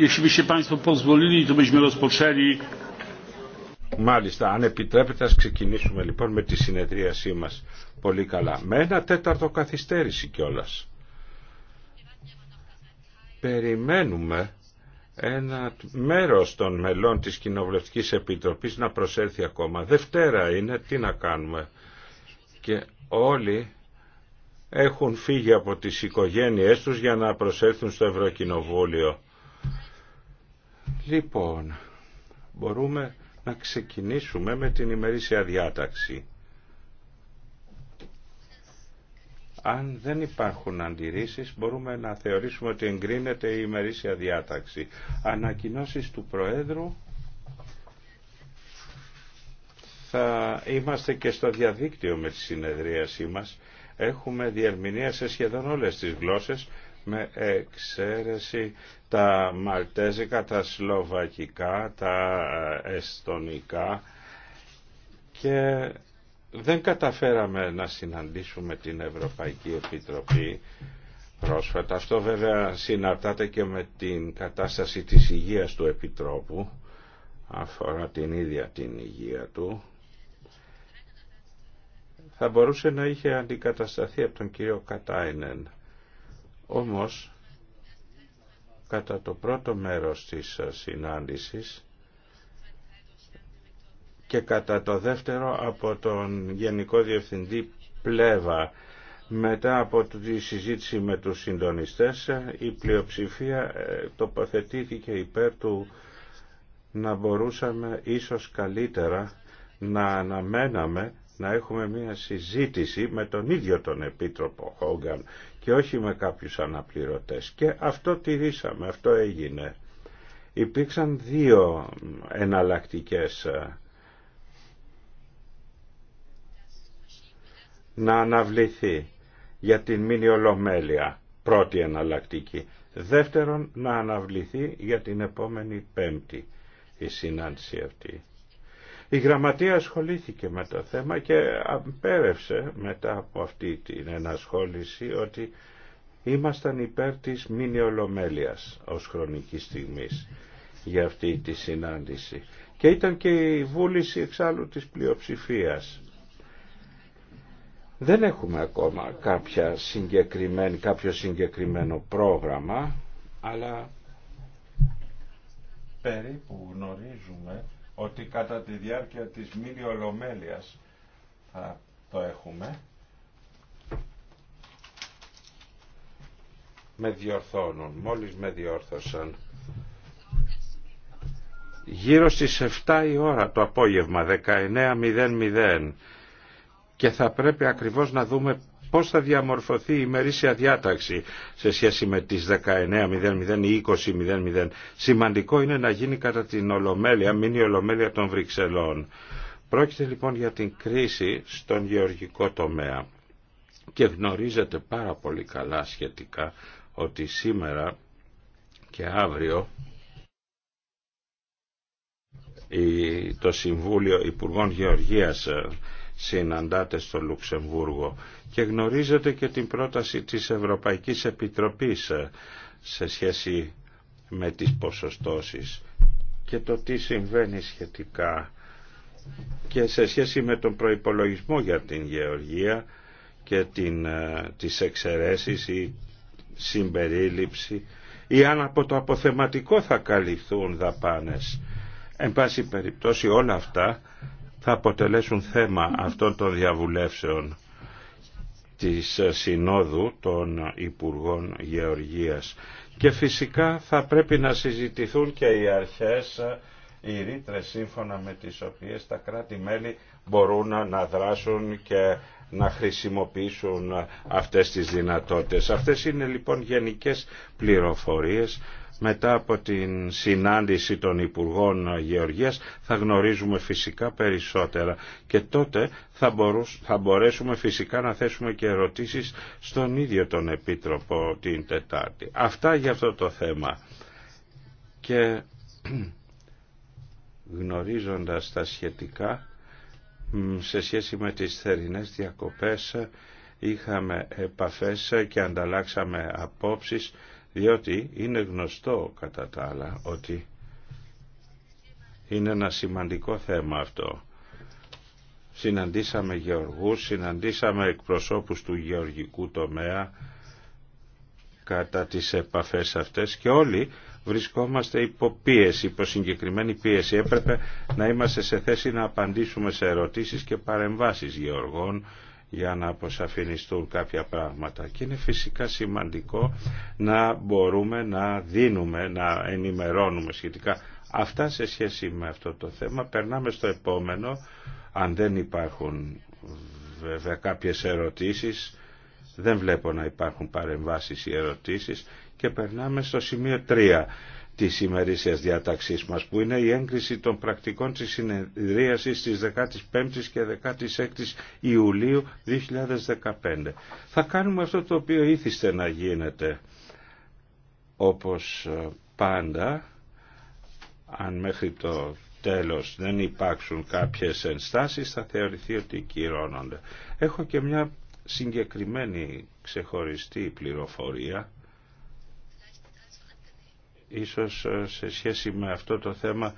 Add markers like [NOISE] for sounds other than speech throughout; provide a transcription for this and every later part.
Jeśli byście Państwo pozwolili, to byśmy rozpoczęli. Μάλιστα, αν επιτρέπετε, ας ξεκινήσουμε λοιπόν με τη συνεδρίασή μας πολύ καλά. Με ένα τέταρτο καθυστέρηση κιόλα. Περιμένουμε ένα μέρος των μελών της Κοινοβουλευτικής Επιτροπής να προσέλθει ακόμα. Δευτέρα είναι, τι να κάνουμε. Και όλοι έχουν φύγει από τις οικογένειές τους για να προσέλθουν στο Ευρωκοινοβούλιο. Λοιπόν, μπορούμε να ξεκινήσουμε με την ημερήσια διάταξη. Αν δεν υπάρχουν αντιρρήσεις, μπορούμε να θεωρήσουμε ότι εγκρίνεται η ημερήσια διάταξη. Ανακοινώσεις του Προέδρου θα είμαστε και στο διαδίκτυο με τη συνεδρίασή μας. Έχουμε διερμηνία σε σχεδόν όλες τις γλώσσες με εξαίρεση τα μαλτέζικα, τα σλοβακικά, τα ε, εστονικά και δεν καταφέραμε να συναντήσουμε την Ευρωπαϊκή Επιτροπή πρόσφατα. Αυτό βέβαια συναρτάται και με την κατάσταση της υγείας του Επιτρόπου, αφορά την ίδια την υγεία του. Θα μπορούσε να είχε αντικατασταθεί από τον κύριο Κατάινεν όμως, κατά το πρώτο μέρος της συνάντησης και κατά το δεύτερο από τον Γενικό Διευθυντή Πλέβα, μετά από τη συζήτηση με τους συντονιστές, η πλειοψηφία ε, τοποθετήθηκε υπέρ του να μπορούσαμε ίσως καλύτερα να αναμέναμε να έχουμε μια συζήτηση με τον ίδιο τον Επίτροπο Χόγκαν και όχι με κάποιους αναπληρωτές. Και αυτό τηρήσαμε, αυτό έγινε. Υπήρξαν δύο εναλλακτικές ε, να αναβληθεί για την μηνιολομέλεια, πρώτη εναλλακτική. Δεύτερον, να αναβληθεί για την επόμενη πέμπτη η συνάντηση αυτή. Η γραμματεία ασχολήθηκε με το θέμα και απέρευσε μετά από αυτή την ενασχόληση ότι ήμασταν υπέρ της μηνιολομέλειας ως χρονική στιγμής για αυτή τη συνάντηση. Και ήταν και η βούληση εξάλλου της πλειοψηφίας. Δεν έχουμε ακόμα κάποια συγκεκριμένη, κάποιο συγκεκριμένο πρόγραμμα, αλλά περίπου γνωρίζουμε ότι κατά τη διάρκεια της μήλιολομέλειας θα το έχουμε. Με διορθώνουν, μόλις με διόρθωσαν. Γύρω στις 7 η ώρα το απόγευμα, 19.00 και θα πρέπει ακριβώς να δούμε πώς θα διαμορφωθεί η μερίσια διάταξη σε σχέση με τις 19.00 ή 20.00. Σημαντικό είναι να γίνει κατά την Ολομέλεια, μην η Ολομέλεια των Βρυξελών. Πρόκειται λοιπόν για την κρίση στον γεωργικό τομέα και γνωρίζετε πάρα πολύ καλά σχετικά ότι σήμερα και αύριο το Συμβούλιο Υπουργών Γεωργίας ε, συναντάτε στο Λουξεμβούργο και γνωρίζετε και την πρόταση της Ευρωπαϊκής Επιτροπής ε, σε σχέση με τις ποσοστώσεις και το τι συμβαίνει σχετικά και σε σχέση με τον προϋπολογισμό για την γεωργία και την, ε, τις εξαιρέσεις ή συμπερίληψη ή αν από το αποθεματικό θα καλυφθούν δαπάνες. Εν πάση περιπτώσει όλα αυτά θα αποτελέσουν θέμα αυτών των διαβουλεύσεων της Συνόδου των Υπουργών Γεωργίας. Και φυσικά θα πρέπει να συζητηθούν και οι αρχές, οι ρήτρες σύμφωνα με τις οποίες τα κράτη-μέλη μπορούν να δράσουν και να χρησιμοποιήσουν αυτές τις δυνατότητες. Αυτές είναι λοιπόν γενικές πληροφορίες μετά από την συνάντηση των Υπουργών Γεωργίας θα γνωρίζουμε φυσικά περισσότερα και τότε θα, μπορούς, μπορέσουμε φυσικά να θέσουμε και ερωτήσεις στον ίδιο τον Επίτροπο την Τετάρτη. Αυτά για αυτό το θέμα. Και [CLEARS THROAT] γνωρίζοντας τα σχετικά σε σχέση με τις θερινές διακοπές είχαμε επαφές και ανταλλάξαμε απόψεις διότι είναι γνωστό κατά τα άλλα ότι είναι ένα σημαντικό θέμα αυτό. Συναντήσαμε γεωργούς, συναντήσαμε εκπροσώπους του γεωργικού τομέα κατά τις επαφές αυτές και όλοι βρισκόμαστε υπό πίεση, υπό συγκεκριμένη πίεση. Έπρεπε να είμαστε σε θέση να απαντήσουμε σε ερωτήσεις και παρεμβάσεις γεωργών για να αποσαφινιστούν κάποια πράγματα. Και είναι φυσικά σημαντικό να μπορούμε να δίνουμε, να ενημερώνουμε σχετικά. Αυτά σε σχέση με αυτό το θέμα. Περνάμε στο επόμενο, αν δεν υπάρχουν βέβαια κάποιες ερωτήσεις. Δεν βλέπω να υπάρχουν παρεμβάσεις ή ερωτήσεις και περνάμε στο σημείο 3. Τη ημερήσιας διάταξής μας που είναι η έγκριση των πρακτικών της συνεδρίασης της 15ης και 16ης Ιουλίου 2015. Θα κάνουμε αυτό το οποίο ήθιστε να γίνεται. Όπως ε, πάντα, αν μέχρι το τέλος δεν υπάρξουν κάποιες ενστάσεις θα θεωρηθεί ότι κυρώνονται. Έχω και μια συγκεκριμένη ξεχωριστή πληροφορία ίσως ε, σε σχέση με αυτό το θέμα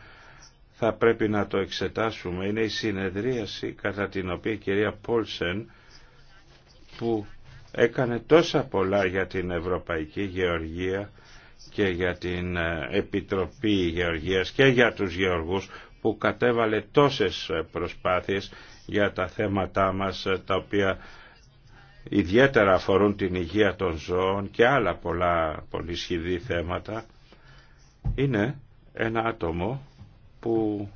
θα πρέπει να το εξετάσουμε είναι η συνεδρίαση κατά την οποία η κυρία Πόλσεν που έκανε τόσα πολλά για την Ευρωπαϊκή Γεωργία και για την ε, Επιτροπή Γεωργίας και για τους γεωργούς που κατέβαλε τόσες προσπάθειες για τα θέματά μας ε, τα οποία ιδιαίτερα αφορούν την υγεία των ζώων και άλλα πολλά σχηδή θέματα είναι ένα άτομο που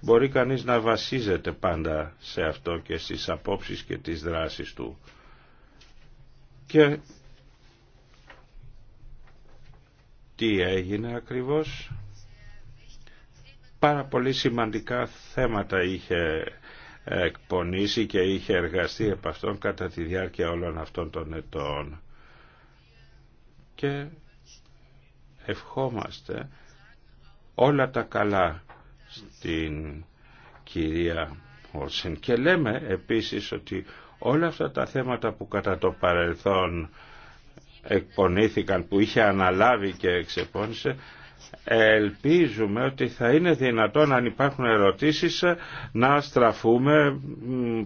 μπορεί κανείς να βασίζεται πάντα σε αυτό και στις απόψεις και τις δράσεις του. Και τι έγινε ακριβώς. Πάρα πολύ σημαντικά θέματα είχε εκπονήσει και είχε εργαστεί επ' αυτόν κατά τη διάρκεια όλων αυτών των ετών. Και ευχόμαστε όλα τα καλά στην κυρία Όλσεν και λέμε επίσης ότι όλα αυτά τα θέματα που κατά το παρελθόν εκπονήθηκαν, που είχε αναλάβει και εξεπώνησε, ελπίζουμε ότι θα είναι δυνατόν αν υπάρχουν ερωτήσεις να στραφούμε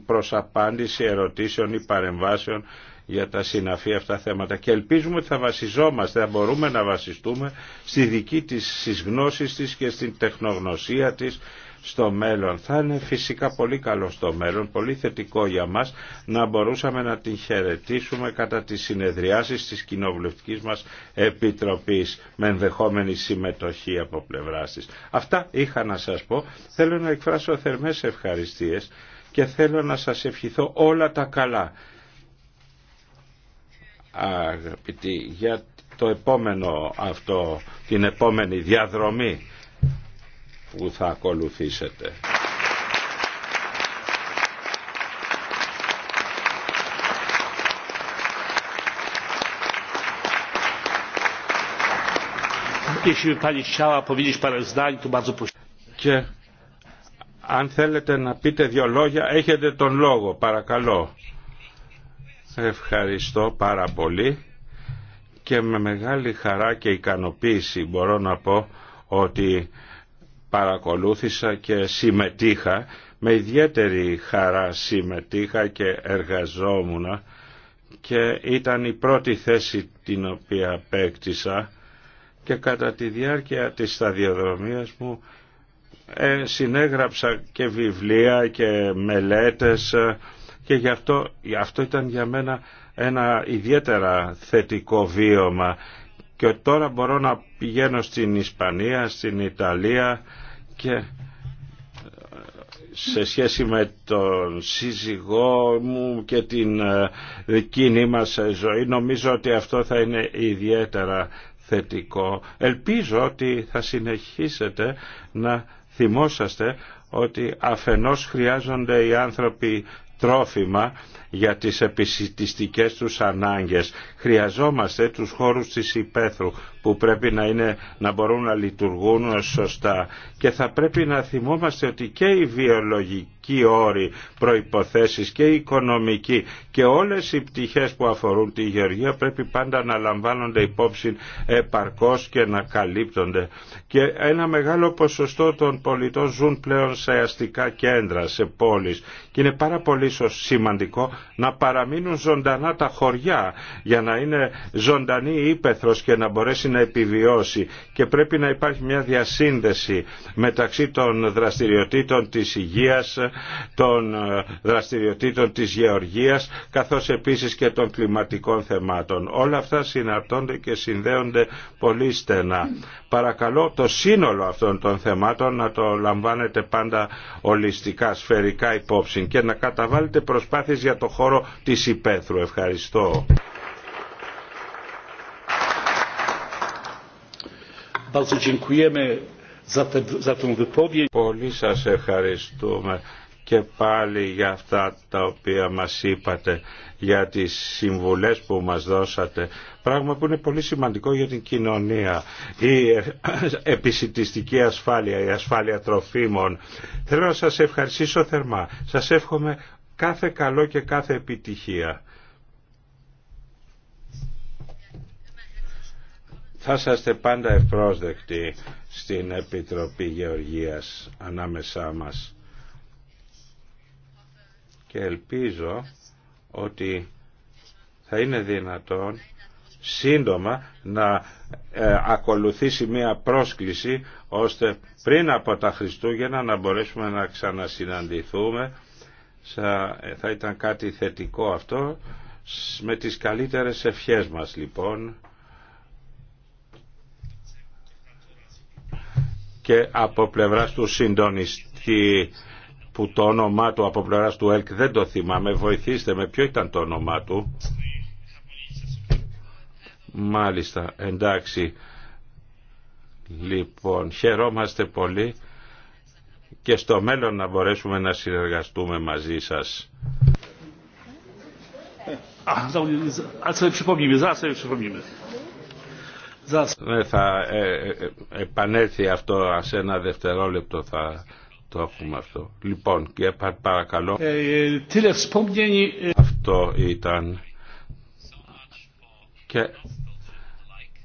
προς απάντηση ερωτήσεων ή παρεμβάσεων για τα συναφή αυτά θέματα και ελπίζουμε ότι θα βασιζόμαστε, θα μπορούμε να βασιστούμε στη δική της, στις γνώσεις της και στην τεχνογνωσία της στο μέλλον. Θα είναι φυσικά πολύ καλό στο μέλλον, πολύ θετικό για μας να μπορούσαμε να την χαιρετήσουμε κατά τις συνεδριάσεις της κοινοβουλευτικής μας Επιτροπής με ενδεχόμενη συμμετοχή από πλευράς της. Αυτά είχα να σας πω. Θέλω να εκφράσω θερμές ευχαριστίες και θέλω να σας ευχηθώ όλα τα καλά αγαπητοί για το επόμενο αυτό, την επόμενη διαδρομή που θα ακολουθήσετε. Και αν θέλετε να πείτε δύο λόγια, έχετε τον λόγο, παρακαλώ. Ευχαριστώ πάρα πολύ και με μεγάλη χαρά και ικανοποίηση μπορώ να πω ότι παρακολούθησα και συμμετείχα, με ιδιαίτερη χαρά συμμετείχα και εργαζόμουνα και ήταν η πρώτη θέση την οποία απέκτησα και κατά τη διάρκεια της σταδιοδρομίας μου ε, συνέγραψα και βιβλία και μελέτες και γι' αυτό, ήταν για μένα ένα ιδιαίτερα θετικό βίωμα και τώρα μπορώ να πηγαίνω στην Ισπανία, στην Ιταλία και ε, σε σχέση με τον σύζυγό μου και την ε, κοινή μας ζωή νομίζω ότι αυτό θα είναι ιδιαίτερα θετικό. Ελπίζω ότι θα συνεχίσετε να θυμόσαστε ότι αφενός χρειάζονται οι άνθρωποι τρόφιμα για τις επισητιστικές τους ανάγκες. Χρειαζόμαστε τους χώρους της υπαίθρου που πρέπει να, είναι, να μπορούν να λειτουργούν σωστά και θα πρέπει να θυμόμαστε ότι και η βιολογική οι όροι, προϋποθέσεις και οικονομικοί και όλες οι πτυχές που αφορούν τη γεωργία πρέπει πάντα να λαμβάνονται υπόψη επαρκώς και να καλύπτονται. Και ένα μεγάλο ποσοστό των πολιτών ζουν πλέον σε αστικά κέντρα, σε πόλεις και είναι πάρα πολύ σημαντικό να παραμείνουν ζωντανά τα χωριά για να είναι ζωντανή η ύπεθρος και να μπορέσει να επιβιώσει και πρέπει να υπάρχει μια διασύνδεση μεταξύ των δραστηριοτήτων της υγείας των ε, δραστηριοτήτων της γεωργίας καθώς επίσης και των κλιματικών θεμάτων. Όλα αυτά συναρτώνται και συνδέονται πολύ στενά. Παρακαλώ το σύνολο αυτών των θεμάτων να το λαμβάνετε πάντα ολιστικά, σφαιρικά υπόψη και να καταβάλλετε προσπάθειες για το χώρο της υπαίθρου. Ευχαριστώ. Πολύ σας ευχαριστούμε και πάλι για αυτά τα οποία μας είπατε, για τις συμβουλές που μας δώσατε. Πράγμα που είναι πολύ σημαντικό για την κοινωνία. Η επισητιστική ασφάλεια, η ασφάλεια τροφίμων. Θέλω να σας ευχαριστήσω θερμά. Σας εύχομαι κάθε καλό και κάθε επιτυχία. θα είστε πάντα ευπρόσδεκτοι στην Επιτροπή Γεωργίας ανάμεσά μας και ελπίζω ότι θα είναι δυνατόν σύντομα να ε, ακολουθήσει μία πρόσκληση ώστε πριν από τα Χριστούγεννα να μπορέσουμε να ξανασυναντηθούμε ε, θα ήταν κάτι θετικό αυτό με τις καλύτερες ευχές μας λοιπόν και από πλευράς του συντονιστή που το όνομά του από πλευρά του ΕΛΚ δεν το θυμάμαι. Βοηθήστε με ποιο ήταν το όνομά του. Μάλιστα, εντάξει. Λοιπόν, χαιρόμαστε πολύ και στο μέλλον να μπορέσουμε να συνεργαστούμε μαζί σας. Ναι, θα επανέλθει αυτό σε ένα δευτερόλεπτο θα το έχουμε αυτό. Λοιπόν, και παρακαλώ. Ε, ε, ε, αυτό ήταν και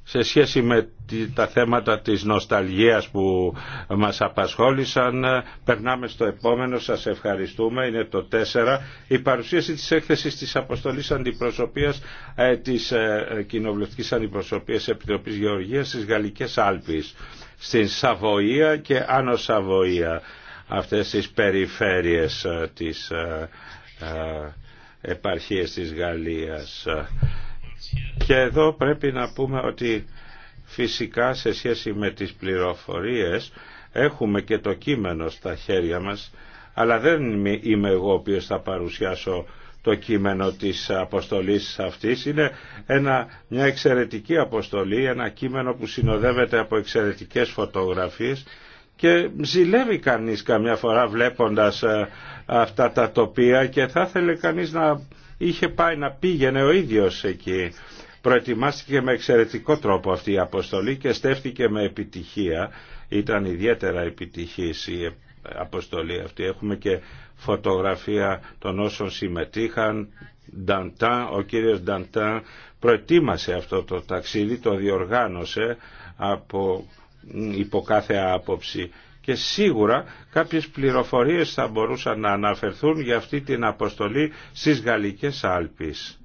σε σχέση με τα θέματα της νοσταλγίας που μας απασχόλησαν περνάμε στο επόμενο σας ευχαριστούμε είναι το 4 η παρουσίαση της έκθεσης της αποστολής αντιπροσωπείας της κοινοβουλευτικής αντιπροσωπείας Επιτροπής Γεωργίας στις Γαλλικές Άλπεις στην Σαβοία και Άνω Σαβοία αυτές τις περιφέρειες ε, της ε, ε, επαρχίες της Γαλλίας. Και εδώ πρέπει να πούμε ότι φυσικά σε σχέση με τις πληροφορίες έχουμε και το κείμενο στα χέρια μας αλλά δεν είμαι εγώ ο οποίος θα παρουσιάσω το κείμενο της αποστολής αυτής. Είναι ένα, μια εξαιρετική αποστολή, ένα κείμενο που συνοδεύεται από εξαιρετικές φωτογραφίες και ζηλεύει κανείς καμιά φορά βλέποντας ε, αυτά τα τοπία και θα ήθελε κανείς να είχε πάει να πήγαινε ο ίδιος εκεί. Προετοιμάστηκε με εξαιρετικό τρόπο αυτή η αποστολή και στέφτηκε με επιτυχία. Ήταν ιδιαίτερα επιτυχής η αποστολή αυτή. Έχουμε και φωτογραφία των όσων συμμετείχαν. ο κύριος Νταντάν προετοίμασε αυτό το ταξίδι, το διοργάνωσε από υπό κάθε άποψη και σίγουρα κάποιες πληροφορίες θα μπορούσαν να αναφερθούν για αυτή την αποστολή στις Γαλλικές Άλπεις.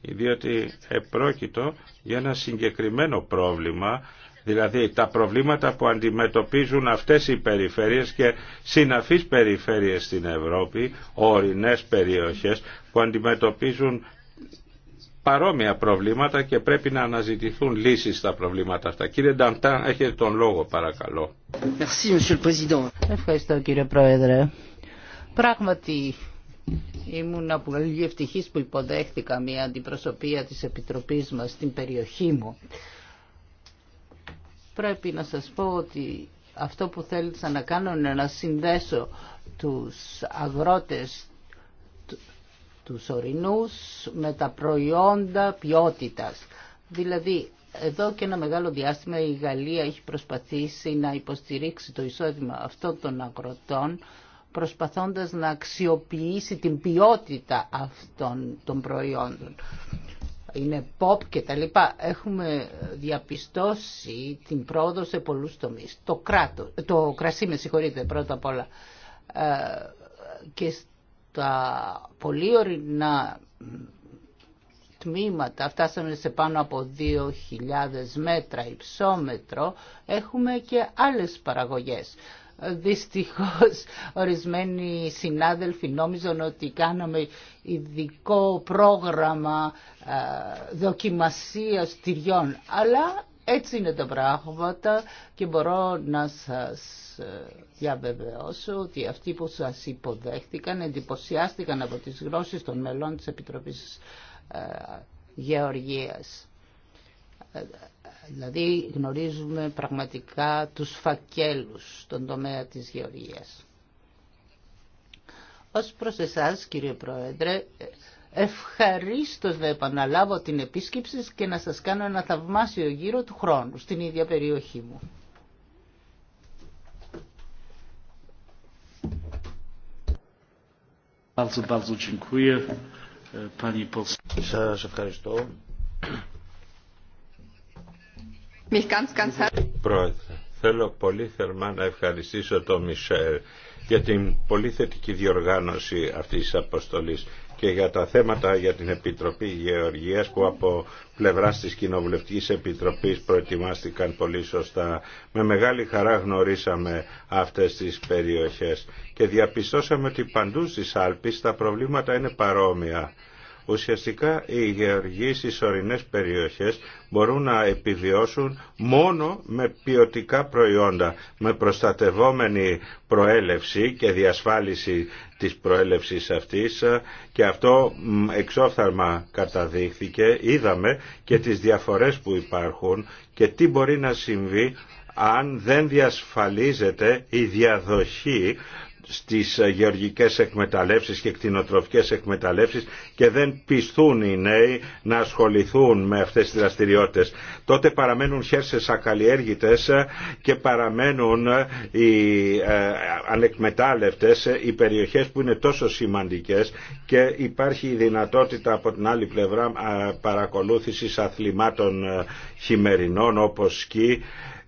Διότι επρόκειτο για ένα συγκεκριμένο πρόβλημα, δηλαδή τα προβλήματα που αντιμετωπίζουν αυτές οι περιφέρειες και συναφείς περιφέρειες στην Ευρώπη, ορεινές περιοχές που αντιμετωπίζουν παρόμοια προβλήματα και πρέπει να αναζητηθούν λύσεις στα προβλήματα αυτά. Κύριε Νταντάν, έχετε τον λόγο παρακαλώ. Ευχαριστώ κύριε Πρόεδρε. Πράγματι ήμουν πολύ ευτυχής που υποδέχτηκα μια αντιπροσωπεία της Επιτροπής μας στην περιοχή μου. Πρέπει να σας πω ότι αυτό που θέλησα να κάνω είναι να συνδέσω τους αγρότες τους ορεινούς με τα προϊόντα ποιότητας. Δηλαδή, εδώ και ένα μεγάλο διάστημα η Γαλλία έχει προσπαθήσει να υποστηρίξει το εισόδημα αυτών των αγροτών προσπαθώντας να αξιοποιήσει την ποιότητα αυτών των προϊόντων. Είναι pop και τα λοιπά. Έχουμε διαπιστώσει την πρόοδο σε πολλούς τομείς. Το, κράτος, το κρασί, με συγχωρείτε, πρώτα απ' όλα. Ε, και τα πολύ ορεινά τμήματα, φτάσαμε σε πάνω από 2.000 μέτρα υψόμετρο, έχουμε και άλλες παραγωγές. Δυστυχώς ορισμένοι συνάδελφοι νόμιζαν ότι κάναμε ειδικό πρόγραμμα ε, δοκιμασίας τυριών, αλλά έτσι είναι τα πράγματα και μπορώ να σας ε, διαβεβαιώσω ότι αυτοί που σας υποδέχτηκαν εντυπωσιάστηκαν από τις γνώσεις των μελών της Επιτροπής ε, Γεωργίας. Ε, δηλαδή γνωρίζουμε πραγματικά τους φακέλους στον τομέα της γεωργίας. Ως προς εσάς κύριε Πρόεδρε, Ευχαριστώ να επαναλάβω την επίσκεψη και να σας κάνω ένα θαυμάσιο γύρο του χρόνου στην ίδια περιοχή μου. E, σας ευχαριστώ. Πρόεδρε, θέλω πολύ θερμά να ευχαριστήσω τον Μισελ για την πολύ θετική διοργάνωση αυτής της αποστολής και για τα θέματα για την Επιτροπή Γεωργίας που από πλευρά της Κοινοβουλευτικής Επιτροπής προετοιμάστηκαν πολύ σωστά. Με μεγάλη χαρά γνωρίσαμε αυτές τις περιοχές και διαπιστώσαμε ότι παντού στις Άλπεις τα προβλήματα είναι παρόμοια Ουσιαστικά οι γεωργοί στις ορεινές περιοχές μπορούν να επιβιώσουν μόνο με ποιοτικά προϊόντα, με προστατευόμενη προέλευση και διασφάλιση της προέλευσης αυτής και αυτό εξόφθαλμα καταδείχθηκε. Είδαμε και τις διαφορές που υπάρχουν και τι μπορεί να συμβεί αν δεν διασφαλίζεται η διαδοχή στις ε, γεωργικές εκμεταλλεύσεις και κτηνοτροφικές εκμεταλλεύσεις και δεν πιστούν οι νέοι να ασχοληθούν με αυτές τις δραστηριότητες. Τότε παραμένουν χέρσες ακαλλιέργητες ε, και παραμένουν ε, οι ανεκμετάλλευτες, οι περιοχές που είναι τόσο σημαντικές και υπάρχει η δυνατότητα από την άλλη πλευρά παρακολούθησης αθλημάτων χειμερινών όπως σκι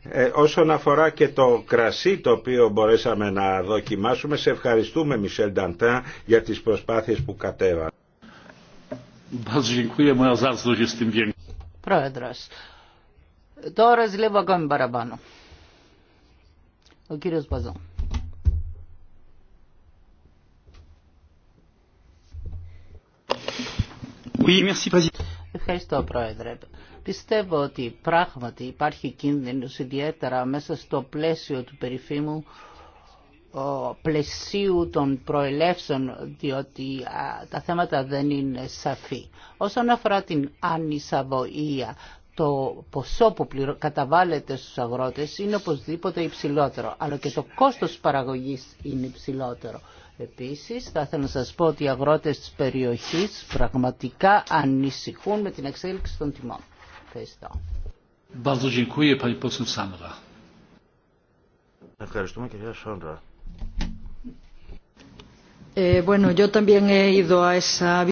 ε, όσον αφορά και το κρασί το οποίο μπορέσαμε να δοκιμάσουμε, σε ευχαριστούμε Μισελ Νταντά για τις προσπάθειες που κατέβα. Πρόεδρος, τώρα ζηλεύω ακόμη παραπάνω. Ο κύριος Παζόν. Ευχαριστώ, Πρόεδρε. Πιστεύω ότι πράγματι υπάρχει κίνδυνος ιδιαίτερα μέσα στο πλαίσιο του περιφήμου πλαισίου των προελεύσεων διότι τα θέματα δεν είναι σαφή. Όσον αφορά την ανισαβοία το ποσό που πληρω... καταβάλλεται στους αγρότες είναι οπωσδήποτε υψηλότερο αλλά και το κόστος παραγωγής είναι υψηλότερο. Επίσης θα ήθελα να σας πω ότι οι αγρότες της περιοχής πραγματικά ανησυχούν με την εξέλιξη των τιμών. Ευχαριστούμε κυρία Σόντρα. Ε,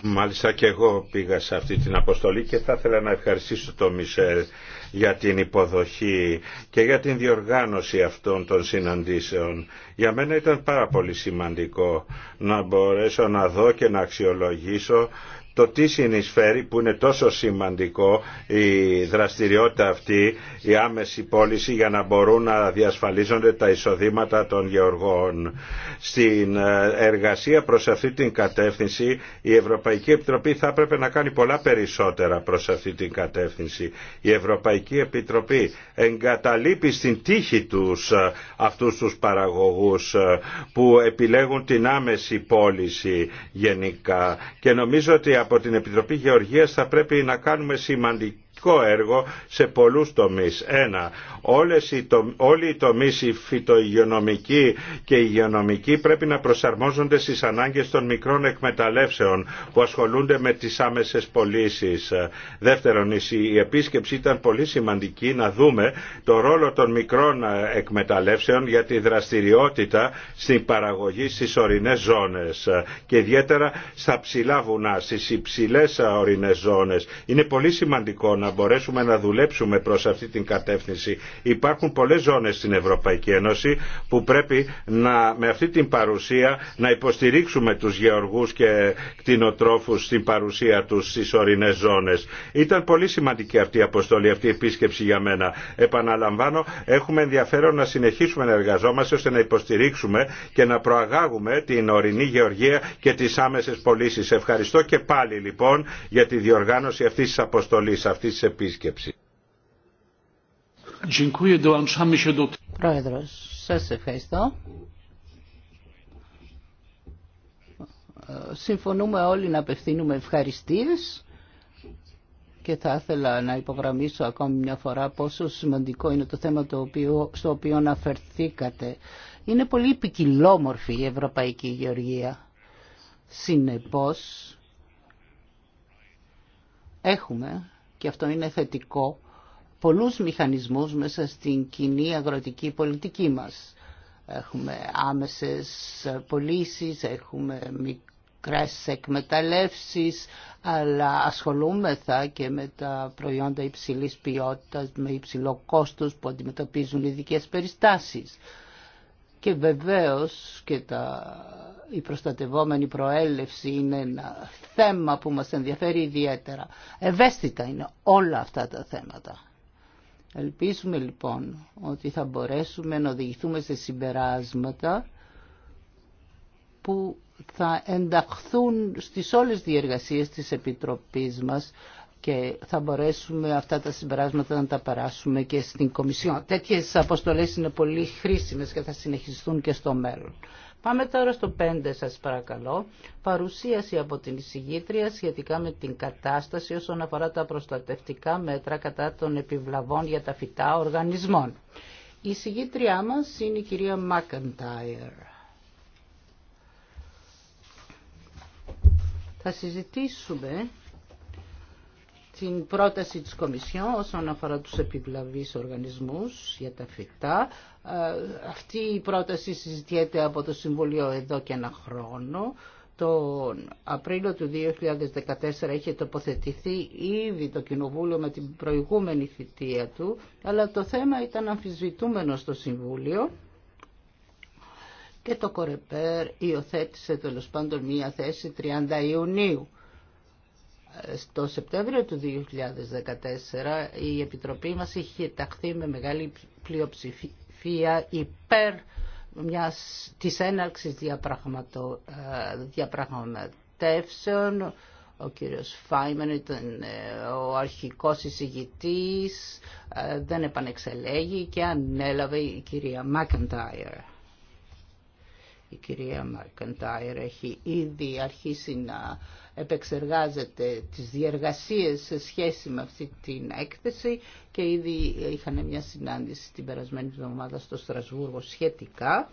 Μάλιστα και εγώ πήγα σε αυτή την αποστολή και θα ήθελα να ευχαριστήσω τον Μισελ για την υποδοχή και για την διοργάνωση αυτών των συναντήσεων. Για μένα ήταν πάρα πολύ σημαντικό να μπορέσω να δω και να αξιολογήσω το τι συνεισφέρει που είναι τόσο σημαντικό η δραστηριότητα αυτή, η άμεση πώληση για να μπορούν να διασφαλίζονται τα εισοδήματα των γεωργών. Στην ε, εργασία προς αυτή την κατεύθυνση η Ευρωπαϊκή Επιτροπή θα έπρεπε να κάνει πολλά περισσότερα προς αυτή την κατεύθυνση. Η Ευρωπαϊκή Επιτροπή εγκαταλείπει στην τύχη τους ε, αυτούς τους παραγωγούς ε, που επιλέγουν την άμεση πώληση γενικά και νομίζω ότι από την Επιτροπή Γεωργίας θα πρέπει να κάνουμε σημαντική φανταστικό έργο σε πολλούς τομείς. Ένα, όλες οι όλοι οι τομείς οι φυτοϊγειονομικοί και οι υγειονομικοί πρέπει να προσαρμόζονται στις ανάγκες των μικρών εκμεταλλεύσεων που ασχολούνται με τις άμεσες πωλήσει. Δεύτερον, η επίσκεψη ήταν πολύ σημαντική να δούμε το ρόλο των μικρών εκμεταλλεύσεων για τη δραστηριότητα στην παραγωγή στις ορεινές ζώνες και ιδιαίτερα στα ψηλά βουνά, στις υψηλές ορεινές ζώνες. Είναι πολύ σημαντικό να μπορέσουμε να δουλέψουμε προς αυτή την κατεύθυνση. Υπάρχουν πολλές ζώνες στην Ευρωπαϊκή Ένωση που πρέπει να, με αυτή την παρουσία να υποστηρίξουμε τους γεωργούς και κτηνοτρόφους στην παρουσία τους στις ορεινές ζώνες. Ήταν πολύ σημαντική αυτή η αποστολή, αυτή η επίσκεψη για μένα. Επαναλαμβάνω, έχουμε ενδιαφέρον να συνεχίσουμε να εργαζόμαστε ώστε να υποστηρίξουμε και να προαγάγουμε την ορεινή γεωργία και τις άμεσες πωλήσει. Ευχαριστώ και πάλι λοιπόν για τη διοργάνωση αυτής της αποστολής, αυτής Πρόεδρο, σα Πρόεδρος, ευχαριστώ. Συμφωνούμε όλοι να απευθύνουμε ευχαριστίες και θα ήθελα να υπογραμμίσω ακόμη μια φορά πόσο σημαντικό είναι το θέμα το οποίο, στο οποίο αναφερθήκατε. Είναι πολύ ποικιλόμορφη η Ευρωπαϊκή Γεωργία. Συνεπώς έχουμε και αυτό είναι θετικό, πολλούς μηχανισμούς μέσα στην κοινή αγροτική πολιτική μας. Έχουμε άμεσες πωλήσει, έχουμε μικρές εκμεταλλεύσεις, αλλά ασχολούμεθα και με τα προϊόντα υψηλής ποιότητας, με υψηλό κόστος που αντιμετωπίζουν ειδικέ περιστάσεις. Και βεβαίως και τα η προστατευόμενη προέλευση είναι ένα θέμα που μας ενδιαφέρει ιδιαίτερα. Ευαίσθητα είναι όλα αυτά τα θέματα. Ελπίζουμε λοιπόν ότι θα μπορέσουμε να οδηγηθούμε σε συμπεράσματα που θα ενταχθούν στις όλες τις διεργασίες της Επιτροπής μας και θα μπορέσουμε αυτά τα συμπεράσματα να τα περάσουμε και στην Κομισιόν. Τέτοιες αποστολές είναι πολύ χρήσιμες και θα συνεχιστούν και στο μέλλον. Πάμε τώρα στο 5 σας παρακαλώ. Παρουσίαση από την εισηγήτρια σχετικά με την κατάσταση όσον αφορά τα προστατευτικά μέτρα κατά των επιβλαβών για τα φυτά οργανισμών. Η εισηγήτριά μας είναι η κυρία Μάκεντάιρ. Θα συζητήσουμε την πρόταση της Κομισιόν όσον αφορά τους επιβλαβείς οργανισμούς για τα φυτά. Ε, αυτή η πρόταση συζητιέται από το Συμβουλίο εδώ και ένα χρόνο. Τον Απρίλιο του 2014 είχε τοποθετηθεί ήδη το Κοινοβούλιο με την προηγούμενη θητεία του, αλλά το θέμα ήταν αμφισβητούμενο στο Συμβούλιο και το Κορεπέρ υιοθέτησε τέλο πάντων μία θέση 30 Ιουνίου. Στο Σεπτέμβριο του 2014 η Επιτροπή μας είχε ταχθεί με μεγάλη πλειοψηφία υπέρ μιας, της έναρξης ε, διαπραγματεύσεων. Ο κύριος Φάιμεν ήταν ε, ο αρχικός εισηγητής, ε, δεν επανεξελέγει και ανέλαβε η κυρία Μάκεντάιρ. Η κυρία Μαρκαντάιρ έχει ήδη αρχίσει να επεξεργάζεται τις διεργασίες σε σχέση με αυτή την έκθεση και ήδη είχαν μια συνάντηση την περασμένη εβδομάδα στο Στρασβούργο σχετικά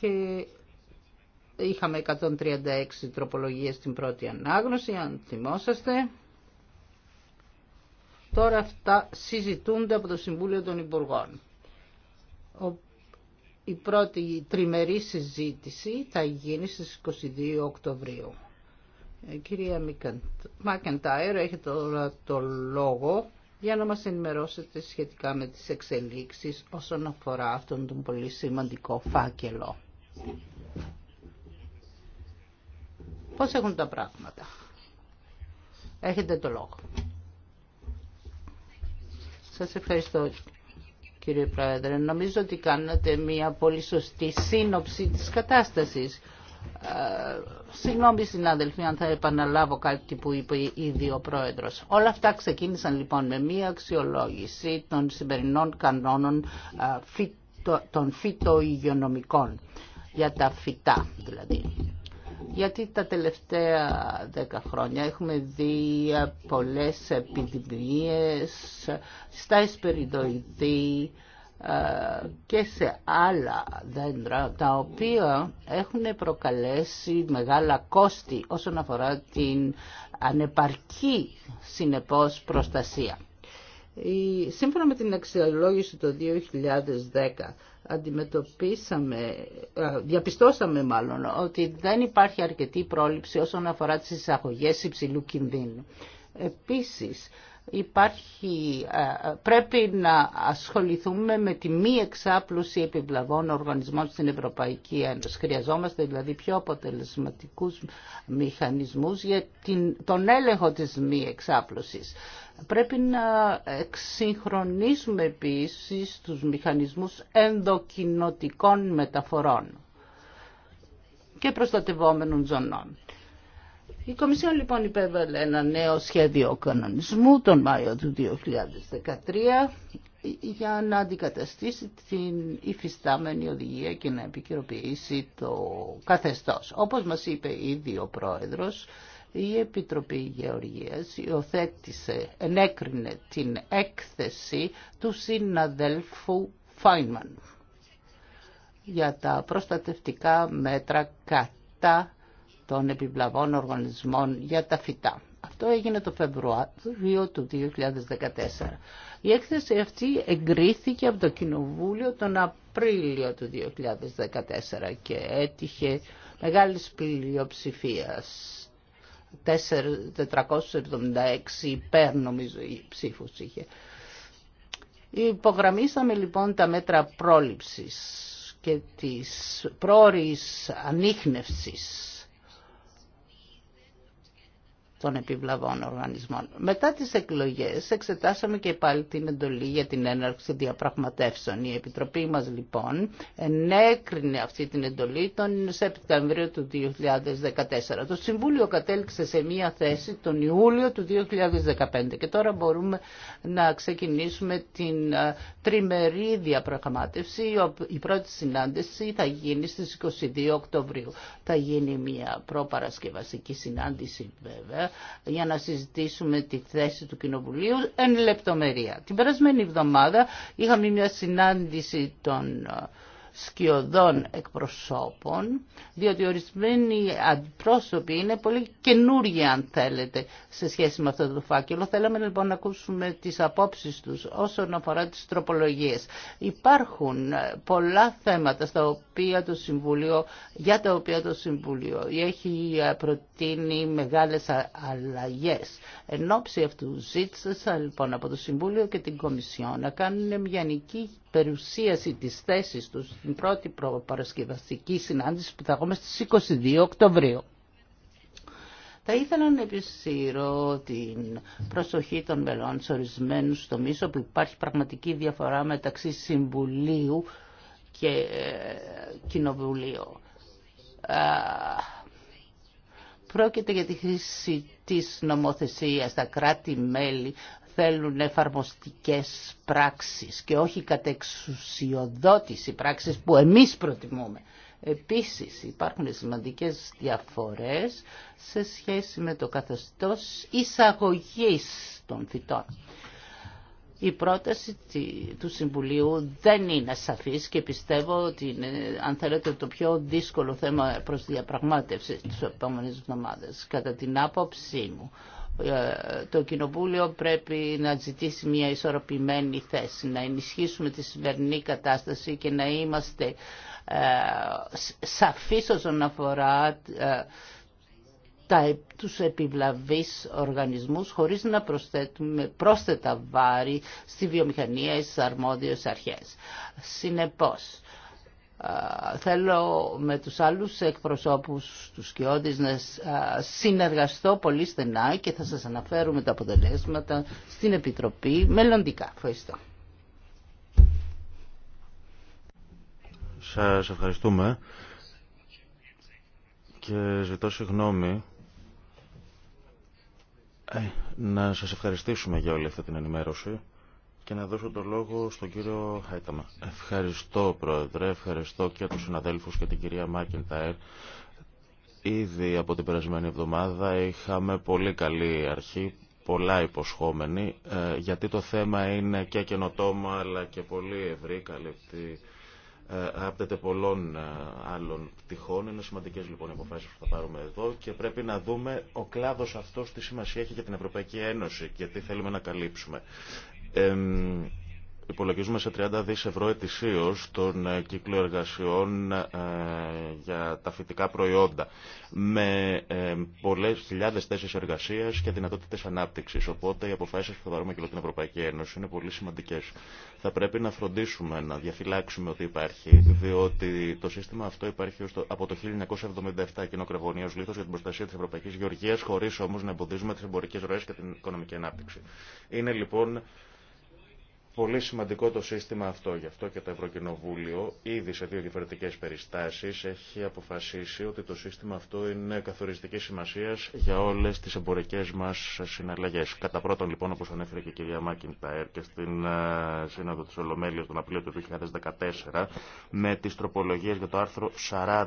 και είχαμε 136 τροπολογίες στην πρώτη ανάγνωση, αν θυμόσαστε. Τώρα αυτά συζητούνται από το Συμβούλιο των Υπουργών η πρώτη τριμερή συζήτηση θα γίνει στις 22 Οκτωβρίου. Ε, κυρία Μακεντάιρ, έχετε τώρα το λόγο για να μας ενημερώσετε σχετικά με τις εξελίξεις όσον αφορά αυτόν τον πολύ σημαντικό φάκελο. Πώς έχουν τα πράγματα. Έχετε το λόγο. Σας ευχαριστώ κύριε Πρόεδρε. Νομίζω ότι κάνατε μια πολύ σωστή σύνοψη της κατάστασης. Ε, συγγνώμη συνάδελφοι αν θα επαναλάβω κάτι που είπε ήδη ο Πρόεδρος. Όλα αυτά ξεκίνησαν λοιπόν με μία αξιολόγηση των σημερινών κανόνων των ε, φυτο, των για τα φυτά δηλαδή γιατί τα τελευταία δέκα χρόνια έχουμε δει πολλές επιδημίες στα εσπεριδοειδή ε, και σε άλλα δέντρα τα οποία έχουν προκαλέσει μεγάλα κόστη όσον αφορά την ανεπαρκή συνεπώς προστασία. Σύμφωνα με την αξιολόγηση το 2010 αντιμετωπίσαμε, διαπιστώσαμε μάλλον ότι δεν υπάρχει αρκετή πρόληψη όσον αφορά τις εισαγωγές υψηλού κινδύνου. Επίσης, Υπάρχει, ε, πρέπει να ασχοληθούμε με τη μη εξάπλωση επιβλαβών οργανισμών στην Ευρωπαϊκή Ένωση. Χρειαζόμαστε δηλαδή πιο αποτελεσματικούς μηχανισμούς για την, τον έλεγχο της μη εξάπλωσης. Πρέπει να εξυγχρονίσουμε επίσης τους μηχανισμούς ενδοκινοτικών μεταφορών και προστατευόμενων ζωνών. Η Κομισιόν λοιπόν υπέβαλε ένα νέο σχέδιο κανονισμού τον Μάιο του 2013 για να αντικαταστήσει την υφιστάμενη οδηγία και να επικαιροποιήσει το καθεστώς. Όπως μας είπε ήδη ο Πρόεδρος, η Επιτροπή Γεωργίας υιοθέτησε, ενέκρινε την έκθεση του συναδέλφου Φάινμαν για τα προστατευτικά μέτρα κατά των επιβλαβών οργανισμών για τα φυτά. Αυτό έγινε το Φεβρουάριο του 2014. Η έκθεση αυτή εγκρίθηκε από το Κοινοβούλιο τον Απρίλιο του 2014 και έτυχε μεγάλης πλειοψηφίας. 476 υπέρ νομίζω ψήφους είχε. Υπογραμμίσαμε λοιπόν τα μέτρα πρόληψης και της πρόορης ανείχνευσης των επιβλαβών οργανισμών. Μετά τις εκλογές εξετάσαμε και πάλι την εντολή για την έναρξη διαπραγματεύσεων. Η Επιτροπή μας λοιπόν ενέκρινε αυτή την εντολή τον Σεπτεμβρίο του 2014. Το Συμβούλιο κατέληξε σε μία θέση τον Ιούλιο του 2015 και τώρα μπορούμε να ξεκινήσουμε την ε, τριμερή διαπραγμάτευση. Η πρώτη συνάντηση θα γίνει στις 22 Οκτωβρίου. Θα γίνει μία προπαρασκευαστική συνάντηση βέβαια για να συζητήσουμε τη θέση του Κοινοβουλίου εν λεπτομερία. Την περασμένη εβδομάδα είχαμε μια συνάντηση των ε, σκιωδών εκπροσώπων, διότι ορισμένοι αντιπρόσωποι είναι πολύ καινούργοι αν θέλετε σε σχέση με αυτό το φάκελο. Θέλαμε λοιπόν να ακούσουμε τις απόψεις τους όσον αφορά τις τροπολογίες. Υπάρχουν ε, πολλά θέματα στα οποία το Συμβουλίο, για τα οποία το Συμβουλίο έχει ε, προτείνει μεγάλες αλλαγές. Εν ώψη αυτού ζήτησα λοιπόν από το Συμβούλιο και την Κομισιό να κάνουν μια νική περιουσίαση της θέσης του στην πρώτη παρασκευαστική συνάντηση που θα έχουμε στις 22 Οκτωβρίου. Θα ήθελα να επισύρω την προσοχή των μελών σε ορισμένου τομεί όπου υπάρχει πραγματική διαφορά μεταξύ Συμβουλίου και ε, Κοινοβουλίου. Πρόκειται για τη χρήση της νομοθεσίας στα κράτη-μέλη θέλουν εφαρμοστικές πράξεις και όχι κατεξουσιοδότηση πράξεις που εμείς προτιμούμε. Επίσης υπάρχουν σημαντικές διαφορές σε σχέση με το καθεστώς εισαγωγής των φυτών. Η πρόταση του Συμβουλίου δεν είναι σαφής και πιστεύω ότι είναι, αν θέλετε, το πιο δύσκολο θέμα προς διαπραγμάτευση τις επόμενες εβδομάδες. Κατά την άποψή μου, ε, το Κοινοβούλιο πρέπει να ζητήσει μια ισορροπημένη θέση, να ενισχύσουμε τη σημερινή κατάσταση και να είμαστε ε, σαφείς όσον αφορά ε, τα, τους επιβλαβείς οργανισμούς χωρίς να προσθέτουμε πρόσθετα βάρη στη βιομηχανία ή στις αρμόδιες αρχές. Συνεπώς, θέλω με τους άλλους εκπροσώπους του Σκιώδης να συνεργαστώ πολύ στενά και θα σας αναφέρουμε τα αποτελέσματα στην Επιτροπή μελλοντικά. Ευχαριστώ. Σας ευχαριστούμε και ζητώ συγγνώμη ε, να σας ευχαριστήσουμε για όλη αυτή την ενημέρωση και να δώσω το λόγο στον κύριο Χάιταμα. Ευχαριστώ Πρόεδρε, ευχαριστώ και τους συναδέλφους και την κυρία Μάκεντάερ. Ήδη από την περασμένη εβδομάδα είχαμε πολύ καλή αρχή, πολλά υποσχόμενη, ε, γιατί το θέμα είναι και καινοτόμο αλλά και πολύ ευρύ, καλύπτει ε, άπτεται πολλών ε, άλλων πτυχών. Είναι σημαντικέ λοιπόν οι αποφάσει που θα πάρουμε εδώ και πρέπει να δούμε ο κλάδο αυτό τι σημασία έχει για την Ευρωπαϊκή Ένωση και τι θέλουμε να καλύψουμε υπολογίζουμε σε 30 δις ευρώ ετησίως τον ε, κύκλο εργασιών ε, για τα φυτικά προϊόντα με πολλές χιλιάδες θέσεις εργασίας και δυνατότητες ανάπτυξης. Οπότε οι αποφάσεις που θα βάλουμε και την Ευρωπαϊκή Ένωση είναι πολύ σημαντικές. Θα πρέπει να φροντίσουμε να διαφυλάξουμε ότι υπάρχει, διότι το σύστημα αυτό υπάρχει από το 1977 κοινό κρεβονίο λίθος για την προστασία της Ευρωπαϊκής Γεωργίας, χωρίς όμως να εμποδίζουμε τις εμπορικές ροές και την οικονομική ανάπτυξη. Είναι λοιπόν πολύ σημαντικό το σύστημα αυτό. Γι' αυτό και το Ευρωκοινοβούλιο ήδη σε δύο διαφορετικέ περιστάσει έχει αποφασίσει ότι το σύστημα αυτό είναι καθοριστική σημασία για όλε τι εμπορικέ μα συναλλαγέ. Κατά πρώτον, λοιπόν, όπω ανέφερε και η κυρία Μάκινταερ και στην ε, Σύνοδο τη Ολομέλεια τον Απρίλιο του 2014, με τι τροπολογίε για το άρθρο 40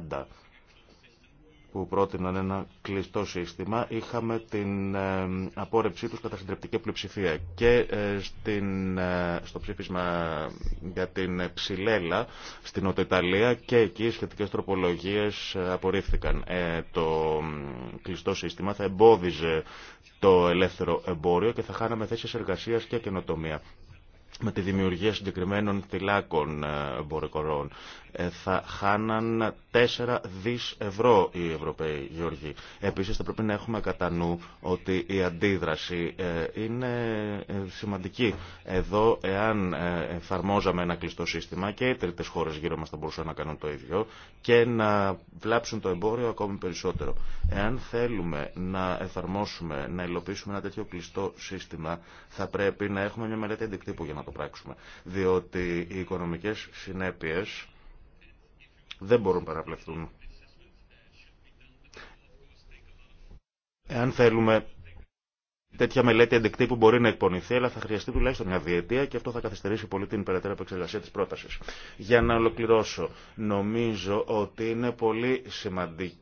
που πρότειναν ένα κλειστό σύστημα, είχαμε την ε, απόρρεψή τους κατά συντριπτική πλειοψηφία. Και ε, στην, ε, στο ψήφισμα για την Ψιλέλα στην Νοτοιταλία και εκεί οι σχετικές τροπολογίες απορρίφθηκαν. το κλειστό σύστημα θα εμπόδιζε το ελεύθερο εμπόριο και θα χάναμε θέσεις εργασίας και καινοτομία με τη δημιουργία συγκεκριμένων θυλάκων εμπορικών ε, θα χάναν 4 δις ευρώ οι Ευρωπαίοι Γεωργοί. Επίσης θα πρέπει να έχουμε κατά νου ότι η αντίδραση ε, είναι ε, σημαντική. Εδώ εάν εφαρμόζαμε ένα κλειστό σύστημα και οι τρίτες χώρες γύρω μας θα μπορούσαν να κάνουν το ίδιο και να βλάψουν το εμπόριο ακόμη περισσότερο. Εάν θέλουμε να εφαρμόσουμε, να υλοποιήσουμε ένα τέτοιο κλειστό σύστημα θα πρέπει να έχουμε μια μελέτη αντικτύπου για να το πράξουμε. Διότι οι οικονομικές συνέπειες δεν μπορούν να παραπλευτούν. Εάν θέλουμε τέτοια μελέτη αντικτή που μπορεί να εκπονηθεί, αλλά θα χρειαστεί τουλάχιστον μια διετία και αυτό θα καθυστερήσει πολύ την περαιτέρω επεξεργασία τη πρόταση. Για να ολοκληρώσω, νομίζω ότι είναι πολύ σημαντική.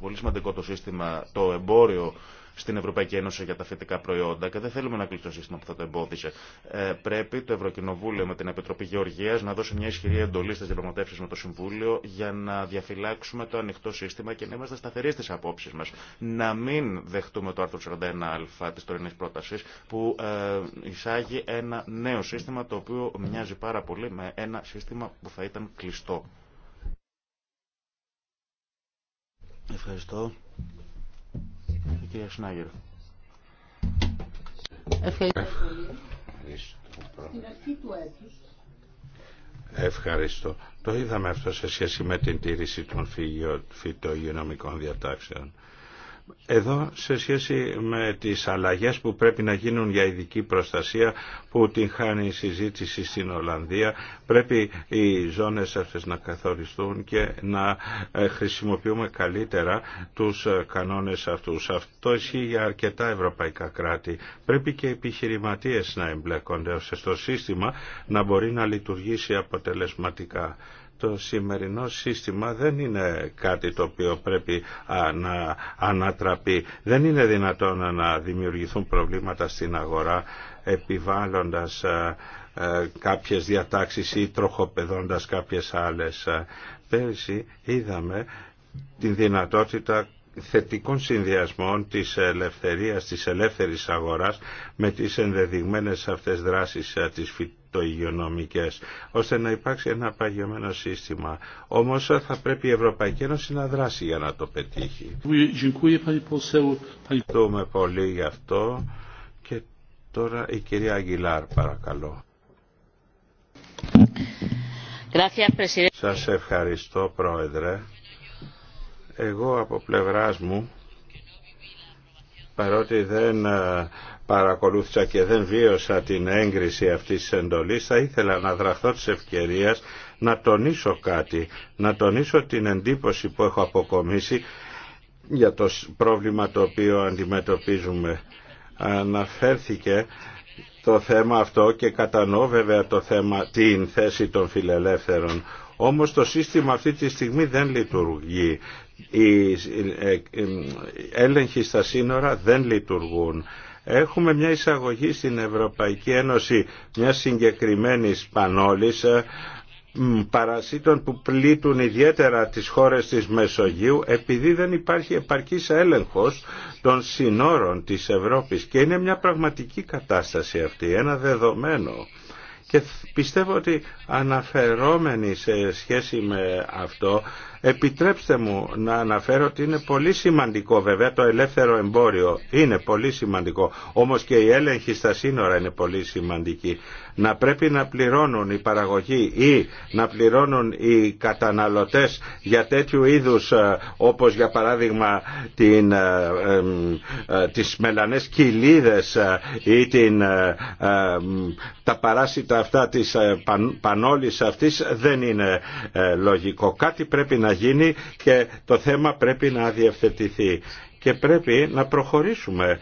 Πολύ σημαντικό το σύστημα, το εμπόριο στην Ευρωπαϊκή Ένωση για τα φυτικά προϊόντα και δεν θέλουμε ένα κλειστό σύστημα που θα το εμπόδισε. Ε, πρέπει το Ευρωκοινοβούλιο με την Επιτροπή Γεωργία να δώσει μια ισχυρή εντολή στι διαπραγματεύσει με το Συμβούλιο για να διαφυλάξουμε το ανοιχτό σύστημα και να είμαστε σταθεροί στι απόψει μα. Να μην δεχτούμε το άρθρο 41α τη τωρινή πρόταση που ε, εισάγει ένα νέο σύστημα το οποίο μοιάζει πάρα πολύ με ένα σύστημα που θα ήταν κλειστό. Ευχαριστώ κυρία Σνάγερ. Ευχαριστώ. Ευχαριστώ. Το είδαμε αυτό σε σχέση με την τήρηση των φυτογειονομικών διατάξεων. Εδώ σε σχέση με τις αλλαγές που πρέπει να γίνουν για ειδική προστασία που την χάνει η συζήτηση στην Ολλανδία πρέπει οι ζώνες αυτές να καθοριστούν και να ε, χρησιμοποιούμε καλύτερα τους ε, κανόνες αυτούς. Αυτό ισχύει για αρκετά ευρωπαϊκά κράτη. Πρέπει και οι επιχειρηματίες να εμπλέκονται ώστε στο σύστημα να μπορεί να λειτουργήσει αποτελεσματικά το σημερινό σύστημα δεν είναι κάτι το οποίο πρέπει να ανατραπεί. Δεν είναι δυνατόν να δημιουργηθούν προβλήματα στην αγορά επιβάλλοντας κάποιες διατάξεις ή τροχοπεδώντας κάποιες άλλες. Πέρυσι είδαμε τη δυνατότητα θετικών συνδυασμών της ελευθερίας, της ελεύθερης αγοράς με τις ενδεδειγμένες αυτές δράσεις της το υγειονομικές, ώστε να υπάρξει ένα παγιωμένο σύστημα. Όμως θα πρέπει η Ευρωπαϊκή Ένωση να δράσει για να το πετύχει. Ευχαριστούμε πολύ γι' αυτό και τώρα η κυρία Αγγιλάρ παρακαλώ. Σας ευχαριστώ Πρόεδρε. Εγώ από πλευράς μου παρότι δεν ε, παρακολούθησα και δεν βίωσα την έγκριση αυτής της εντολής, θα ήθελα να δραχθώ της ευκαιρίας να τονίσω κάτι, να τονίσω την εντύπωση που έχω αποκομίσει για το πρόβλημα το οποίο αντιμετωπίζουμε. Αναφέρθηκε το θέμα αυτό και κατανοώ βέβαια το θέμα, την θέση των φιλελεύθερων. Όμως το σύστημα αυτή τη στιγμή δεν λειτουργεί. Οι έλεγχοι στα σύνορα δεν λειτουργούν έχουμε μια εισαγωγή στην Ευρωπαϊκή Ένωση μια συγκεκριμένη πανόλης ε, παρασίτων που πλήττουν ιδιαίτερα τις χώρες της Μεσογείου επειδή δεν υπάρχει επαρκής έλεγχος των συνόρων της Ευρώπης και είναι μια πραγματική κατάσταση αυτή, ένα δεδομένο και πιστεύω ότι αναφερόμενοι σε σχέση με αυτό, επιτρέψτε μου να αναφέρω ότι είναι πολύ σημαντικό βέβαια το ελεύθερο εμπόριο. Είναι πολύ σημαντικό. Όμως και η έλεγχη στα σύνορα είναι πολύ σημαντική να πρέπει να πληρώνουν οι παραγωγοί ή να πληρώνουν οι καταναλωτές για τέτοιου είδους ε, όπως για παράδειγμα την, ε, ε, τις μελανές κοιλίδες ή την, τα παράσιτα αυτά της πανόλης αυτής δεν είναι λογικό. Κάτι πρέπει να γίνει και το θέμα πρέπει να διευθετηθεί και πρέπει να προχωρήσουμε.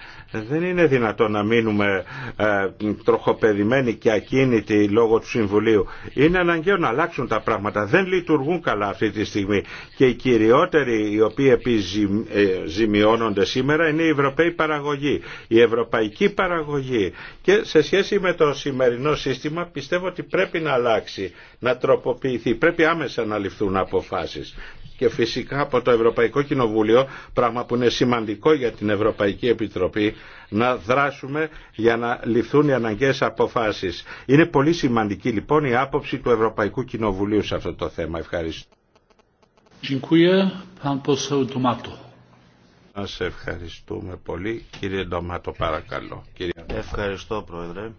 Δεν είναι δυνατόν να μείνουμε ε, τροχοπεδημένοι και ακίνητοι λόγω του Συμβουλίου. Είναι αναγκαίο να αλλάξουν τα πράγματα. Δεν λειτουργούν καλά αυτή τη στιγμή. Και οι κυριότεροι οι οποίοι επιζημιώνονται ε, σήμερα είναι οι Ευρωπαίοι παραγωγή. η ευρωπαϊκή παραγωγή. Και σε σχέση με το σημερινό σύστημα πιστεύω ότι πρέπει να αλλάξει, να τροποποιηθεί. Πρέπει άμεσα να ληφθούν αποφάσεις και φυσικά από το Ευρωπαϊκό Κοινοβούλιο, πράγμα που είναι σημαντικό για την Ευρωπαϊκή Επιτροπή, να δράσουμε για να ληφθούν οι αναγκαίες αποφάσεις. Είναι πολύ σημαντική λοιπόν η άποψη του Ευρωπαϊκού Κοινοβουλίου σε αυτό το θέμα. Ευχαριστώ. Σας ευχαριστούμε πολύ. Κύριε Ντομάτο, παρακαλώ. Ευχαριστώ, Πρόεδρε.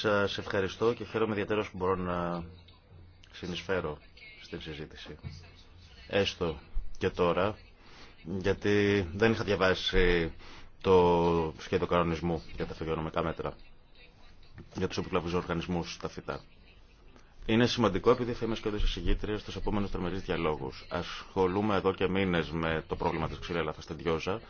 Σα ευχαριστώ και χαίρομαι ιδιαίτερα που μπορώ να συνεισφέρω στην συζήτηση. Έστω και τώρα, γιατί δεν είχα διαβάσει το σχέδιο κανονισμού για τα φυγειονομικά μέτρα για τους επικλαβούς οργανισμούς στα φυτά. Είναι σημαντικό επειδή θα είμαι και όντως εισηγήτρια στους επόμενους τρομερεί διαλόγους. Ασχολούμαι εδώ και μήνε με το πρόβλημα της ξηρέλαφας στην Διόζα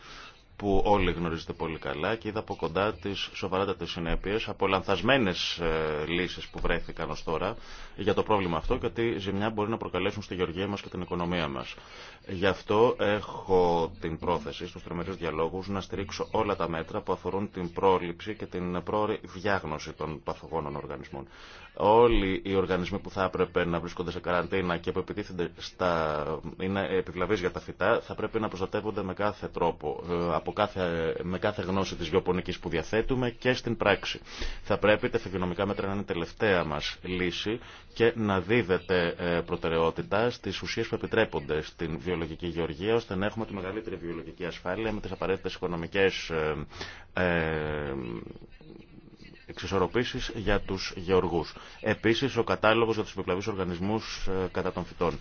που όλοι γνωρίζετε πολύ καλά και είδα από κοντά τις σοβαράτατες συνέπειες από λανθασμένες ε, λύσεις που βρέθηκαν ως τώρα για το πρόβλημα αυτό και ότι ζημιά μπορεί να προκαλέσουν στη γεωργία μας και την οικονομία μας. Γι' αυτό έχω την πρόθεση στους τριμερείς διαλόγους να στηρίξω όλα τα μέτρα που αφορούν την πρόληψη και την πρόορη διάγνωση των παθογόνων οργανισμών όλοι οι οργανισμοί που θα έπρεπε να βρίσκονται σε καραντίνα και που επιτίθενται στα, είναι επιβλαβείς για τα φυτά θα πρέπει να προστατεύονται με κάθε τρόπο, ε, από κάθε, με κάθε γνώση της βιοπονικής που διαθέτουμε και στην πράξη. Θα πρέπει τα φυγειονομικά μέτρα να είναι η τελευταία μας λύση και να δίδεται ε, προτεραιότητα στις ουσίες που επιτρέπονται στην βιολογική γεωργία ώστε να έχουμε τη μεγαλύτερη βιολογική ασφάλεια με τις απαραίτητες οικονομικές ε, εξισορροπήσεις για τους γεωργούς. Επίσης, ο κατάλογος για τους επιπλαβείς οργανισμούς ε, κατά των φυτών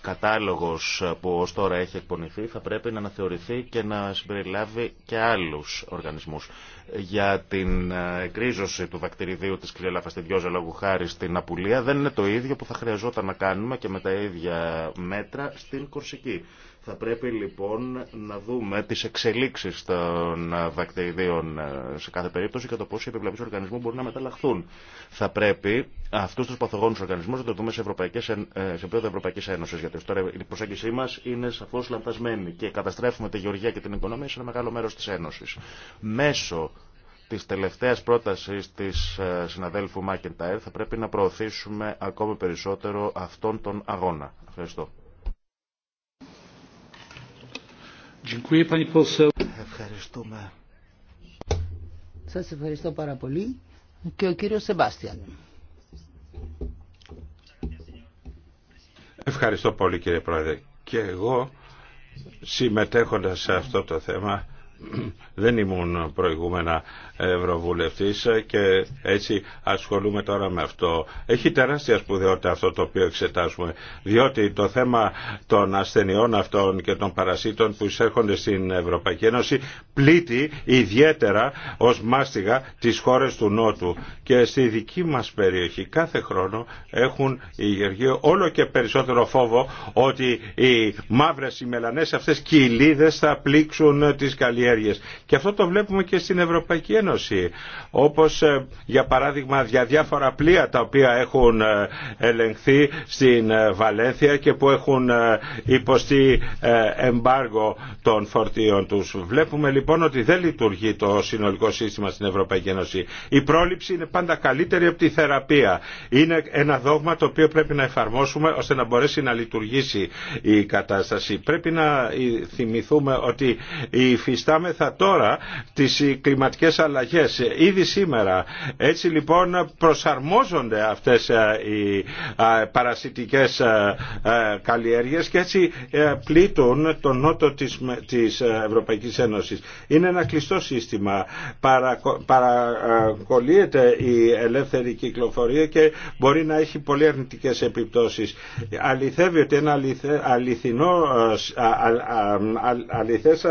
κατάλογος που ως τώρα έχει εκπονηθεί θα πρέπει να αναθεωρηθεί και να συμπεριλάβει και άλλους οργανισμούς. Για την ε, εκρίζωση του βακτηριδίου της κλειολαφαστιδιόζα λόγου χάρη στην Απουλία δεν είναι το ίδιο που θα χρειαζόταν να κάνουμε και με τα ίδια μέτρα στην Κορσική. Θα πρέπει λοιπόν να δούμε τις εξελίξεις των βακτηριδίων ε, σε κάθε περίπτωση και το πώς οι επιβλαβείς οργανισμού μπορούν να μεταλλαχθούν. Θα πρέπει αυτούς τους παθογόνους οργανισμούς να το δούμε σε, ε, σε επίπεδο Ευρωπαϊκής Ένωσης Τώρα η προσέγγιση μα είναι σαφώ λανθασμένη και καταστρέφουμε τη γεωργία και την οικονομία σε ένα μεγάλο μέρο τη Ένωση. Μέσω τη τελευταία πρόταση τη ε, συναδέλφου Μάκεντάιρ θα πρέπει να προωθήσουμε ακόμη περισσότερο αυτόν τον αγώνα. Ευχαριστώ. Ευχαριστούμε. Σας ευχαριστώ πάρα πολύ και ο κύριος Σεμπάστιαν. Ευχαριστώ πολύ κύριε Πρόεδρε. Και εγώ συμμετέχοντας σε αυτό το θέμα δεν ήμουν προηγούμενα Ευρωβουλευτής και έτσι ασχολούμαι τώρα με αυτό. Έχει τεράστια σπουδαιότητα αυτό το οποίο εξετάζουμε, διότι το θέμα των ασθενειών αυτών και των παρασίτων που εισέρχονται στην Ευρωπαϊκή Ένωση πλήττει ιδιαίτερα ως μάστιγα τις χώρες του Νότου. Και στη δική μας περιοχή κάθε χρόνο έχουν οι όλο και περισσότερο φόβο ότι οι μαύρες, οι μελανές αυτές κοιλίδες θα πλήξουν τις καλλιέργειες και αυτό το βλέπουμε και στην Ευρωπαϊκή Ένωση. Όπως ε, για παράδειγμα για διάφορα πλοία τα οποία έχουν ε, ελεγχθεί στην ε, Βαλένθια και που έχουν υποστεί εμπάργο των φορτίων τους. Βλέπουμε λοιπόν ότι δεν λειτουργεί το συνολικό σύστημα στην Ευρωπαϊκή Ένωση. Η πρόληψη είναι πάντα καλύτερη από τη θεραπεία. Είναι ένα δόγμα το οποίο πρέπει να εφαρμόσουμε ώστε να μπορέσει να λειτουργήσει η κατάσταση. Πρέπει να θυμηθούμε ότι υφιστάμεθα τώρα τώρα τις ε, κλιματικές αλλαγές ήδη σήμερα. Έτσι λοιπόν προσαρμόζονται αυτές ε, οι παρασιτικές ε, καλλιέργειες και έτσι πλήττουν τον νότο της, της Ευρωπαϊκής Ένωσης. Είναι ένα κλειστό σύστημα. Παρακολύεται η ελεύθερη κυκλοφορία και μπορεί να έχει πολύ αρνητικέ επιπτώσεις. Αληθεύει ότι ένα αληθινό αληθές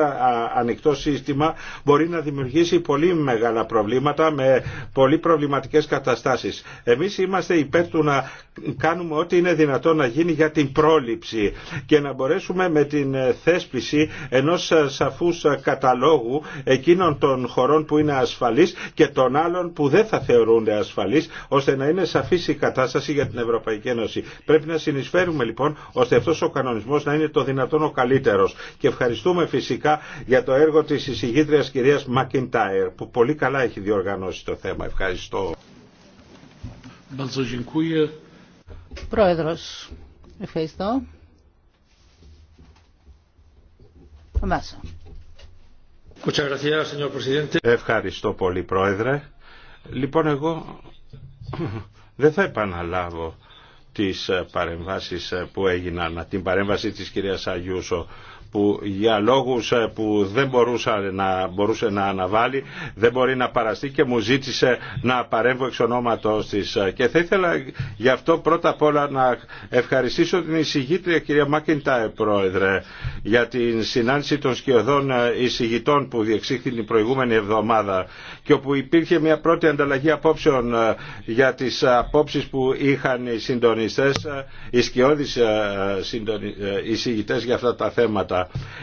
ανοιχτό σύστημα μπορεί να δημιουργήσει πολύ μεγάλα προβλήματα με πολύ προβληματικές καταστάσεις. Εμείς είμαστε υπέρ του να κάνουμε ό,τι είναι δυνατόν να γίνει για την πρόληψη και να μπορέσουμε με την θέσπιση ενός σαφούς καταλόγου εκείνων των χωρών που είναι ασφαλείς και των άλλων που δεν θα θεωρούνται ασφαλείς ώστε να είναι σαφής η κατάσταση για την Ευρωπαϊκή Ένωση. Πρέπει να συνεισφέρουμε λοιπόν ώστε αυτός ο κανονισμός να είναι το δυνατόν ο καλύτερος. Και ευχαριστούμε φυσικά για το έργο της εισηγήτριας κυρίας Μακιντάιρ που πολύ καλά έχει διοργανώσει το θέμα. Ευχαριστώ. Πρόεδρος, ευχαριστώ. Ευχαριστώ πολύ Πρόεδρε. Λοιπόν εγώ δεν θα επαναλάβω τις παρεμβάσεις που έγιναν, την παρέμβαση της κυρίας Αγιούσο που για λόγους ε, που δεν μπορούσε να, μπορούσε να αναβάλει δεν μπορεί να παραστεί και μου ζήτησε να παρέμβω εξ ονόματός της. Ε, και θα ήθελα γι' αυτό πρώτα απ' όλα να ευχαριστήσω την εισηγήτρια κυρία Μάκιντάε Πρόεδρε για την συνάντηση των σκιωδών ε, εισηγητών που διεξήχθη την προηγούμενη εβδομάδα και όπου υπήρχε μια πρώτη ανταλλαγή απόψεων για τις απόψεις που είχαν οι συντονιστές, οι σκιώδεις εισηγητές για αυτά τα θέματα.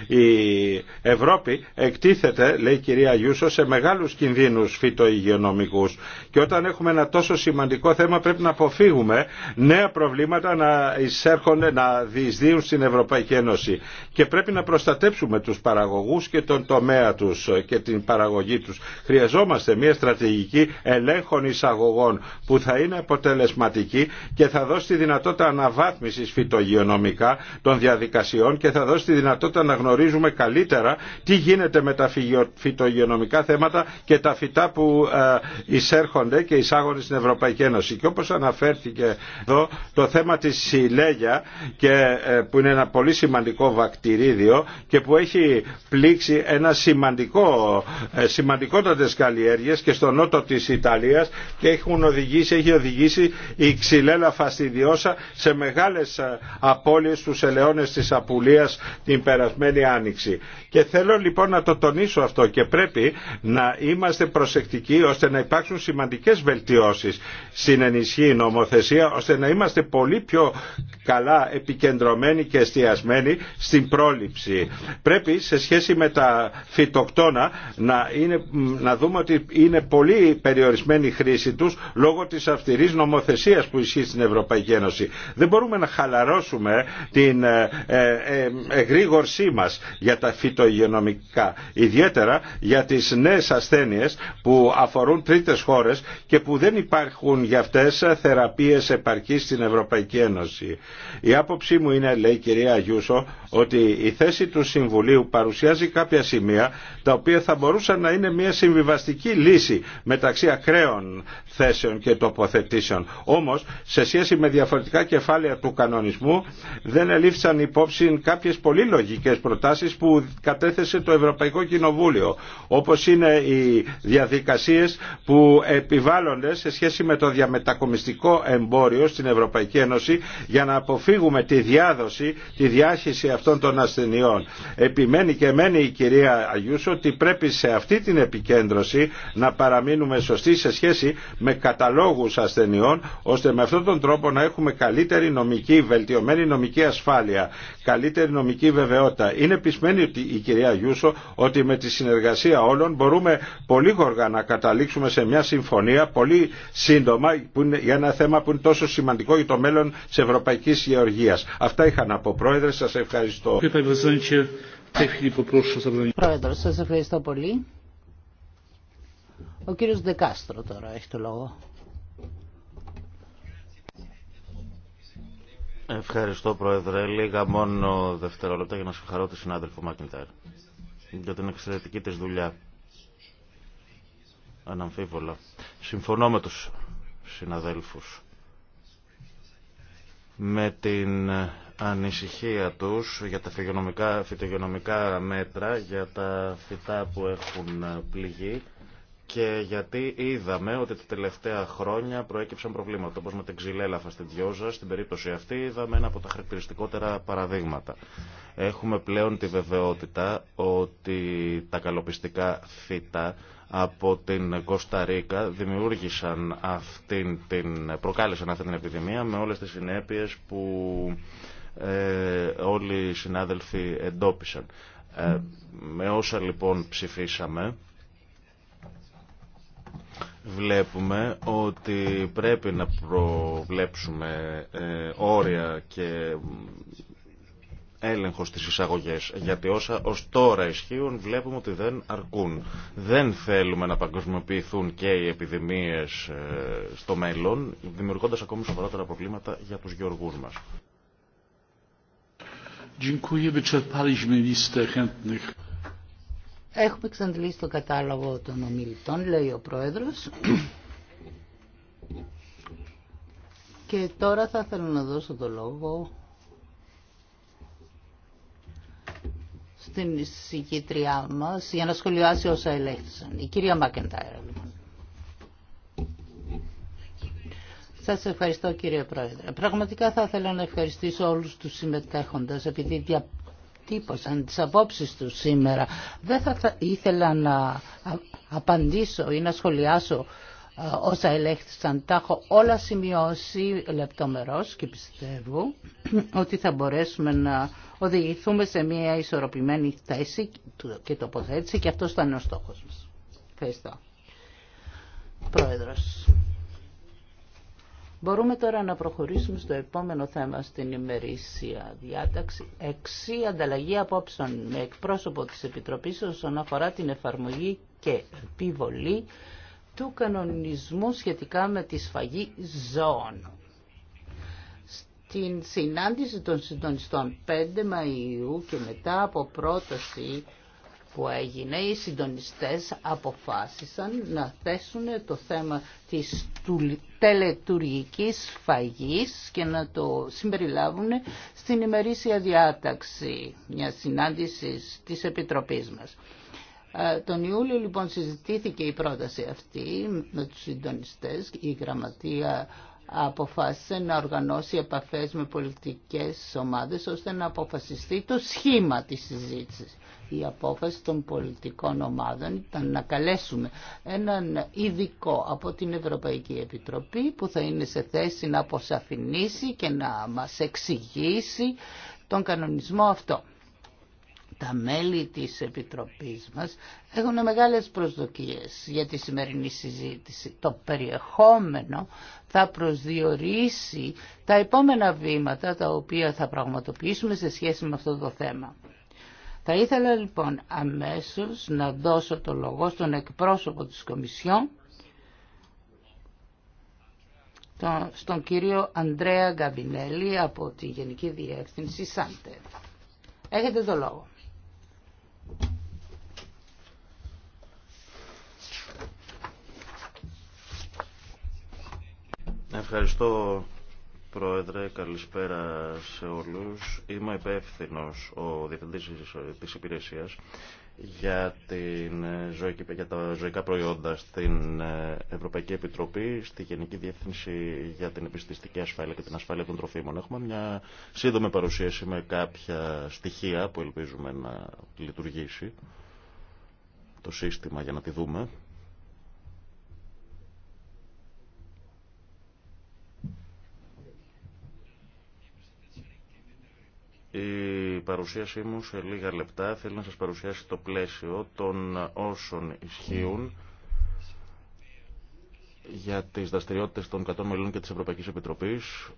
Η Ευρώπη εκτίθεται, λέει η κυρία Γιούσο, σε μεγάλους κινδύνους φυτοϊγειονομικούς και όταν έχουμε ένα τόσο σημαντικό θέμα πρέπει να αποφύγουμε νέα προβλήματα να εισέρχονται, να διεισδύουν στην Ευρωπαϊκή Ένωση και πρέπει να προστατέψουμε τους παραγωγούς και τον τομέα τους και την παραγωγή τους. Χρειαζόμαστε μια στρατηγική ελέγχων εισαγωγών που θα είναι αποτελεσματική και θα δώσει τη δυνατότητα αναβάθμισης φυτογειονομικά των διαδικασιών και θα δώσει τη δυνατότητα δυνατότητα να γνωρίζουμε καλύτερα τι γίνεται με τα φυτογενομικά θέματα και τα φυτά που ε, εισέρχονται και εισάγονται στην Ευρωπαϊκή Ένωση. Και όπως αναφέρθηκε εδώ το θέμα της συλλέγια και, ε, που είναι ένα πολύ σημαντικό βακτηρίδιο και που έχει πλήξει ένα σημαντικό, ε, σημαντικότατες καλλιέργειες και στο νότο της Ιταλίας και έχουν οδηγήσει, έχει οδηγήσει η ξυλέλα φαστιδιώσα σε μεγάλες απώλειες στους ελαιώνες της Απουλίας την περασμένη άνοιξη. Και θέλω λοιπόν να το τονίσω αυτό και πρέπει να είμαστε προσεκτικοί ώστε να υπάρξουν σημαντικές βελτιώσεις στην ενισχύη νομοθεσία ώστε να είμαστε πολύ πιο καλά επικεντρωμένοι και εστιασμένοι στην πρόληψη. Πρέπει σε σχέση με τα φυτοκτόνα να, είναι, να δούμε ότι είναι πολύ περιορισμένη η χρήση τους λόγω της αυστηρής νομοθεσίας που ισχύει στην Ευρωπαϊκή Ένωση. Δεν μπορούμε να χαλαρώσουμε την ε, ε, ε, ε για τα φυτογενομικά, ιδιαίτερα για τις νέες ασθένειες που αφορούν τρίτες χώρες και που δεν υπάρχουν για αυτές θεραπείες επαρκής στην Ευρωπαϊκή Ένωση. Η άποψή μου είναι, λέει η κυρία Αγιούσο, ότι η θέση του Συμβουλίου παρουσιάζει κάποια σημεία τα οποία θα μπορούσαν να είναι μια συμβιβαστική λύση μεταξύ ακραίων θέσεων και τοποθετήσεων. Όμως, σε σχέση με διαφορετικά κεφάλαια του κανονισμού δεν ελήφθησαν υπόψη κάποιε πολύ λογικές στρατηγικές προτάσεις που κατέθεσε το Ευρωπαϊκό Κοινοβούλιο όπως είναι οι διαδικασίες που επιβάλλονται σε σχέση με το διαμετακομιστικό εμπόριο στην Ευρωπαϊκή Ένωση για να αποφύγουμε τη διάδοση, τη διάχυση αυτών των ασθενειών. Επιμένει και μένει η κυρία Αγιούσο ότι πρέπει σε αυτή την επικέντρωση να παραμείνουμε σωστοί σε σχέση με καταλόγους ασθενειών ώστε με αυτόν τον τρόπο να έχουμε καλύτερη νομική, βελτιωμένη νομική ασφάλεια, καλύτερη νομική βεβαιότητα είναι πεισμένη ότι η κυρία Γιούσο ότι με τη συνεργασία όλων μπορούμε πολύ γοργά να καταλήξουμε σε μια συμφωνία πολύ σύντομα που είναι για ένα θέμα που είναι τόσο σημαντικό για το μέλλον της Ευρωπαϊκής Γεωργίας. Αυτά είχα να πω. Πρόεδρε, σας ευχαριστώ. Πρόεδρε, σας ευχαριστώ πολύ. Ο κύριος Δεκάστρο τώρα έχει το λόγο. Ευχαριστώ, Πρόεδρε. Λίγα μόνο δευτερόλεπτα για να συγχαρώ τη συνάδελφο Μάκινταρ για την εξαιρετική της δουλειά. Αναμφίβολα. Συμφωνώ με τους συναδέλφους. Με την ανησυχία τους για τα φυτογενομικά μέτρα, για τα φυτά που έχουν πληγεί και γιατί είδαμε ότι τα τελευταία χρόνια προέκυψαν προβλήματα, όπως με την ξυλέλαφα στην στην περίπτωση αυτή είδαμε ένα από τα χαρακτηριστικότερα παραδείγματα. Έχουμε πλέον τη βεβαιότητα ότι τα καλοπιστικά φύτα από την Κωνσταντίνα δημιούργησαν αυτήν την, προκάλεσαν αυτή την επιδημία με όλες τις συνέπειες που ε, όλοι οι συνάδελφοι εντόπισαν. Ε, με όσα λοιπόν ψηφίσαμε, βλέπουμε ότι πρέπει να προβλέψουμε ε, όρια και έλεγχο στις εισαγωγές, γιατί όσα ως τώρα ισχύουν βλέπουμε ότι δεν αρκούν. Δεν θέλουμε να παγκοσμιοποιηθούν και οι επιδημίες ε, στο μέλλον, δημιουργώντας ακόμη σοβαρότερα προβλήματα για τους γεωργούς μας. Έχουμε εξαντλήσει το κατάλογο των ομιλητών, λέει ο Πρόεδρος. Και τώρα θα ήθελα να δώσω το λόγο στην συγκήτριά μας για να σχολιάσει όσα ελέγχθησαν. Η κυρία Μακεντάιρα, λοιπόν. Σας ευχαριστώ κύριε Πρόεδρε. Πραγματικά θα ήθελα να ευχαριστήσω όλους τους συμμετέχοντες επειδή δια αν τις απόψεις του σήμερα. Δεν θα ήθελα να απαντήσω ή να σχολιάσω όσα ελέγχθησαν. Τα έχω όλα σημειώσει λεπτομερώς και πιστεύω [CLEARS THROAT] ότι θα μπορέσουμε να οδηγηθούμε σε μια ισορροπημένη θέση και τοποθέτηση και αυτός είναι ο στόχος μας. Ευχαριστώ. Πρόεδρος. Μπορούμε τώρα να προχωρήσουμε στο επόμενο θέμα στην ημερήσια διάταξη. Εξή ανταλλαγή απόψεων με εκπρόσωπο της Επιτροπής όσον αφορά την εφαρμογή και επιβολή του κανονισμού σχετικά με τη σφαγή ζώων. Στην συνάντηση των συντονιστών 5 Μαΐου και μετά από πρόταση που έγινε, οι συντονιστές αποφάσισαν να θέσουν το θέμα της τελετουργικής φαγής και να το συμπεριλάβουν στην ημερήσια διάταξη μια συνάντηση της Επιτροπής μας. Τον Ιούλιο λοιπόν συζητήθηκε η πρόταση αυτή με τους συντονιστές, η γραμματεία αποφάσισε να οργανώσει επαφές με πολιτικές ομάδες ώστε να αποφασιστεί το σχήμα της συζήτησης. Η απόφαση των πολιτικών ομάδων ήταν να καλέσουμε έναν ειδικό από την Ευρωπαϊκή Επιτροπή που θα είναι σε θέση να αποσαφηνίσει και να μας εξηγήσει τον κανονισμό αυτό τα μέλη της Επιτροπής μας έχουν μεγάλες προσδοκίες για τη σημερινή συζήτηση. Το περιεχόμενο θα προσδιορίσει τα επόμενα βήματα τα οποία θα πραγματοποιήσουμε σε σχέση με αυτό το θέμα. Θα ήθελα λοιπόν αμέσως να δώσω το λόγο στον εκπρόσωπο της Κομισιόν, στον κύριο Ανδρέα Γκαμπινέλη από τη Γενική Διεύθυνση ΣΑΝΤΕ. Έχετε το λόγο. Ευχαριστώ Πρόεδρε, καλησπέρα σε όλους. Είμαι υπεύθυνο ο Διευθυντής της Υπηρεσίας για, την ε, ζωική, για τα ζωικά προϊόντα στην ε, Ευρωπαϊκή Επιτροπή, στη Γενική Διεύθυνση για την Επιστηστική Ασφάλεια και την Ασφάλεια των Τροφίμων. Έχουμε μια σύντομη παρουσίαση με κάποια στοιχεία που ελπίζουμε να λειτουργήσει το σύστημα για να τη δούμε. Η παρουσίασή μου σε λίγα λεπτά θέλει να σας παρουσιάσει το πλαίσιο των όσων ισχύουν για τις δραστηριότητες των 100 μελών και της Ευρωπαϊκής Επιτροπής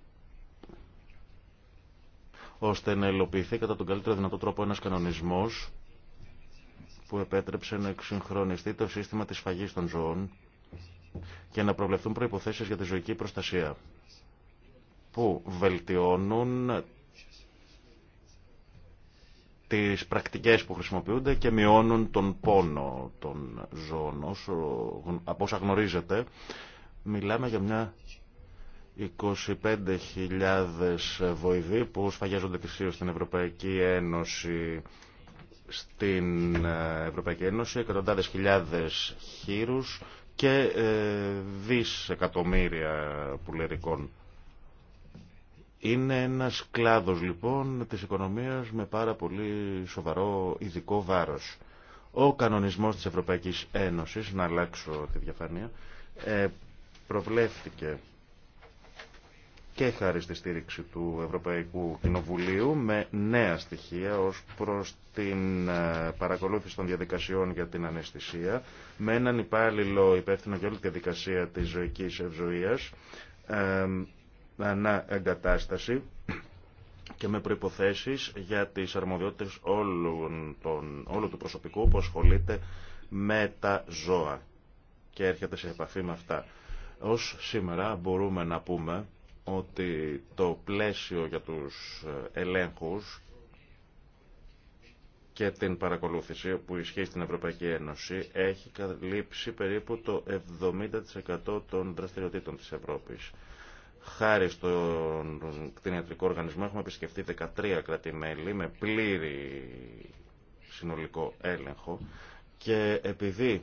ώστε να ελοποιηθεί κατά τον καλύτερο δυνατό τρόπο ένας κανονισμός που επέτρεψε να εξυγχρονιστεί το σύστημα της φαγής των ζώων και να προβλεφθούν προϋποθέσεις για τη ζωική προστασία που βελτιώνουν τις πρακτικές που χρησιμοποιούνται και μειώνουν τον πόνο των ζώων. Όσο, από όσα γνωρίζετε, μιλάμε για μια 25.000 βοηθοί που σφαγιάζονται θυσίως στην Ευρωπαϊκή Ένωση στην ε, Ευρωπαϊκή Ένωση, εκατοντάδες χιλιάδες χείρους και ε, πουλερικών είναι ένας κλάδος λοιπόν της οικονομίας με πάρα πολύ σοβαρό ειδικό βάρος. Ο κανονισμός της Ευρωπαϊκής Ένωσης, να αλλάξω τη διαφάνεια, ε, προβλέφθηκε και χάρη στη στήριξη του Ευρωπαϊκού Κοινοβουλίου με νέα στοιχεία ως προς την ε, παρακολούθηση των διαδικασιών για την αναισθησία με έναν υπάλληλο υπεύθυνο για όλη τη διαδικασία της ζωικής ευζοίας ε, εγκατάσταση και με προϋποθέσεις για τις αρμοδιότητες όλων όλου του προσωπικού που ασχολείται με τα ζώα και έρχεται σε επαφή με αυτά. Ως σήμερα μπορούμε να πούμε ότι το πλαίσιο για τους ε, ελέγχους και την παρακολούθηση που ισχύει στην Ευρωπαϊκή Ένωση έχει καλύψει περίπου το 70% των δραστηριοτήτων της Ευρώπης. Χάρη στον κτηνιατρικό οργανισμό έχουμε επισκεφτεί 13 κρατημέλη με πλήρη συνολικό έλεγχο και επειδή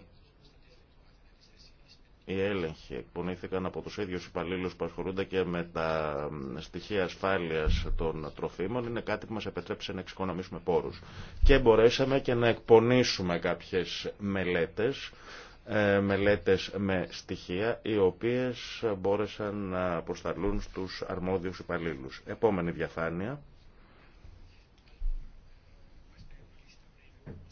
οι έλεγχοι εκπονήθηκαν από τους ίδιους υπαλλήλους που ασχολούνται και με τα στοιχεία ασφάλειας των τροφίμων είναι κάτι που μας επιτρέψε να εξοικονομήσουμε πόρους. Και μπορέσαμε και να εκπονήσουμε κάποιες μελέτες ε, μελέτες με στοιχεία οι οποίες μπόρεσαν να αποσταλούν στους αρμόδιους υπαλλήλους. Επόμενη διαφάνεια.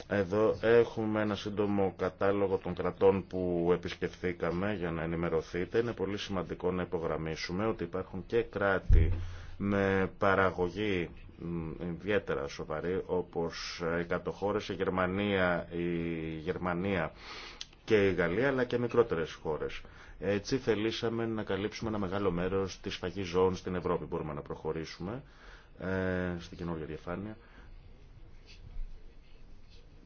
Εδώ έχουμε ένα σύντομο κατάλογο των κρατών που επισκεφθήκαμε για να ενημερωθείτε. Είναι πολύ σημαντικό να υπογραμμίσουμε ότι υπάρχουν και κράτη με παραγωγή ιδιαίτερα σοβαρή όπως οι κατοχώρες, η Γερμανία, η Γερμανία και η Γαλλία αλλά και μικρότερες χώρες. Έτσι θελήσαμε να καλύψουμε ένα μεγάλο μέρος της φαγή ζώων στην Ευρώπη. Μπορούμε να προχωρήσουμε ε, στην καινούργια διαφάνεια.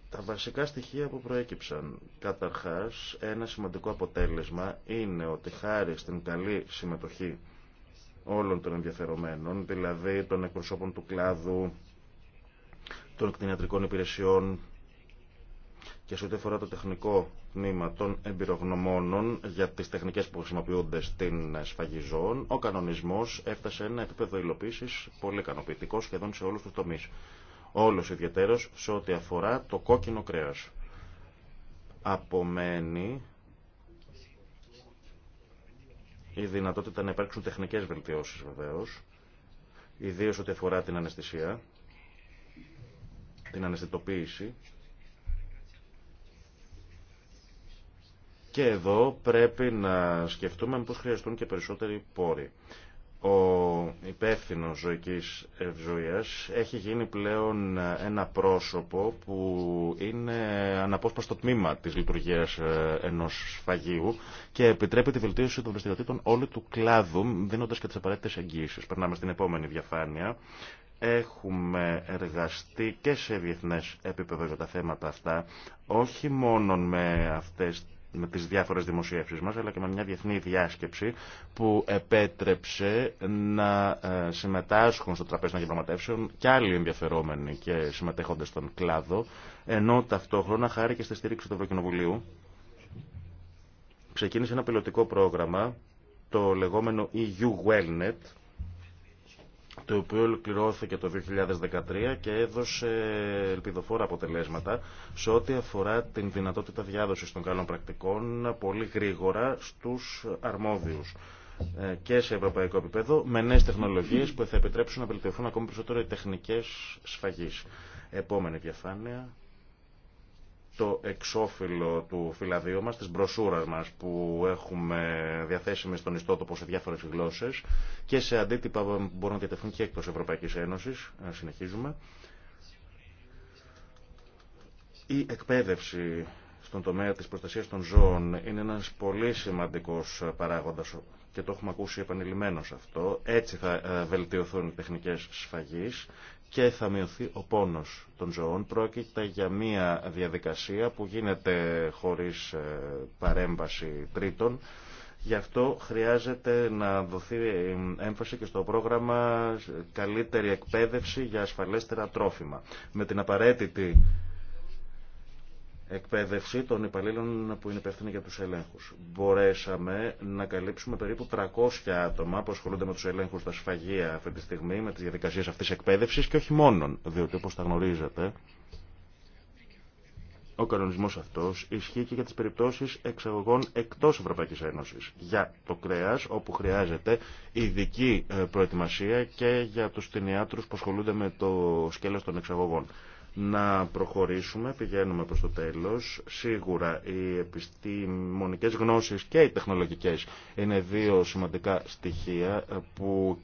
Τα βασικά στοιχεία που προέκυψαν. Καταρχάς, ένα σημαντικό αποτέλεσμα είναι ότι χάρη στην καλή συμμετοχή όλων των ενδιαφερομένων, δηλαδή των εκπροσώπων του κλάδου, των κτηνιατρικών υπηρεσιών, και σε ό,τι αφορά το τεχνικό τμήμα των εμπειρογνωμόνων για τις τεχνικές που χρησιμοποιούνται στην σφαγή ο κανονισμός έφτασε ένα επίπεδο υλοποίησης πολύ ικανοποιητικό σχεδόν σε όλους τους τομείς. Όλος ιδιαίτερος σε ό,τι αφορά το κόκκινο κρέας. Απομένει η δυνατότητα να υπάρξουν τεχνικές βελτιώσεις βεβαίως, ιδίως ό,τι αφορά την αναισθησία, την αναισθητοποίηση Και εδώ πρέπει να σκεφτούμε πώς χρειαστούν και περισσότεροι πόροι. Ο υπεύθυνο ζωικής ευζωίας έχει γίνει πλέον ένα πρόσωπο που είναι αναπόσπαστο τμήμα της λειτουργίας ε, ενός φαγείου και επιτρέπει τη βελτίωση των δραστηριοτήτων όλου του κλάδου δίνοντας και τις απαραίτητες εγγύσεις. Περνάμε στην επόμενη διαφάνεια. Έχουμε εργαστεί και σε διεθνές επίπεδο για τα θέματα αυτά, όχι μόνο με αυτές με τις διάφορες δημοσίευσεις μας, αλλά και με μια διεθνή διάσκεψη που επέτρεψε να ε, συμμετάσχουν στο τραπέζι των διαπραγματεύσεων και άλλοι ενδιαφερόμενοι και συμμετέχοντες στον κλάδο, ενώ ταυτόχρονα χάρη και στη στήριξη του Ευρωκοινοβουλίου ξεκίνησε ένα πιλωτικό πρόγραμμα, το λεγόμενο EU WellNet, το οποίο ολοκληρώθηκε το 2013 και έδωσε ελπιδοφόρα αποτελέσματα σε ό,τι αφορά την δυνατότητα διάδοσης των καλών πρακτικών πολύ γρήγορα στους αρμόδιους ε, και σε ευρωπαϊκό επίπεδο με νέες τεχνολογίες που θα επιτρέψουν να βελτιωθούν ακόμη περισσότερο οι τεχνικές σφαγής. Επόμενη διαφάνεια το εξώφυλλο του φυλαδίου μας, της μπροσούρας μας που έχουμε διαθέσιμη στον ιστότοπο σε διάφορες γλώσσες και σε αντίτυπα που μπορούν να διατεθούν και εκτός Ευρωπαϊκής Ένωσης. Ε, συνεχίζουμε. Η εκπαίδευση στον τομέα της προστασίας των ζώων είναι ένας πολύ σημαντικός παράγοντας και το έχουμε ακούσει επανειλημμένος αυτό. Έτσι θα ε, βελτιωθούν οι τεχνικές σφαγής και θα μειωθεί ο πόνος των ζωών. Πρόκειται για μια διαδικασία που γίνεται χωρίς ε, παρέμβαση τρίτων. Γι' αυτό χρειάζεται να δοθεί ε, έμφαση και στο πρόγραμμα καλύτερη εκπαίδευση για ασφαλέστερα τρόφιμα. Με την απαραίτητη εκπαίδευση των υπαλλήλων που είναι υπεύθυνοι για τους ελέγχους. Μπορέσαμε να καλύψουμε περίπου 300 άτομα που ασχολούνται με τους ελέγχους στα σφαγεία αυτή τη στιγμή, με τις διαδικασίες αυτής εκπαίδευσης και όχι μόνον, διότι όπως τα γνωρίζετε, ο κανονισμός αυτός ισχύει και για τις περιπτώσεις εξαγωγών εκτός Ευρωπαϊκής Ένωσης. Για το κρέας, όπου χρειάζεται ειδική ε, προετοιμασία και για τους ταινιάτρους που ασχολούνται με το σκέλος των εξαγωγών να προχωρήσουμε, πηγαίνουμε προς το τέλος. Σίγουρα οι επιστημονικές γνώσεις και οι τεχνολογικές είναι δύο σημαντικά στοιχεία που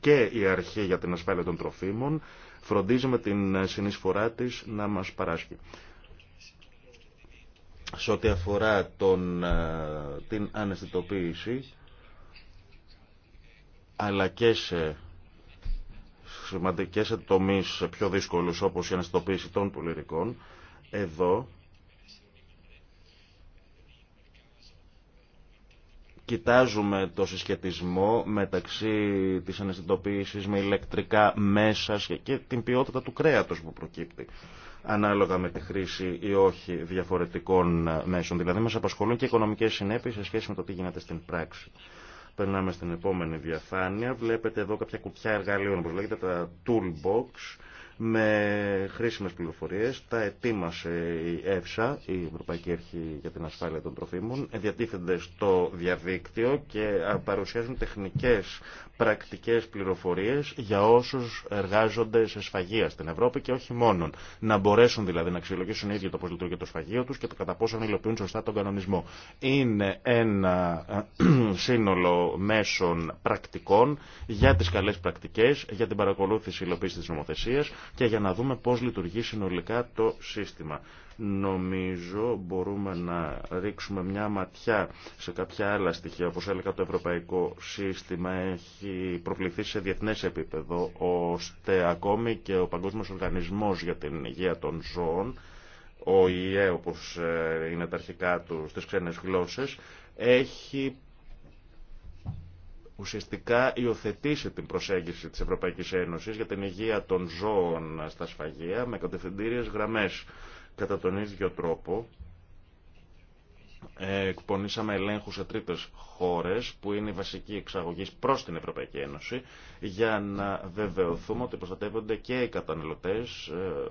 και η αρχή για την ασφάλεια των τροφίμων φροντίζει με την συνεισφορά της να μας παράσχει. Σε ό,τι αφορά τον, ε, την αναισθητοποίηση, αλλά και σε σημαντικές τομείς πιο δύσκολους όπως η αναστοποίηση των πολιτικών, εδώ κοιτάζουμε το συσχετισμό μεταξύ της αναστοποίηση με ηλεκτρικά μέσα και την ποιότητα του κρέατος που προκύπτει ανάλογα με τη χρήση ή όχι διαφορετικών μέσων. Δηλαδή μας απασχολούν και οικονομικές συνέπειες σε σχέση με το τι γίνεται στην πράξη. Περνάμε στην επόμενη διαφάνεια. Βλέπετε εδώ κάποια κουπιά εργαλείων, όπως λέγεται τα toolbox με χρήσιμες πληροφορίες. Τα ετοίμασε η ΕΦΣΑ, η Ευρωπαϊκή Έρχη για την Ασφάλεια των Τροφίμων, διατίθενται στο διαδίκτυο και παρουσιάζουν τεχνικές πρακτικές πληροφορίες για όσους εργάζονται σε σφαγεία στην Ευρώπη και όχι μόνον. Να μπορέσουν δηλαδή να αξιολογήσουν ίδιο το πώς λειτουργεί το σφαγείο τους και το κατά πόσο υλοποιούν σωστά τον κανονισμό. Είναι ένα [CLEARS THROAT] σύνολο μέσων πρακτικών για τις καλές πρακτικές, για την παρακολούθηση υλοποίηση της νομοθεσίας και για να δούμε πώς λειτουργεί συνολικά το σύστημα. Νομίζω μπορούμε να ρίξουμε μια ματιά σε κάποια άλλα στοιχεία. Όπως έλεγα το ευρωπαϊκό σύστημα έχει προβληθεί σε διεθνές επίπεδο ώστε ακόμη και ο Παγκόσμιος Οργανισμός για την Υγεία των Ζώων ο ΙΕ όπως ε, είναι τα αρχικά του στις ξένες γλώσσες έχει ουσιαστικά υιοθετήσει την προσέγγιση της Ευρωπαϊκής Ένωσης για την υγεία των ζώων στα σφαγεία με κατευθυντήριες γραμμές. Κατά τον ίδιο τρόπο εκπονήσαμε ελέγχους σε τρίτες χώρες που είναι η βασική εξαγωγή προς την Ευρωπαϊκή Ένωση για να βεβαιωθούμε ότι προστατεύονται και οι καταναλωτές ε,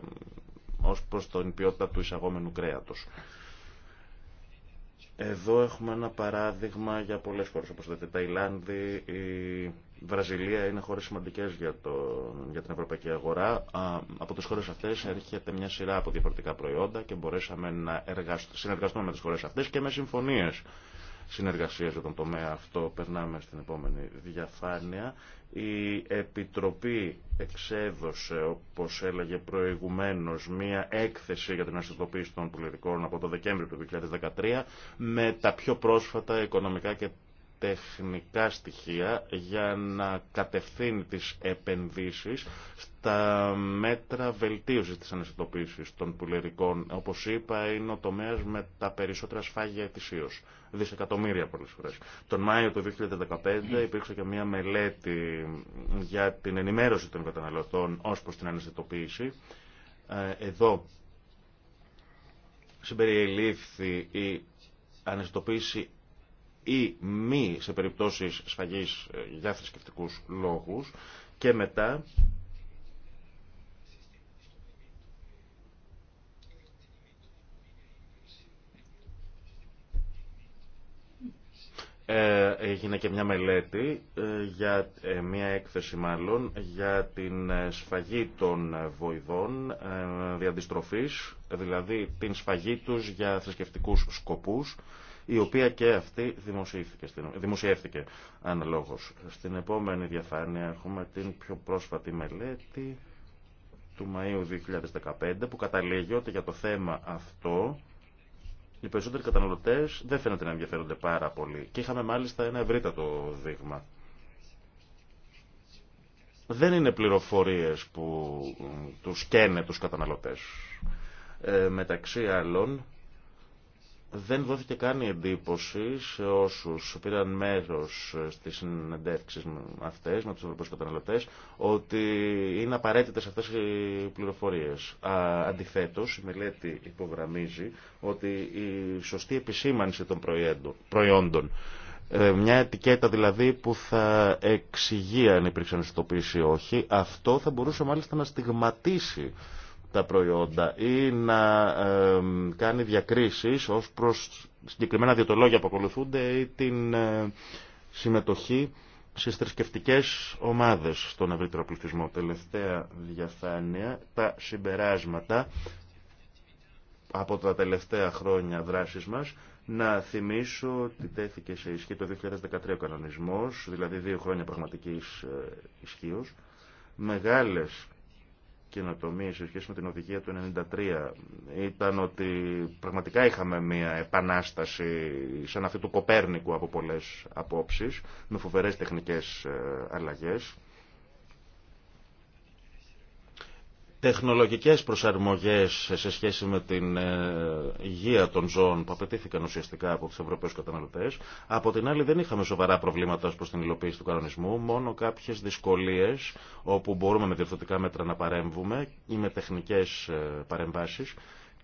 ως προς την ποιότητα του εισαγόμενου κρέατος. Εδώ έχουμε ένα παράδειγμα για πολλές χώρες, όπως λέτε, η Ταϊλάνδη, η Βραζιλία είναι χώρες σημαντικές για, το, για την ευρωπαϊκή αγορά. από τις χώρες αυτές έρχεται μια σειρά από διαφορετικά προϊόντα και μπορέσαμε να συνεργαστούμε με τις χώρες αυτές και με συμφωνίες σύνεργασίες για τον τομέα αυτό. Περνάμε στην επόμενη διαφάνεια. Η Επιτροπή εξέδωσε, όπως έλεγε προηγουμένως, μία έκθεση για την αστυνοποίηση των πολιτικών από το Δεκέμβριο του 2013 με τα πιο πρόσφατα οικονομικά και τεχνικά στοιχεία για να κατευθύνει τις επενδύσεις στα μέτρα βελτίωσης της ανασυντοποίησης των πουλερικών. Όπως είπα, είναι ο τομέας με τα περισσότερα σφάγια ετησίως. Δισεκατομμύρια πολλές φορές. Τον Μάιο του 2015 υπήρξε και μια μελέτη για την ενημέρωση των καταναλωτών ως προς την ανασυντοποίηση. Ε, εδώ συμπεριελήφθη η ανεστοποίηση ή μη σε περιπτώσεις σφαγής ε, για θρησκευτικούς λόγους και μετά ε, έγινε και μια μελέτη ε, για μια έκθεση μάλλον για την σφαγή των βοηδών διαντιστροφής δηλαδή την σφαγή τους για θρησκευτικούς σκοπούς η οποία και αυτή δημοσιεύθηκε αναλόγως. Στην επόμενη διαφάνεια έχουμε την πιο πρόσφατη μελέτη του Μαΐου 2015 που καταλήγει ότι για το θέμα αυτό οι περισσότεροι καταναλωτές δεν φαίνεται να ενδιαφέρονται πάρα πολύ και είχαμε μάλιστα ένα ευρύτατο δείγμα. Δεν είναι πληροφορίες που τους καίνε τους καταναλωτές. Ε, μεταξύ άλλων, δεν δόθηκε καν η εντύπωση σε όσους πήραν μέρος στις συνεντεύξεις αυτές με τους Ευρωπαίου καταναλωτές ότι είναι απαραίτητες αυτές οι πληροφορίες. Αντιθέτως, η μελέτη υπογραμμίζει ότι η σωστή επισήμανση των προϊόντων ε, μια ετικέτα δηλαδή που θα εξηγεί αν υπήρξε ανιστοποίηση ή όχι, αυτό θα μπορούσε μάλιστα να στιγματίσει τα προϊόντα ή να κάνει διακρίσεις ως προς συγκεκριμένα διαιτολόγια που ακολουθούνται ή την ε, συμμετοχή στις θρησκευτικέ ομάδες στον ευρύτερο πληθυσμό. Τελευταία διαφάνεια, τα συμπεράσματα από τα τελευταία χρόνια δράσης μας. Να θυμίσω ότι τέθηκε σε ισχύ το 2013 ο κανονισμός, δηλαδή δύο χρόνια πραγματικής ε, ισχύω. Μεγάλες καινοτομίε σε σχέση με την οδηγία του 1993 ήταν ότι πραγματικά είχαμε μια επανάσταση σαν αυτή του Κοπέρνικου από πολλέ απόψεις, με φοβερέ τεχνικές ε, αλλαγές τεχνολογικές προσαρμογές σε σχέση με την ε, υγεία των ζώων που απαιτήθηκαν ουσιαστικά από τους Ευρωπαίους καταναλωτές. Από την άλλη δεν είχαμε σοβαρά προβλήματα ως προς την υλοποίηση του κανονισμού, μόνο κάποιες δυσκολίες όπου μπορούμε με διευθυντικά μέτρα να παρέμβουμε ή με τεχνικές ε, παρεμβάσεις.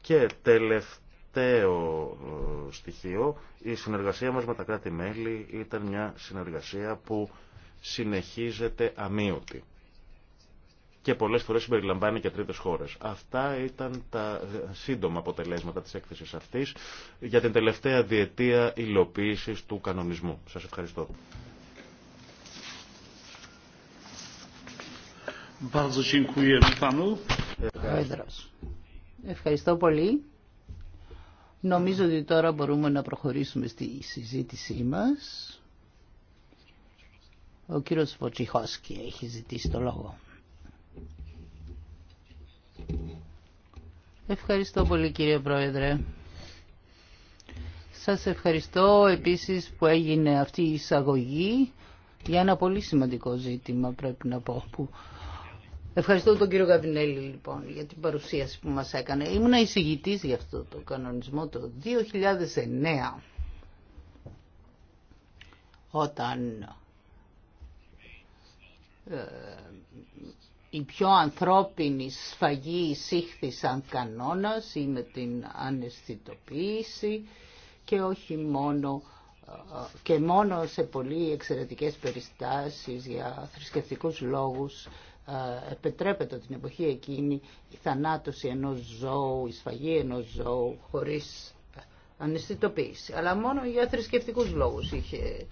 Και τελευταίο ε, στοιχείο, η συνεργασία μας με τα κράτη-μέλη ήταν μια συνεργασία που συνεχίζεται αμύωτη και πολλέ φορέ συμπεριλαμβάνει και τρίτε χώρε. Αυτά ήταν τα ε, σύντομα αποτελέσματα τη έκθεση αυτή για την τελευταία διετία υλοποίηση του κανονισμού. Σα ευχαριστώ. Ευχαριστώ πολύ. Νομίζω ότι τώρα μπορούμε να προχωρήσουμε στη συζήτησή μας. Ο κύριος Βοτσιχόσκι έχει ζητήσει το λόγο. Ευχαριστώ πολύ κύριε Πρόεδρε. Σας ευχαριστώ επίσης που έγινε αυτή η εισαγωγή για ένα πολύ σημαντικό ζήτημα πρέπει να πω. Που... Ευχαριστώ τον κύριο Γαβινέλη λοιπόν για την παρουσίαση που μας έκανε. Ήμουν εισηγητής για αυτό το κανονισμό το 2009 όταν ε, η πιο ανθρώπινη σφαγή εισήχθη σαν κανόνας ή με την αναισθητοποίηση και όχι μόνο και μόνο σε πολύ εξαιρετικές περιστάσεις για θρησκευτικούς λόγους ε, επιτρέπεται την εποχή εκείνη η θανάτωση ενός ζώου, η σφαγή ενός ζώου χωρίς αναισθητοποίηση. Αλλά μόνο για θρησκευτικούς λόγους είχε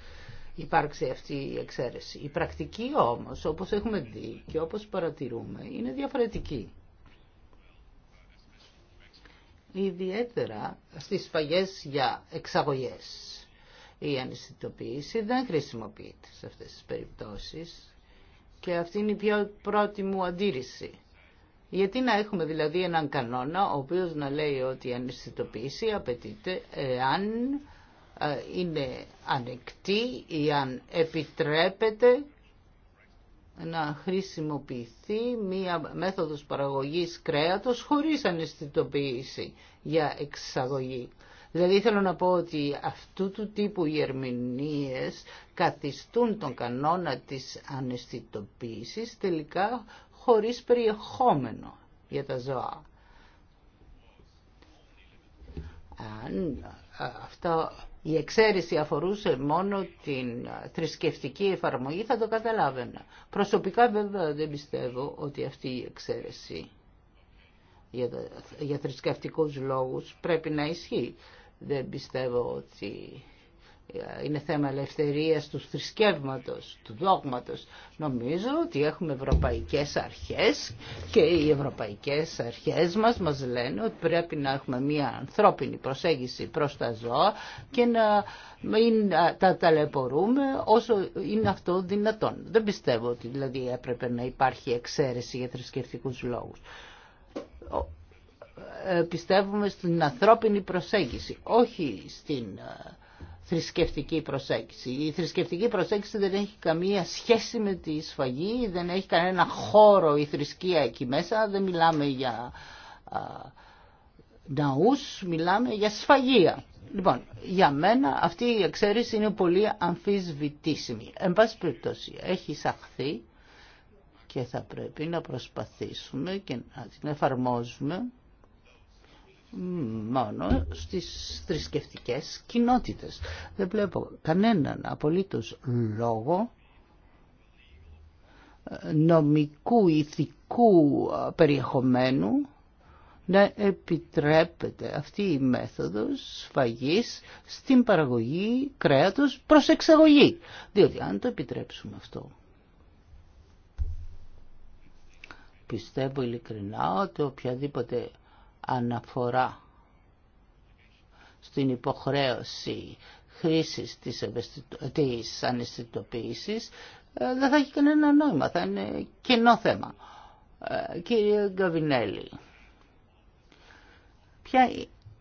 υπάρξει αυτή η εξαίρεση. Η πρακτική όμως, όπως έχουμε δει και όπως παρατηρούμε, είναι διαφορετική. Ιδιαίτερα στις σφαγές για εξαγωγές. Η ανισθητοποίηση δεν χρησιμοποιείται σε αυτές τις περιπτώσεις και αυτή είναι η πιο πρώτη μου αντίρρηση. Γιατί να έχουμε δηλαδή έναν κανόνα ο οποίος να λέει ότι η ανισθητοποίηση απαιτείται εάν είναι ανεκτή ή αν επιτρέπεται να χρησιμοποιηθεί μία μέθοδος παραγωγής κρέατος χωρίς αναισθητοποίηση για εξαγωγή. Δηλαδή θέλω να πω ότι αυτού του τύπου οι ερμηνείες καθιστούν τον κανόνα της αναισθητοποίησης τελικά χωρίς περιεχόμενο για τα ζώα. Αν αυτό η εξαίρεση αφορούσε μόνο την θρησκευτική εφαρμογή, θα το καταλάβαινα. Προσωπικά βέβαια δεν πιστεύω ότι αυτή η εξαίρεση για, για θρησκευτικούς λόγους πρέπει να ισχύει. Δεν πιστεύω ότι είναι θέμα ελευθερίας του θρησκεύματος, του δόγματος. Νομίζω ότι έχουμε ευρωπαϊκές αρχές και οι ευρωπαϊκές αρχές μας μας λένε ότι πρέπει να έχουμε μια ανθρώπινη προσέγγιση προς τα ζώα και να τα ταλαιπωρούμε όσο είναι αυτό δυνατόν. Δεν πιστεύω ότι δηλαδή έπρεπε να υπάρχει εξαίρεση για θρησκευτικούς λόγους ε, πιστεύουμε στην ανθρώπινη προσέγγιση, όχι στην θρησκευτική προσέγγιση. Η θρησκευτική προσέγγιση δεν έχει καμία σχέση με τη σφαγή, δεν έχει κανένα χώρο η θρησκεία εκεί μέσα, δεν μιλάμε για α, ναούς, μιλάμε για σφαγεία. Λοιπόν, για μένα αυτή η εξαίρεση είναι πολύ αμφισβητήσιμη. Εν πάση περιπτώσει, έχει εισαχθεί και θα πρέπει να προσπαθήσουμε και να την εφαρμόζουμε μόνο στις θρησκευτικέ κοινότητες. Δεν βλέπω κανέναν απολύτως λόγο ε, νομικού, ηθικού ε, περιεχομένου να επιτρέπεται αυτή η μέθοδος φαγής στην παραγωγή κρέατος προς εξαγωγή. Διότι αν το επιτρέψουμε αυτό, πιστεύω ειλικρινά ότι οποιαδήποτε αναφορά στην υποχρέωση χρήσης της, της αναισθητοποίησης ε, δεν θα έχει κανένα νόημα, θα είναι κοινό θέμα. Ε, κύριε Γκαβινέλη,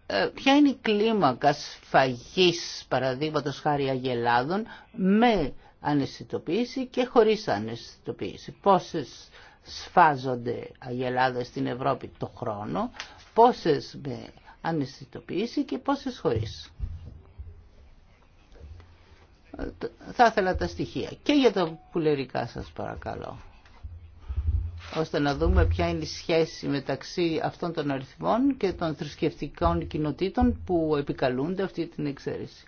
ε, ποια, είναι η κλίμακα σφαγής παραδείγματος χάρη αγελάδων με αναισθητοποίηση και χωρίς αναισθητοποίηση. Πόσες σφάζονται αγελάδες στην Ευρώπη το χρόνο πόσες με αναισθητοποίηση και πόσες χωρίς. Θα ήθελα τα στοιχεία και για τα πουλερικά σας παρακαλώ ώστε να δούμε ποια είναι η σχέση μεταξύ αυτών των αριθμών και των θρησκευτικών κοινοτήτων που επικαλούνται αυτή την εξαίρεση.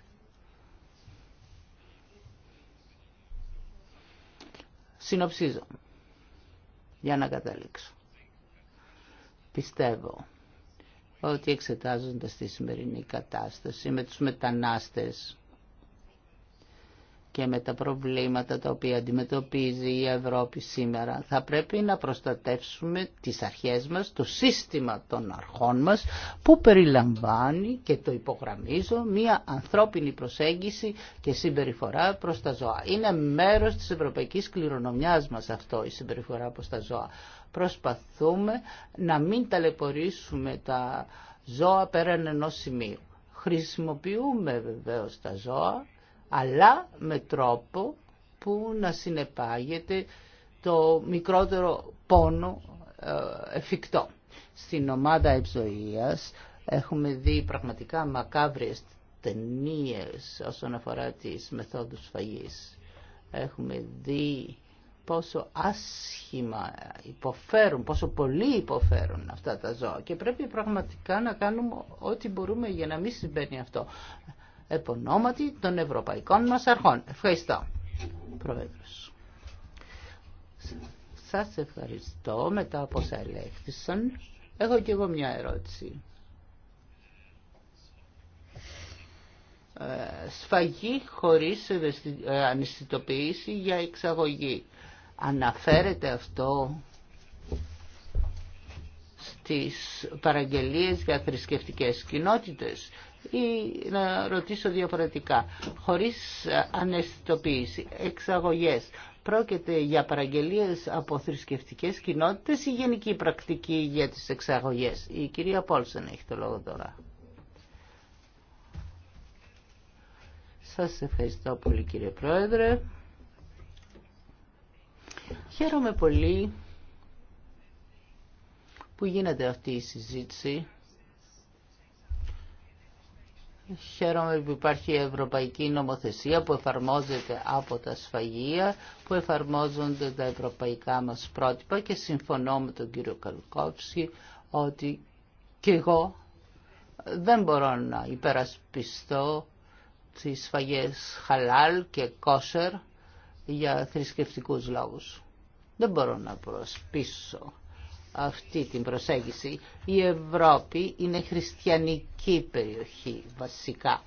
Συνοψίζω για να καταλήξω. Πιστεύω ότι εξετάζοντας τη σημερινή κατάσταση με τους μετανάστες και με τα προβλήματα τα οποία αντιμετωπίζει η Ευρώπη σήμερα. Θα πρέπει να προστατεύσουμε τις αρχές μας, το σύστημα των αρχών μας που περιλαμβάνει και το υπογραμμίζω μία ανθρώπινη προσέγγιση και συμπεριφορά προς τα ζώα. Είναι μέρος της ευρωπαϊκής κληρονομιάς μας αυτό η συμπεριφορά προς τα ζώα. Προσπαθούμε να μην ταλαιπωρήσουμε τα ζώα πέραν ενός σημείου. Χρησιμοποιούμε βεβαίως τα ζώα αλλά με τρόπο που να συνεπάγεται το μικρότερο πόνο ε, εφικτό. Στην ομάδα ευζοίας έχουμε δει πραγματικά μακάβριες ταινίε όσον αφορά τις μεθόδους φαγής. Έχουμε δει πόσο άσχημα υποφέρουν, πόσο πολύ υποφέρουν αυτά τα ζώα και πρέπει πραγματικά να κάνουμε ό,τι μπορούμε για να μην συμβαίνει αυτό επωνόματι των ευρωπαϊκών μας αρχών. Ευχαριστώ, Πρόεδρος. Σας ευχαριστώ μετά από όσα ελέγχθησαν. Έχω και εγώ μια ερώτηση. Ε, σφαγή χωρίς ε, ανισθητοποίηση για εξαγωγή. Αναφέρεται αυτό στις παραγγελίες για θρησκευτικέ κοινότητες ή να ρωτήσω διαφορετικά, χωρίς αναισθητοποίηση, εξαγωγές, πρόκειται για παραγγελίες από θρησκευτικέ κοινότητες ή γενική πρακτική για τις εξαγωγές. Η κυρία Πόλσεν έχει το λόγο τώρα. Σας ευχαριστώ πολύ κύριε Πρόεδρε. Χαίρομαι πολύ που γίνεται αυτή η συζήτηση Χαίρομαι που υπάρχει ευρωπαϊκή νομοθεσία που εφαρμόζεται από τα σφαγεία, που εφαρμόζονται τα ευρωπαϊκά μας πρότυπα και συμφωνώ με τον κύριο Καλκόψη ότι και εγώ δεν μπορώ να υπερασπιστώ τις σφαγές χαλάλ και κόσερ για θρησκευτικούς λόγους. Δεν μπορώ να προσπίσω αυτή την προσέγγιση. Η Ευρώπη είναι χριστιανική περιοχή βασικά.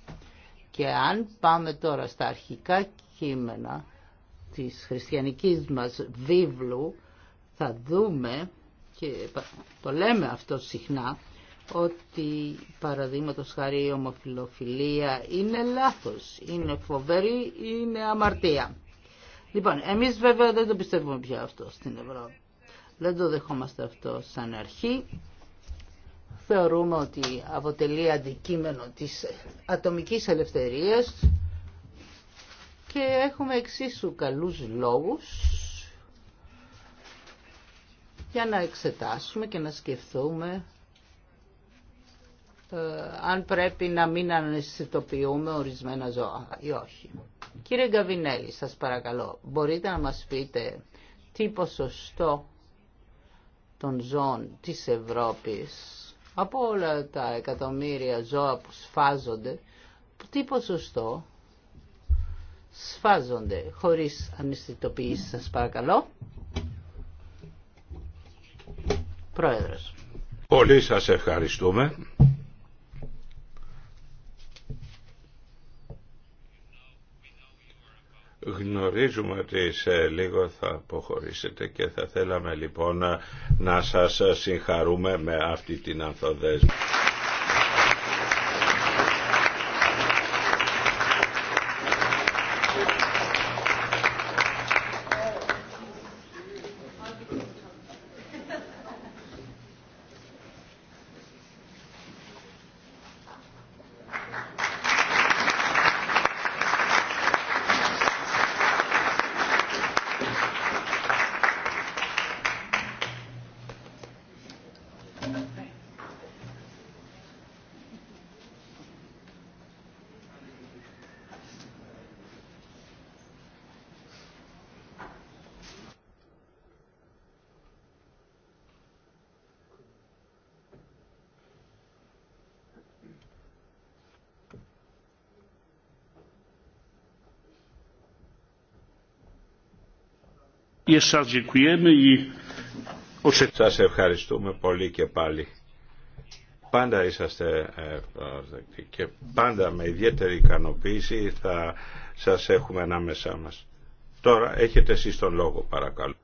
Και αν πάμε τώρα στα αρχικά κείμενα της χριστιανικής μας βίβλου, θα δούμε, και το λέμε αυτό συχνά, ότι παραδείγματο χάρη η ομοφιλοφιλία είναι λάθος, είναι φοβερή, είναι αμαρτία. Λοιπόν, εμείς βέβαια δεν το πιστεύουμε πια αυτό στην Ευρώπη. Δεν το δεχόμαστε αυτό σαν αρχή. Θεωρούμε ότι αποτελεί αντικείμενο της ατομικής ελευθερίας και έχουμε εξίσου καλούς λόγους για να εξετάσουμε και να σκεφτούμε ε, αν πρέπει να μην αναισθητοποιούμε ορισμένα ζώα ή όχι. Κύριε Γκαβινέλη, σας παρακαλώ, μπορείτε να μας πείτε τι ποσοστό των ζώων της Ευρώπης, από όλα τα εκατομμύρια ζώα που σφάζονται, τι ποσοστό σφάζονται χωρίς ανισθητοποίηση. σας παρακαλώ. Πρόεδρος. Πολύ σας ευχαριστούμε. Γνωρίζουμε ότι σε λίγο θα αποχωρήσετε και θα θέλαμε λοιπόν να σας συγχαρούμε με αυτή την ανθοδέσμη. Σας ευχαριστούμε πολύ και πάλι. Πάντα είσαστε ε, και πάντα με ιδιαίτερη ικανοποίηση θα σας έχουμε ανάμεσά μας. Τώρα έχετε εσείς τον λόγο παρακαλώ.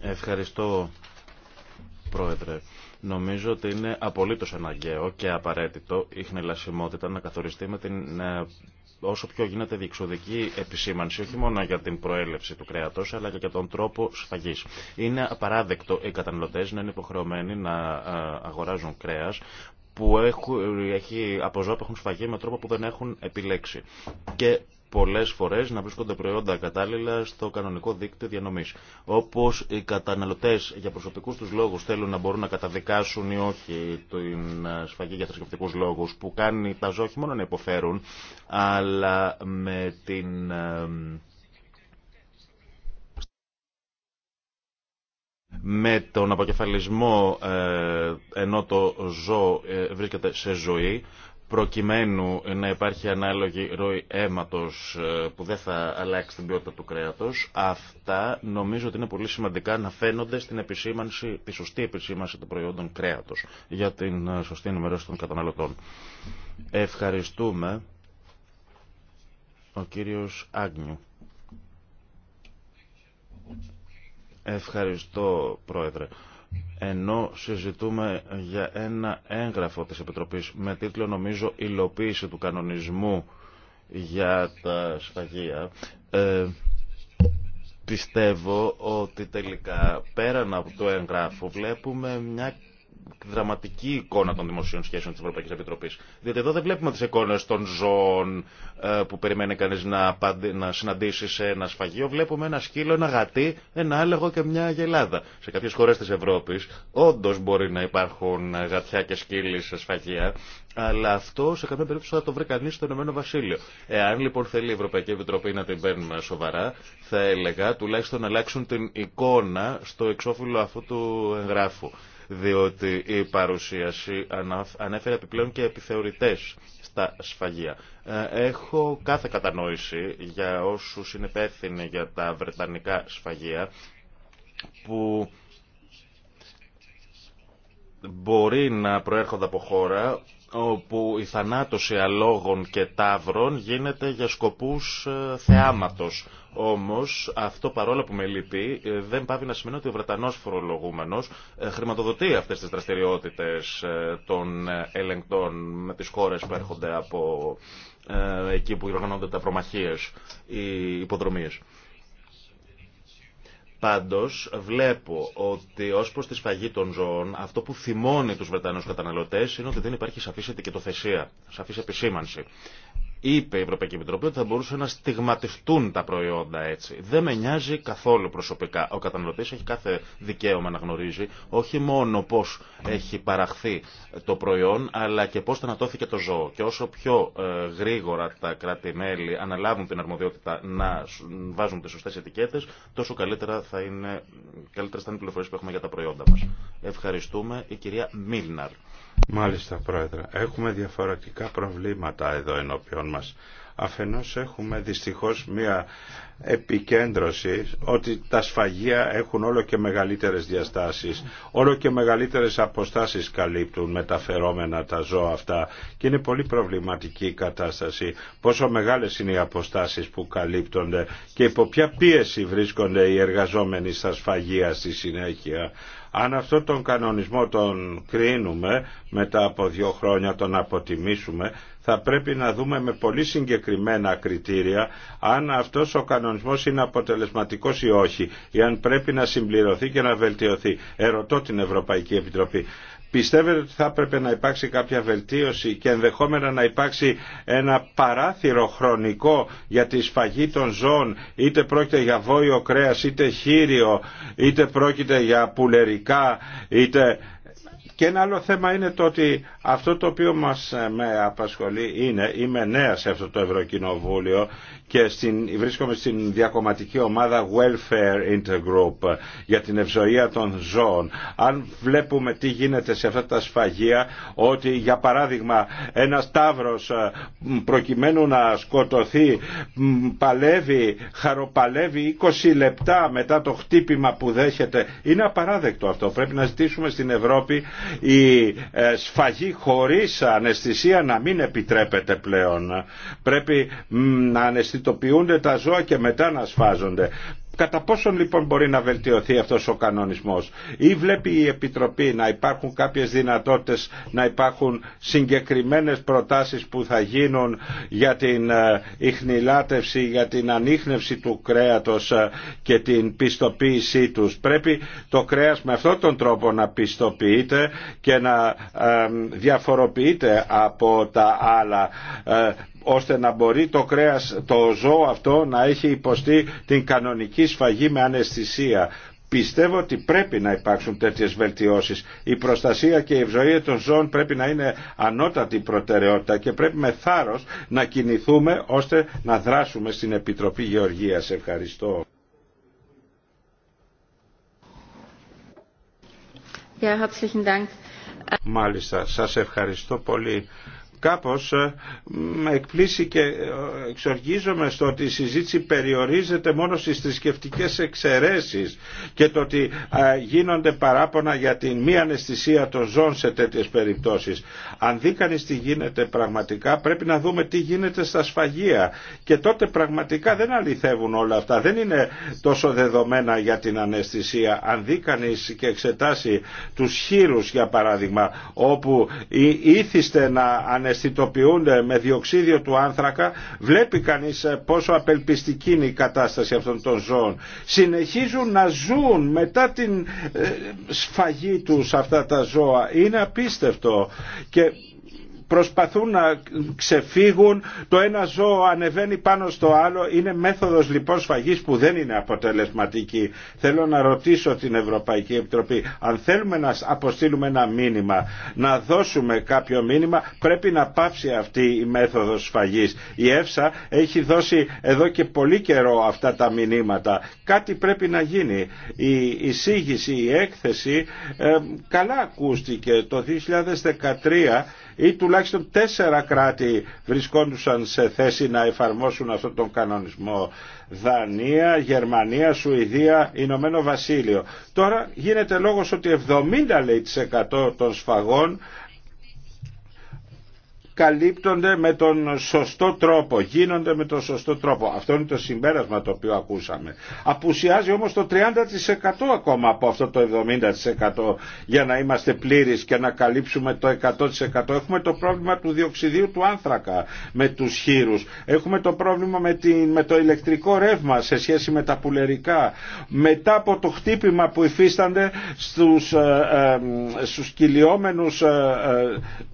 Ευχαριστώ Πρόεδρε. Νομίζω ότι είναι απολύτως αναγκαίο και απαραίτητο η χνηλασιμότητα να καθοριστεί με την ε, όσο πιο γίνεται διεξοδική επισήμανση, όχι μόνο για την προέλευση του κρέατο, αλλά και για τον τρόπο σφαγή. Είναι απαράδεκτο οι καταναλωτέ να είναι υποχρεωμένοι να ε, αγοράζουν κρέα που έχουν, έχει, από ζώα που έχουν σφαγεί με τρόπο που δεν έχουν επιλέξει. Και πολλές φορές να βρίσκονται προϊόντα κατάλληλα στο κανονικό δίκτυο διανομής. Όπως οι καταναλωτές για προσωπικούς τους λόγους θέλουν να μπορούν να καταδικάσουν ή όχι την σφαγή για θρησκευτικούς λόγους που κάνει τα ζώα όχι μόνο να υποφέρουν αλλά με την... με τον αποκεφαλισμό ε, ενώ το ζώο ε, βρίσκεται σε ζωή προκειμένου να υπάρχει ανάλογη ροή αίματος ε, που δεν θα αλλάξει την ποιότητα του κρέατος, αυτά νομίζω ότι είναι πολύ σημαντικά να φαίνονται στην επισήμανση, τη σωστή επισήμανση των προϊόντων κρέατος για την ε, σωστή ενημερώση των καταναλωτών. Ευχαριστούμε ο κύριος Άγνιου. Ευχαριστώ, Πρόεδρε ενώ συζητούμε για ένα έγγραφο της Επιτροπής με τίτλο νομίζω «Υλοποίηση του κανονισμού για τα σφαγεία», ε, πιστεύω ότι τελικά πέραν από το έγγραφο βλέπουμε μια δραματική εικόνα των δημοσίων σχέσεων τη Ευρωπαϊκή Επιτροπή. Διότι εδώ δεν βλέπουμε τι εικόνε των ζώων ε, που περιμένει κανεί να, να συναντήσει σε ένα σφαγείο. Βλέπουμε ένα σκύλο, ένα γατί, ένα άλογο και μια γελάδα. Σε κάποιε χώρε τη Ευρώπη όντω μπορεί να υπάρχουν γατιά και σκύλοι σε σφαγεία, αλλά αυτό σε καμία περίπτωση θα το βρει κανεί στο Ηνωμένο Βασίλειο. Εάν λοιπόν θέλει η Ευρωπαϊκή Επιτροπή να την παίρνουμε σοβαρά, θα έλεγα τουλάχιστον να αλλάξουν την εικόνα στο εξώφυλλο αυτού του εγγράφου διότι η παρουσίαση ανέφερε επιπλέον και επιθεωρητές στα σφαγεία. Ε, έχω κάθε κατανόηση για όσους είναι υπεύθυνοι για τα βρετανικά σφαγεία που μπορεί να προέρχονται από χώρα όπου η θανάτωση αλόγων και τάβρων γίνεται για σκοπούς ε, θεάματος. Όμως αυτό παρόλο που με λυπεί ε, δεν πάβει να σημαίνει ότι ο Βρετανός φορολογούμενος ε, χρηματοδοτεί αυτές τις δραστηριότητες των ελεγκτών με τις χώρες που έρχονται από εκεί που οργανώνονται τα προμαχίες, οι υποδρομίες. Πάντως βλέπω ότι ως προς τη σφαγή των ζώων αυτό που θυμώνει τους Βρετανούς καταναλωτές είναι ότι δεν υπάρχει σαφής ετικετοθεσία, σαφής επισήμανση. Είπε η Ευρωπαϊκή Επιτροπή ότι θα μπορούσε να στιγματιστούν τα προϊόντα έτσι. Δεν με νοιάζει καθόλου προσωπικά. Ο καταναλωτή έχει κάθε δικαίωμα να γνωρίζει όχι μόνο πώ έχει παραχθεί το προϊόν, αλλά και πώ θανατώθηκε το ζώο. Και όσο πιο ε, γρήγορα τα κράτη-μέλη αναλάβουν την αρμοδιότητα να βάζουν τι σωστέ ετικέτε, τόσο καλύτερα θα είναι, καλύτερα θα είναι οι πληροφορίε που έχουμε για τα προϊόντα μα. Ευχαριστούμε. Η κυρία Μίλναρ. Μάλιστα, Πρόεδρε. Έχουμε διαφορετικά προβλήματα εδώ ενώπιον μας. Αφενός έχουμε δυστυχώς μία επικέντρωση ότι τα σφαγεία έχουν όλο και μεγαλύτερες διαστάσεις, όλο και μεγαλύτερες αποστάσεις καλύπτουν μεταφερόμενα τα ζώα αυτά και είναι πολύ προβληματική η κατάσταση πόσο μεγάλες είναι οι αποστάσεις που καλύπτονται και υπό ποια πίεση βρίσκονται οι εργαζόμενοι στα σφαγεία στη συνέχεια. Αν αυτό τον κανονισμό τον κρίνουμε μετά από δύο χρόνια τον αποτιμήσουμε θα πρέπει να δούμε με πολύ συγκεκριμένα κριτήρια αν αυτός ο κανονισμός είναι αποτελεσματικός ή όχι ή αν πρέπει να συμπληρωθεί και να βελτιωθεί. Ερωτώ την Ευρωπαϊκή Επιτροπή. Πιστεύετε ότι θα έπρεπε να υπάρξει κάποια βελτίωση και ενδεχόμενα να υπάρξει ένα παράθυρο χρονικό για τη σφαγή των ζώων, είτε πρόκειται για βόηο κρέας, είτε χείριο, είτε πρόκειται για πουλερικά, είτε... Και ένα άλλο θέμα είναι το ότι αυτό το οποίο μας ε, με απασχολεί είναι, είμαι νέα σε αυτό το Ευρωκοινοβούλιο και στην, βρίσκομαι στην διακομματική ομάδα Welfare Intergroup για την ευζοία των ζώων. Αν βλέπουμε τι γίνεται σε αυτά τα σφαγεία, ότι για παράδειγμα ένας τάβρος ε, προκειμένου να σκοτωθεί παλεύει, χαροπαλεύει 20 λεπτά μετά το χτύπημα που δέχεται, είναι απαράδεκτο αυτό. Πρέπει να ζητήσουμε στην Ευρώπη η ε, σφαγή χωρίς αναισθησία να μην επιτρέπεται πλέον. Πρέπει να τα ζώα και μετά να σφάζονται. Κατά πόσον λοιπόν μπορεί να βελτιωθεί αυτός ο κανονισμός ή βλέπει η Επιτροπή να υπάρχουν κάποιες δυνατότητες να υπάρχουν συγκεκριμένες προτάσεις που θα γίνουν για την ε, ιχνηλάτευση, για την ανείχνευση του κρέατος ε, και την πιστοποίησή τους. Πρέπει το κρέας με αυτόν τον τρόπο να πιστοποιείται και να ε, διαφοροποιείται από τα άλλα ώστε να μπορεί το κρέας, το ζώο αυτό να έχει υποστεί την κανονική σφαγή με αναισθησία. Πιστεύω ότι πρέπει να υπάρξουν τέτοιες βελτιώσεις. Η προστασία και η ευζοία των ζώων πρέπει να είναι ανώτατη προτεραιότητα και πρέπει με θάρρος να κινηθούμε ώστε να δράσουμε στην Επιτροπή Γεωργίας. Ευχαριστώ. Μάλιστα, σας ευχαριστώ πολύ. Κάπως ε, με εκπλήσει και ε, εξοργίζομαι στο ότι η συζήτηση περιορίζεται μόνο στις θρησκευτικέ εξαιρέσεις και το ότι ε, γίνονται παράπονα για την μη αναισθησία των ζών σε τέτοιες περιπτώσεις. Αν δει κανεί τι γίνεται πραγματικά πρέπει να δούμε τι γίνεται στα σφαγεία και τότε πραγματικά δεν αληθεύουν όλα αυτά. Δεν είναι τόσο δεδομένα για την αναισθησία. Αν δει κανεί και εξετάσει τους χείρους για παράδειγμα όπου ήθιστε να αισθητοποιούνται με διοξίδιο του άνθρακα, βλέπει κανείς ε, πόσο απελπιστική είναι η κατάσταση αυτών των ζώων. Συνεχίζουν να ζουν μετά την ε, σφαγή τους αυτά τα ζώα. Είναι απίστευτο. Και προσπαθούν να ξεφύγουν, το ένα ζώο ανεβαίνει πάνω στο άλλο, είναι μέθοδος λοιπόν σφαγής που δεν είναι αποτελεσματική. Θέλω να ρωτήσω την Ευρωπαϊκή Επιτροπή, αν θέλουμε να αποστείλουμε ένα μήνυμα, να δώσουμε κάποιο μήνυμα, πρέπει να πάψει αυτή η μέθοδος σφαγής. Η ΕΦΣΑ έχει δώσει εδώ και πολύ καιρό αυτά τα μηνύματα. Κάτι πρέπει να γίνει. Η εισήγηση, η έκθεση, ε, καλά ακούστηκε το 2013 ή τουλάχιστον τέσσερα κράτη βρισκόντουσαν σε θέση να εφαρμόσουν αυτόν τον κανονισμό. Δανία, Γερμανία, Σουηδία, Ηνωμένο Βασίλειο. Τώρα γίνεται λόγος ότι 70% των σφαγών καλύπτονται με τον σωστό τρόπο, γίνονται με τον σωστό τρόπο. Αυτό είναι το συμπέρασμα το οποίο ακούσαμε. Απουσιάζει όμως το 30% ακόμα από αυτό το 70% για να είμαστε πλήρεις και να καλύψουμε το 100%. Έχουμε το πρόβλημα του διοξιδίου του άνθρακα με τους χείρους. Έχουμε το πρόβλημα με, την, το ηλεκτρικό ρεύμα σε σχέση με τα πουλερικά. Μετά από το χτύπημα που υφίστανται στους, ε, ε κυλιόμενους ε, ε,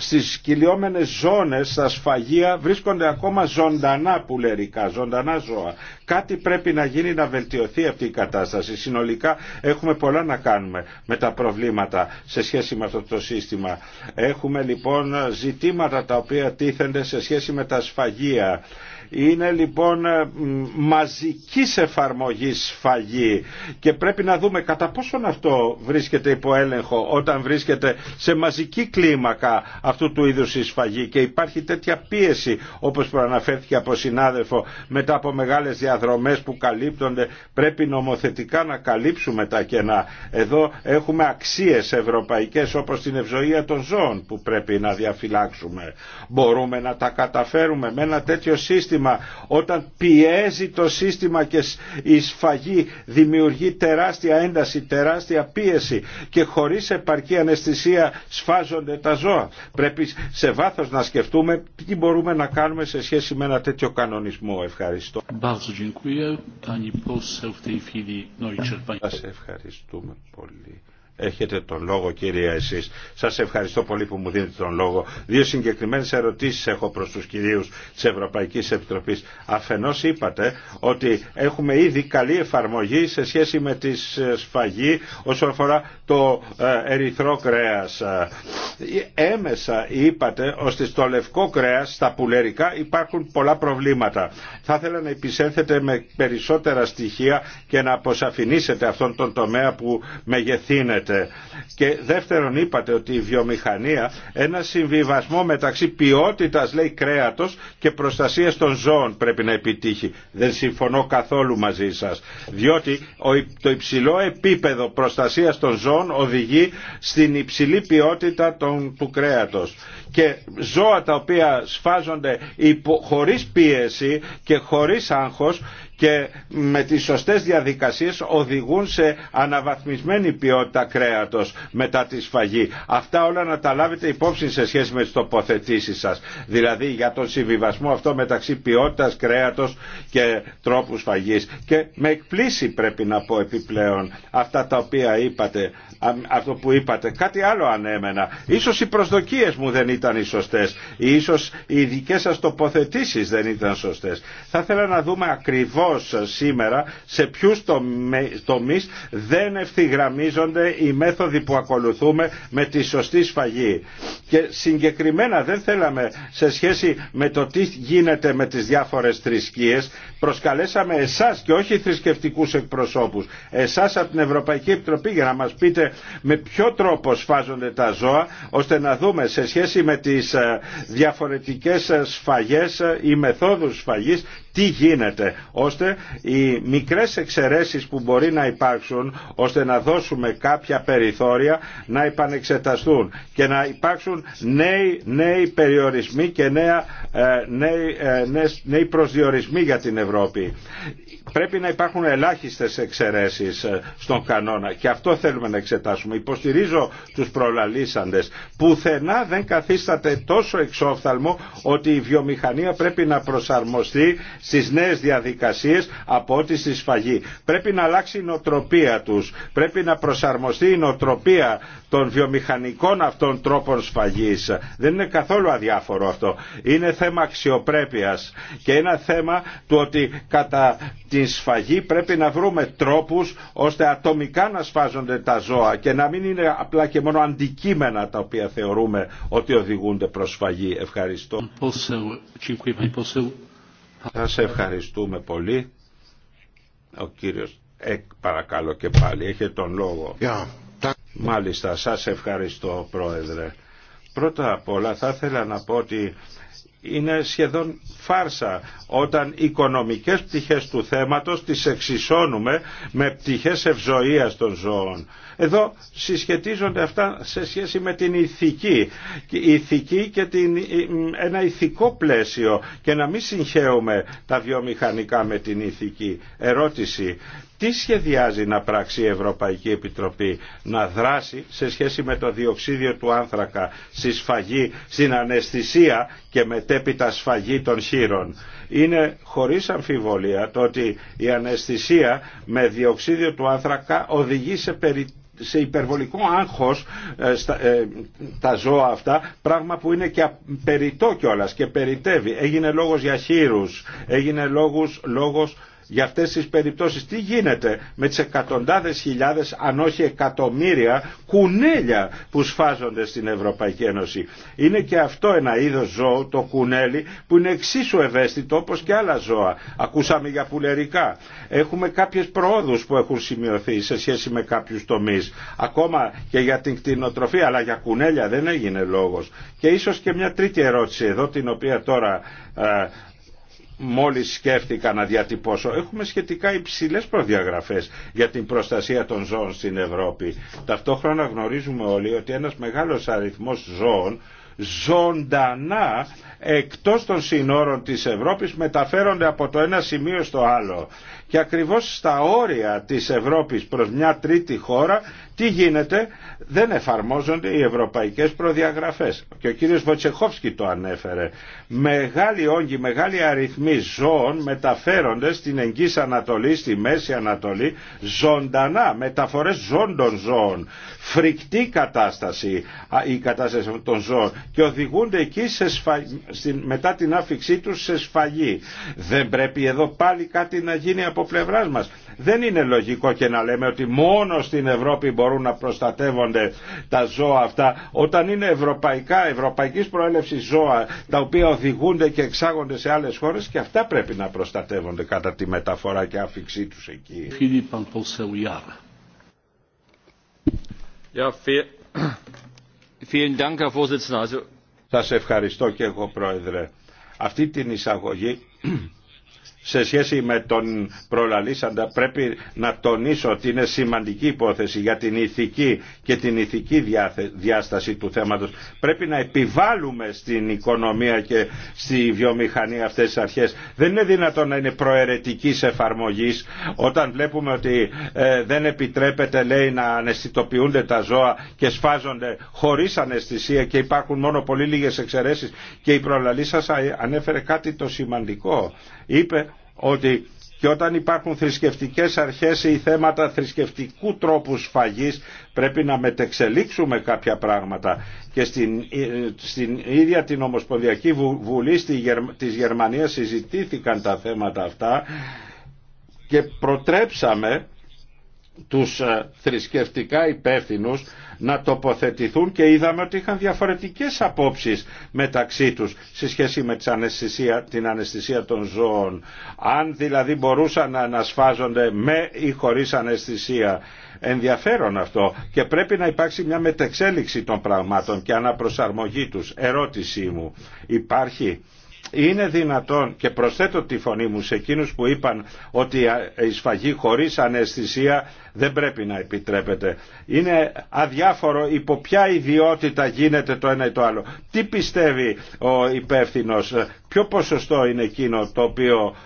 στις κυλιόμενες ζώνες, στα σφαγεία βρίσκονται ακόμα ζωντανά πουλερικά, ζωντανά ζώα. Κάτι πρέπει να γίνει να βελτιωθεί αυτή η κατάσταση. Συνολικά έχουμε πολλά να κάνουμε με τα προβλήματα σε σχέση με αυτό το σύστημα. Έχουμε λοιπόν ζητήματα τα οποία τίθενται σε σχέση με τα σφαγεία είναι λοιπόν ε, μαζικής εφαρμογής σφαγή και πρέπει να δούμε κατά πόσον αυτό βρίσκεται υπό έλεγχο όταν βρίσκεται σε μαζική κλίμακα αυτού του είδους η σφαγή και υπάρχει τέτοια πίεση όπως προαναφέρθηκε από συνάδελφο μετά από μεγάλες διαδρομές που καλύπτονται πρέπει νομοθετικά να καλύψουμε τα κενά. Εδώ έχουμε αξίες ευρωπαϊκές όπως την ευζοία των ζώων που πρέπει να διαφυλάξουμε. Μπορούμε να τα καταφέρουμε με ένα τέτοιο σύστημα όταν πιέζει το σύστημα και η σφαγή δημιουργεί τεράστια ένταση, τεράστια πίεση και χωρίς επαρκή αναισθησία σφάζονται τα ζώα. Πρέπει σε βάθος να σκεφτούμε τι μπορούμε να κάνουμε σε σχέση με ένα τέτοιο κανονισμό. Ευχαριστώ. Σας ευχαριστούμε πολύ. Έχετε τον λόγο κύριε εσείς. Σας ευχαριστώ πολύ που μου δίνετε τον λόγο. Δύο συγκεκριμένες ερωτήσεις έχω προς τους κυρίους της Ευρωπαϊκής Επιτροπής. Αφενός είπατε ότι έχουμε ήδη καλή εφαρμογή σε σχέση με τη σφαγή όσον αφορά το ε, ερυθρό κρέας. Έμεσα είπατε ότι στο λευκό κρέας, στα πουλερικά υπάρχουν πολλά προβλήματα. Θα ήθελα να επισέλθετε με περισσότερα στοιχεία και να αποσαφηνίσετε αυτόν τον τομέα που μεγεθύνεται και δεύτερον είπατε ότι η βιομηχανία, ένα συμβιβασμό μεταξύ ποιότητας λέει κρέατος και προστασίας των ζώων πρέπει να επιτύχει. Δεν συμφωνώ καθόλου μαζί σας. Διότι το υψηλό επίπεδο προστασίας των ζώων οδηγεί στην υψηλή ποιότητα του κρέατος. Και ζώα τα οποία σφάζονται χωρίς πίεση και χωρίς άγχος και με τις σωστές διαδικασίες οδηγούν σε αναβαθμισμένη ποιότητα κρέατος μετά τη σφαγή. Αυτά όλα να τα λάβετε υπόψη σε σχέση με τις τοποθετήσεις σας. Δηλαδή για τον συμβιβασμό αυτό μεταξύ ποιότητας κρέατος και τρόπου σφαγής. Και με εκπλήσει πρέπει να πω επιπλέον αυτά τα οποία είπατε, αυτό που είπατε. Κάτι άλλο ανέμενα. Ίσως οι προσδοκίες μου δεν ήταν οι σωστές. Ίσως οι δικές σας τοποθετήσεις δεν ήταν σωστές. Θα ήθελα να δούμε σήμερα σε ποιους τομείς δεν ευθυγραμμίζονται οι μέθοδοι που ακολουθούμε με τη σωστή σφαγή. Και συγκεκριμένα δεν θέλαμε σε σχέση με το τι γίνεται με τις διάφορες θρησκείες προσκαλέσαμε εσάς και όχι θρησκευτικούς εκπροσώπους εσάς από την Ευρωπαϊκή Επιτροπή για να μας πείτε με ποιο τρόπο σφάζονται τα ζώα ώστε να δούμε σε σχέση με τις ε, διαφορετικές ε, σφαγές ε, ή μεθόδους σφαγής τι γίνεται ώστε οι μικρές εξαιρέσεις που μπορεί να υπάρξουν ώστε να δώσουμε κάποια περιθώρια να επανεξεταστούν και να υπάρξουν νέοι, νέοι περιορισμοί και νέα, ε, νέοι, ε, νέοι προσδιορισμοί για την Ευρώπη. Πρέπει να υπάρχουν ελάχιστες εξαιρέσεις ε, στον κανόνα και αυτό θέλουμε να εξετάσουμε. Υποστηρίζω τους προλαλήσαντες. Πουθενά δεν καθίσταται τόσο εξόφθαλμο ότι η βιομηχανία πρέπει να προσαρμοστεί στις νέες διαδικασίες από ό,τι στη σφαγή. Πρέπει να αλλάξει η νοτροπία τους. Πρέπει να προσαρμοστεί η νοτροπία των βιομηχανικών αυτών τρόπων σφαγής. Δεν είναι καθόλου αδιάφορο αυτό. Είναι θέμα αξιοπρέπειας και ένα θέμα του ότι κατά τη σφαγή πρέπει να βρούμε τρόπους ώστε ατομικά να σφάζονται τα ζώα και να μην είναι απλά και μόνο αντικείμενα τα οποία θεωρούμε ότι οδηγούνται προς σφαγή. Ευχαριστώ. Σας ευχαριστούμε πολύ. Ο κύριος Εκ παρακαλώ και πάλι. Έχετε τον λόγο. Μάλιστα, σας ευχαριστώ Πρόεδρε. Πρώτα απ' όλα θα ήθελα να πω ότι είναι σχεδόν φάρσα όταν οικονομικές πτυχές του θέματος τις εξισώνουμε με πτυχές ευζοίας των ζώων. Εδώ συσχετίζονται αυτά σε σχέση με την ηθική, η ηθική και την, ένα ηθικό πλαίσιο και να μην συγχαίουμε τα βιομηχανικά με την ηθική. Ερώτηση, τι σχεδιάζει να πράξει η Ευρωπαϊκή Επιτροπή να δράσει σε σχέση με το διοξίδιο του άνθρακα στη σφαγή, στην αναισθησία και μετέπειτα σφαγή των χείρων. Είναι χωρίς αμφιβολία το ότι η αναισθησία με διοξίδιο του άνθρακα οδηγεί σε περί σε υπερβολικό άγχος ε, ε, τα ζώα αυτά, πράγμα που είναι και περιττό κιόλα και περιτεύει. Έγινε λόγος για χείρους, έγινε λόγος, λόγος για αυτές τις περιπτώσεις. Τι γίνεται με τις εκατοντάδες χιλιάδες αν όχι εκατομμύρια κουνέλια που σφάζονται στην Ευρωπαϊκή Ένωση. Είναι και αυτό ένα είδος ζώο, το κουνέλι, που είναι εξίσου ευαίσθητο όπως και άλλα ζώα. Ακούσαμε για πουλερικά. Έχουμε κάποιες προόδους που έχουν σημειωθεί σε σχέση με κάποιους τομείς. Ακόμα και για την κτηνοτροφία, αλλά για κουνέλια δεν έγινε λόγος. Και ίσως και μια τρίτη ερώτηση εδώ, την οποία τώρα ε, μόλις σκέφτηκα να διατυπώσω. Έχουμε σχετικά υψηλές προδιαγραφές για την προστασία των ζώων στην Ευρώπη. Ταυτόχρονα γνωρίζουμε όλοι ότι ένας μεγάλος αριθμός ζώων ζωντανά εκτός των συνόρων της Ευρώπης μεταφέρονται από το ένα σημείο στο άλλο. Και ακριβώς στα όρια της Ευρώπης προς μια τρίτη χώρα τι γίνεται, δεν εφαρμόζονται οι ευρωπαϊκές προδιαγραφές. Και ο κύριος Βοτσεχόφσκι το ανέφερε. Μεγάλοι όγκοι, μεγάλη αριθμοί ζώων μεταφέρονται στην Εγγύς Ανατολή, στη Μέση Ανατολή, ζωντανά, μεταφορές ζώντων ζώων. Φρικτή κατάσταση η κατάσταση των ζώων και οδηγούνται εκεί σε μετά την άφηξή τους σε σφαγή. Δεν πρέπει εδώ πάλι κάτι να γίνει από πλευράς μας. Δεν είναι λογικό και να λέμε ότι μόνο στην Ευρώπη μπορούν να προστατεύονται τα ζώα αυτά όταν είναι ευρωπαϊκά, ευρωπαϊκής προέλευσης ζώα τα οποία οδηγούνται και εξάγονται σε άλλες χώρες και αυτά πρέπει να προστατεύονται κατά τη μεταφορά και άφηξή τους εκεί. [CLEARS THROAT] Σας ευχαριστώ και εγώ Πρόεδρε. Αυτή την εισαγωγή σε σχέση με τον προλαλήσαντα πρέπει να τονίσω ότι είναι σημαντική υπόθεση για την ηθική και την ηθική διάσταση του θέματος. Πρέπει να επιβάλλουμε στην οικονομία και στη βιομηχανία αυτές τις αρχές. Δεν είναι δυνατόν να είναι προαιρετικής εφαρμογής όταν βλέπουμε ότι ε, δεν επιτρέπεται λέει να αναισθητοποιούνται τα ζώα και σφάζονται χωρίς αναισθησία και υπάρχουν μόνο πολύ λίγες εξαιρέσεις και η προλαλήσαντα ανέφερε κάτι το σημαντικό. Είπε ότι και όταν υπάρχουν θρησκευτικές αρχές ή θέματα θρησκευτικού τρόπου σφαγής πρέπει να μετεξελίξουμε κάποια πράγματα και στην, ε, στην ίδια την Ομοσπονδιακή Βουλή στη της Γερμανίας συζητήθηκαν τα θέματα αυτά και προτρέψαμε τους ε, θρησκευτικά υπεύθυνου να τοποθετηθούν και είδαμε ότι είχαν διαφορετικές απόψεις μεταξύ τους σε σχέση με την αναισθησία των ζώων. Αν δηλαδή μπορούσαν να ανασφάζονται με ή χωρίς αναισθησία. Ενδιαφέρον αυτό και πρέπει να υπάρξει μια μετεξέλιξη των πραγμάτων και αναπροσαρμογή τους. Ερώτησή μου υπάρχει είναι δυνατόν και προσθέτω τη φωνή μου σε εκείνους που είπαν ότι η σφαγή χωρίς αναισθησία δεν πρέπει να επιτρέπεται. Είναι αδιάφορο υπό ποια ιδιότητα γίνεται το ένα ή το άλλο. Τι πιστεύει ο υπεύθυνο, ε, ποιο ποσοστό είναι εκείνο το οποίο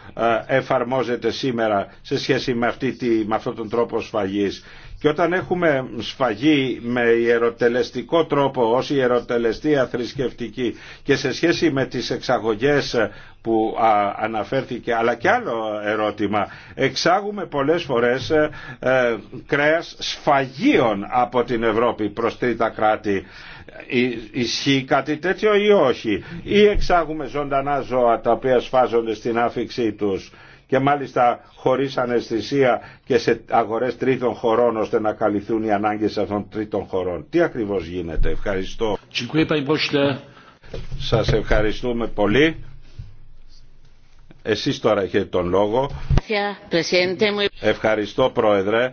ε, εφαρμόζεται σήμερα σε σχέση με, αυτή, με αυτόν τον τρόπο σφαγής. Και όταν έχουμε σφαγή με ιεροτελεστικό τρόπο ως ιεροτελεστία θρησκευτική και σε σχέση με τις εξαγωγές που αναφέρθηκε αλλά και άλλο ερώτημα εξάγουμε πολλές φορές ε, κρέας σφαγίων από την Ευρώπη προς τρίτα κράτη ε, ισχύει κάτι τέτοιο ή όχι ή εξάγουμε ζωντανά ζώα τα οποία σφάζονται στην άφηξή τους και μάλιστα χωρίς αναισθησία και σε αγορές τρίτων χωρών ώστε να καλυφθούν οι ανάγκες αυτών τρίτων χωρών. Τι ακριβώς γίνεται. Ευχαριστώ. Σας ευχαριστούμε πολύ. Εσείς τώρα έχετε τον λόγο. Ευχαριστώ Πρόεδρε.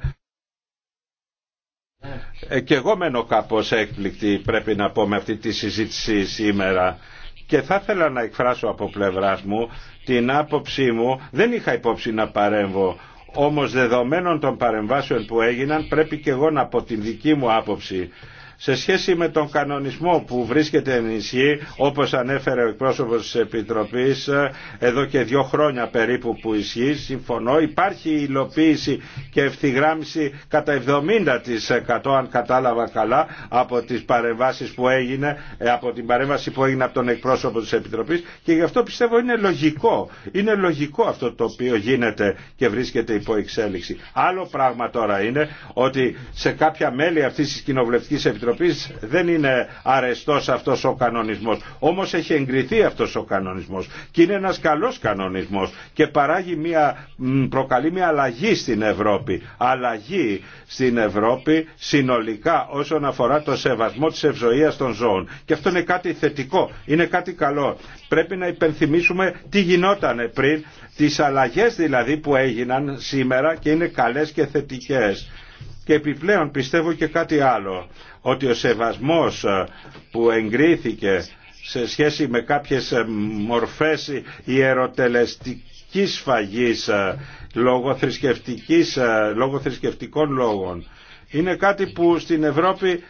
Ε, και εγώ μένω κάπως έκπληκτη πρέπει να πω με αυτή τη συζήτηση σήμερα και θα ήθελα να εκφράσω από πλευράς μου την άποψή μου, δεν είχα υπόψη να παρέμβω, όμως δεδομένων των παρεμβάσεων που έγιναν πρέπει και εγώ να πω την δική μου άποψη σε σχέση με τον κανονισμό που βρίσκεται εν ισχύ, όπως ανέφερε ο εκπρόσωπος της Επιτροπής, ε, εδώ και δύο χρόνια περίπου που ισχύει, συμφωνώ, υπάρχει υλοποίηση και ευθυγράμμιση κατά 70% αν κατάλαβα καλά από τις παρεμβάσεις που έγινε, ε, από την παρέμβαση που έγινε από τον εκπρόσωπο της Επιτροπής και γι' αυτό πιστεύω είναι λογικό. Είναι λογικό αυτό το οποίο γίνεται και βρίσκεται υπό εξέλιξη. Άλλο πράγμα τώρα είναι ότι σε κάποια μέλη αυτής της Κοινοβουλευτικής Επιτροπής δεν είναι αρεστός αυτός ο κανονισμός. Όμως έχει εγκριθεί αυτός ο κανονισμός και είναι ένας καλός κανονισμός και παράγει μια, προκαλεί μια αλλαγή στην Ευρώπη. Αλλαγή στην Ευρώπη συνολικά όσον αφορά το σεβασμό της ευζοίας των ζώων. Και αυτό είναι κάτι θετικό, είναι κάτι καλό. Πρέπει να υπενθυμίσουμε τι γινόταν πριν, τις αλλαγές δηλαδή που έγιναν σήμερα και είναι καλές και θετικές και επιπλέον πιστεύω και κάτι άλλο, ότι ο σεβασμός ε, που εγκρίθηκε σε σχέση με κάποιες ε, μορφές ιεροτελεστικής σφαγής ε, λόγω, λόγω θρησκευτικών λόγων είναι κάτι που στην Ευρώπη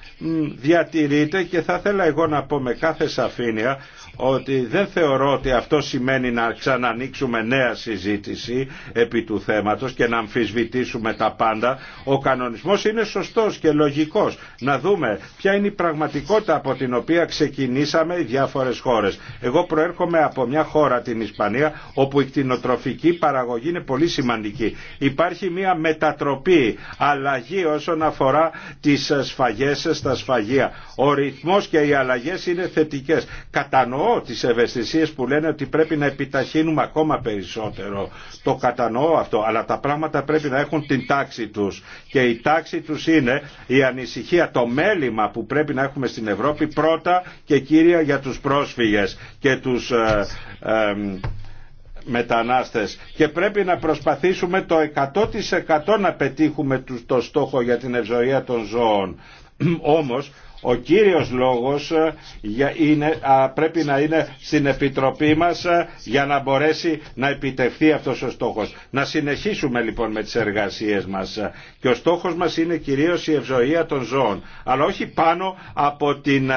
διατηρείται και θα θέλα εγώ να πω με κάθε σαφήνεια ότι δεν θεωρώ ότι αυτό σημαίνει να ξανανοίξουμε νέα συζήτηση επί του θέματος και να αμφισβητήσουμε τα πάντα. Ο κανονισμός είναι σωστός και λογικός. Να δούμε ποια είναι η πραγματικότητα από την οποία ξεκινήσαμε οι διάφορες χώρες. Εγώ προέρχομαι από μια χώρα, την Ισπανία, όπου η κτηνοτροφική παραγωγή είναι πολύ σημαντική. Υπάρχει μια μετατροπή, αλλαγή όσον αφορά τις σφαγές στα σφαγεία. Ο ρυθμός και οι αλλαγές είναι θετικές. Κατανοώ τις ευαισθησίες που λένε ότι πρέπει να επιταχύνουμε ακόμα περισσότερο. Το κατανοώ αυτό, αλλά τα πράγματα πρέπει να έχουν την τάξη τους. Και η τάξη τους είναι η ανησυχία, το μέλημα που πρέπει να έχουμε στην Ευρώπη πρώτα και κύρια για τους πρόσφυγες και τους ε, ε, μετανάστες και πρέπει να προσπαθήσουμε το 100% να πετύχουμε το στόχο για την ευζοία των ζώων. [CLEARS THROAT] Όμως ο κύριος λόγος ε, είναι, πρέπει να είναι στην Επιτροπή μας ε, για να μπορέσει να επιτευχθεί αυτός ο στόχος. Να συνεχίσουμε λοιπόν με τις εργασίες μας ε. και ο στόχος μας είναι κυρίως η ευζοία των ζώων αλλά όχι πάνω από την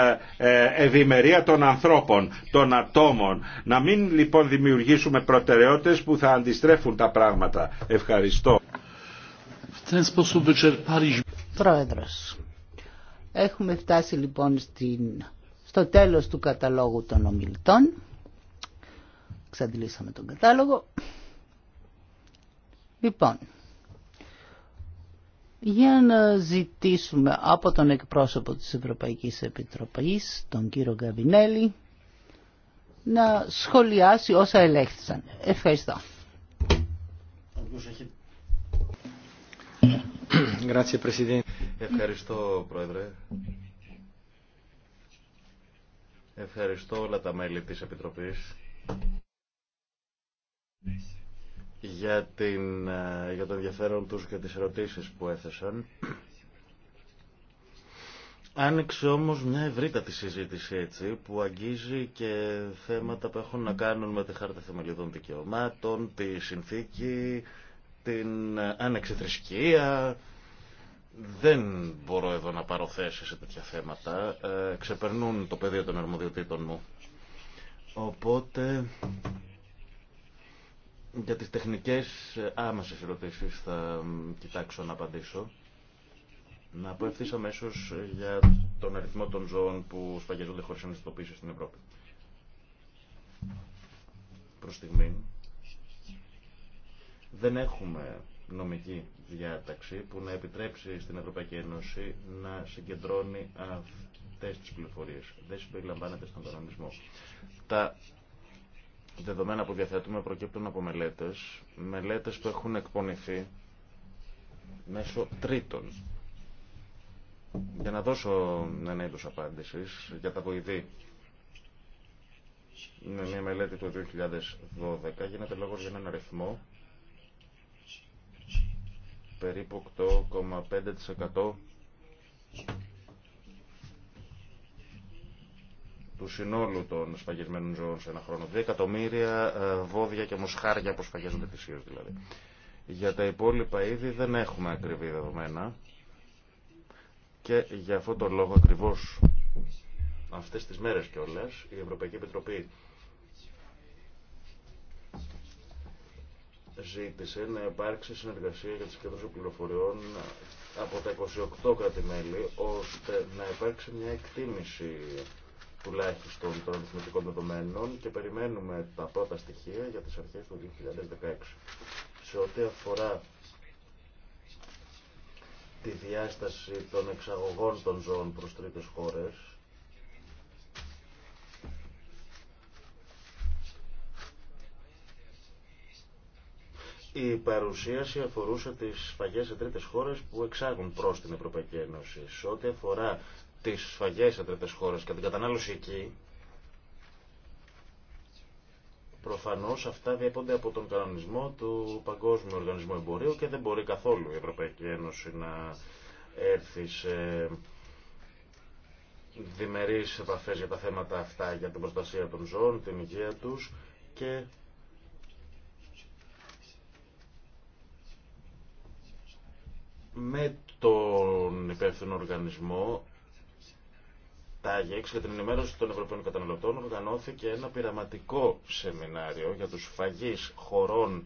ευημερία των ανθρώπων, των ατόμων. Να μην λοιπόν δημιουργήσουμε προτεραιότητες που θα αντιστρέφουν τα πράγματα. Ευχαριστώ. Πρόεδρος, Έχουμε φτάσει λοιπόν στην... στο τέλος του καταλόγου των ομιλητών. Ξαντλήσαμε τον κατάλογο. Λοιπόν, για να ζητήσουμε από τον εκπρόσωπο της Ευρωπαϊκής Επιτροπής, τον κύριο Γκαβινέλη, να σχολιάσει όσα ελέγχθησαν. Ευχαριστώ. Ευχαριστώ, Πρόεδρε. Ευχαριστώ όλα τα μέλη της Επιτροπής για, την, ε, για το ενδιαφέρον τους και τις ερωτήσεις που έθεσαν. Άνοιξε όμως μια ευρύτατη συζήτηση έτσι που αγγίζει και θέματα που έχουν να κάνουν με τη Χάρτα Θεμελιδών Δικαιωμάτων, τη συνθήκη, την ε, Άνεξη θρησκεία, δεν μπορώ εδώ να πάρω θέση σε τέτοια θέματα. Ε, ξεπερνούν το πεδίο των αρμοδιοτήτων μου. Οπότε, για τις τεχνικές άμεσες ερωτήσεις θα κοιτάξω να απαντήσω. Να πω ευθύ αμέσω για τον αριθμό των ζώων που σφαγιαζόνται χωρίς ανιστοποίηση στην Ευρώπη. Προς στιγμή δεν έχουμε νομική διάταξη που να επιτρέψει στην Ευρωπαϊκή Ένωση να συγκεντρώνει αυτές τις πληροφορίες. Δεν συμπεριλαμβάνεται στον κανονισμό. Τα δεδομένα που διαθέτουμε προκύπτουν από μελέτες, μελέτες που έχουν εκπονηθεί μέσω τρίτων. Για να δώσω ένα είδο απάντηση για τα βοηθή με μια μελέτη του 2012 γίνεται λόγος για έναν αριθμό περίπου 8,5% του συνόλου των σφαγισμένων ζώων σε ένα χρόνο. 2 εκατομμύρια ε, βόδια και μοσχάρια που σφαγίζονται θυσίως δηλαδή. Για τα υπόλοιπα είδη δεν έχουμε ακριβή δεδομένα και για αυτόν τον λόγο ακριβώς αυτές τις μέρες όλες η Ευρωπαϊκή Επιτροπή ζήτησε να υπάρξει συνεργασία για τη συγκέντρωση πληροφοριών από τα 28 κρατη ώστε να υπάρξει μια εκτίμηση τουλάχιστον των αριθμητικών δεδομένων και περιμένουμε τα πρώτα στοιχεία για τις αρχές του 2016. Σε ό,τι αφορά τη διάσταση των εξαγωγών των ζώων προς τρίτες χώρες, Η παρουσίαση αφορούσε τις σφαγές σε τρίτες χώρες που εξάγουν προς την Ευρωπαϊκή Ένωση. Σε ό,τι αφορά τις σφαγές σε τρίτες χώρες και την κατανάλωση εκεί, προφανώς αυτά διέπονται από τον κανονισμό του Παγκόσμιου Οργανισμού Εμπορίου και δεν μπορεί καθόλου η Ευρωπαϊκή Ένωση να έρθει σε διμερείς επαφές για τα θέματα αυτά, για την προστασία των ζώων, την υγεία τους και με τον υπεύθυνο οργανισμό ΤΑΓΕΚΣ για την ενημέρωση των Ευρωπαίων Καταναλωτών οργανώθηκε ένα πειραματικό σεμινάριο για τους φαγείς χωρών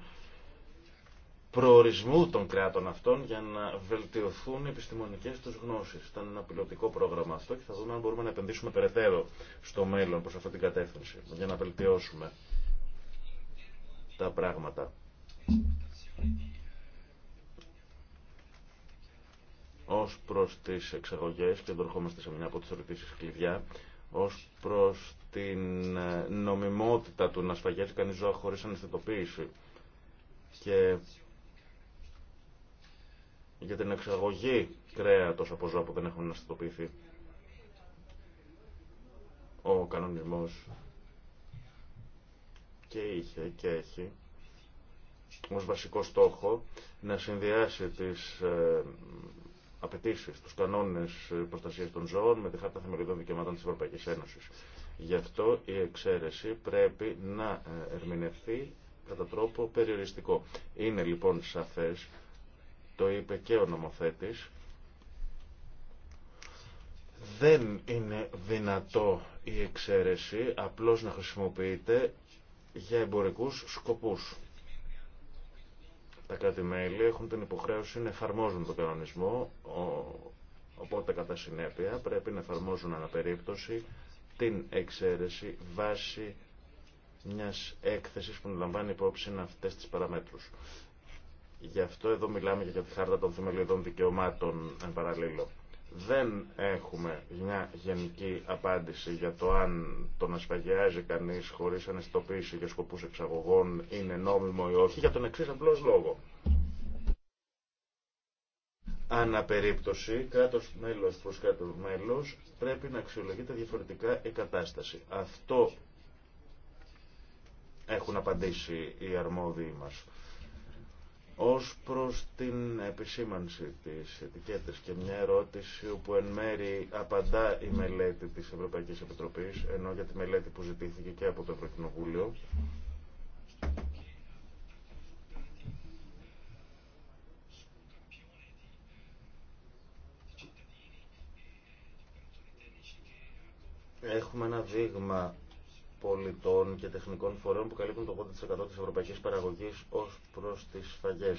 προορισμού των κράτων αυτών για να βελτιωθούν οι επιστημονικές τους γνώσεις. Ήταν ένα πιλωτικό πρόγραμμα αυτό και θα δούμε αν μπορούμε να επενδύσουμε περαιτέρω στο μέλλον προς αυτή την κατεύθυνση για να βελτιώσουμε τα πράγματα. ως προς τις εξαγωγές και ερχόμαστε σε μια από τις ερωτήσει κλειδιά ως προς την ε, νομιμότητα του να σφαγιάζει κανείς ζώα χωρίς αναισθητοποίηση και για την εξαγωγή κρέατος από ζώα που δεν έχουν αναισθητοποιηθεί ο κανονισμός και είχε και έχει ως βασικό στόχο να συνδυάσει τις ε, απαιτήσει, του κανόνε προστασία των ζώων με τη Χάρτα Θεμελιωδών Δικαιωμάτων τη Ευρωπαϊκή Ένωση. Γι' αυτό η εξαίρεση πρέπει να ε, ερμηνευθεί κατά τρόπο περιοριστικό. Είναι λοιπόν σαφέ, το είπε και ο νομοθέτη, δεν είναι δυνατό η εξαίρεση απλώς να χρησιμοποιείται για εμπορικούς σκοπούς. Τα κράτη-μέλη έχουν την υποχρέωση να εφαρμόζουν τον κανονισμό, οπότε κατά συνέπεια πρέπει να εφαρμόζουν αναπερίπτωση την εξαίρεση βάσει μιας έκθεσης που λαμβάνει υπόψη αυτές τις παραμέτρους. Γι' αυτό εδώ μιλάμε και για τη χάρτα των θεμελιωδών δικαιωμάτων εν παραλίλω. Δεν έχουμε μια γενική απάντηση για το αν το να σφαγιάζει κανείς χωρίς αναισθητοποίηση για σκοπούς εξαγωγών είναι νόμιμο ή όχι, για τον εξή απλό λόγο. Αναπερίπτωση, κράτο μέλος προ κράτο μέλο πρέπει να αξιολογείται διαφορετικά η κατάσταση. Αυτό έχουν απαντήσει οι αρμόδιοι μας. Ως προς την επισήμανση της ετικέτας και μια ερώτηση που εν μέρη απαντά η μελέτη της Ευρωπαϊκής Επιτροπής, ενώ για τη μελέτη που ζητήθηκε και από το Ευρωκοινοβούλιο, έχουμε ένα δείγμα πολιτών και τεχνικών φορέων που καλύπτουν το 80% της ευρωπαϊκής παραγωγής ως προς τις σφαγές.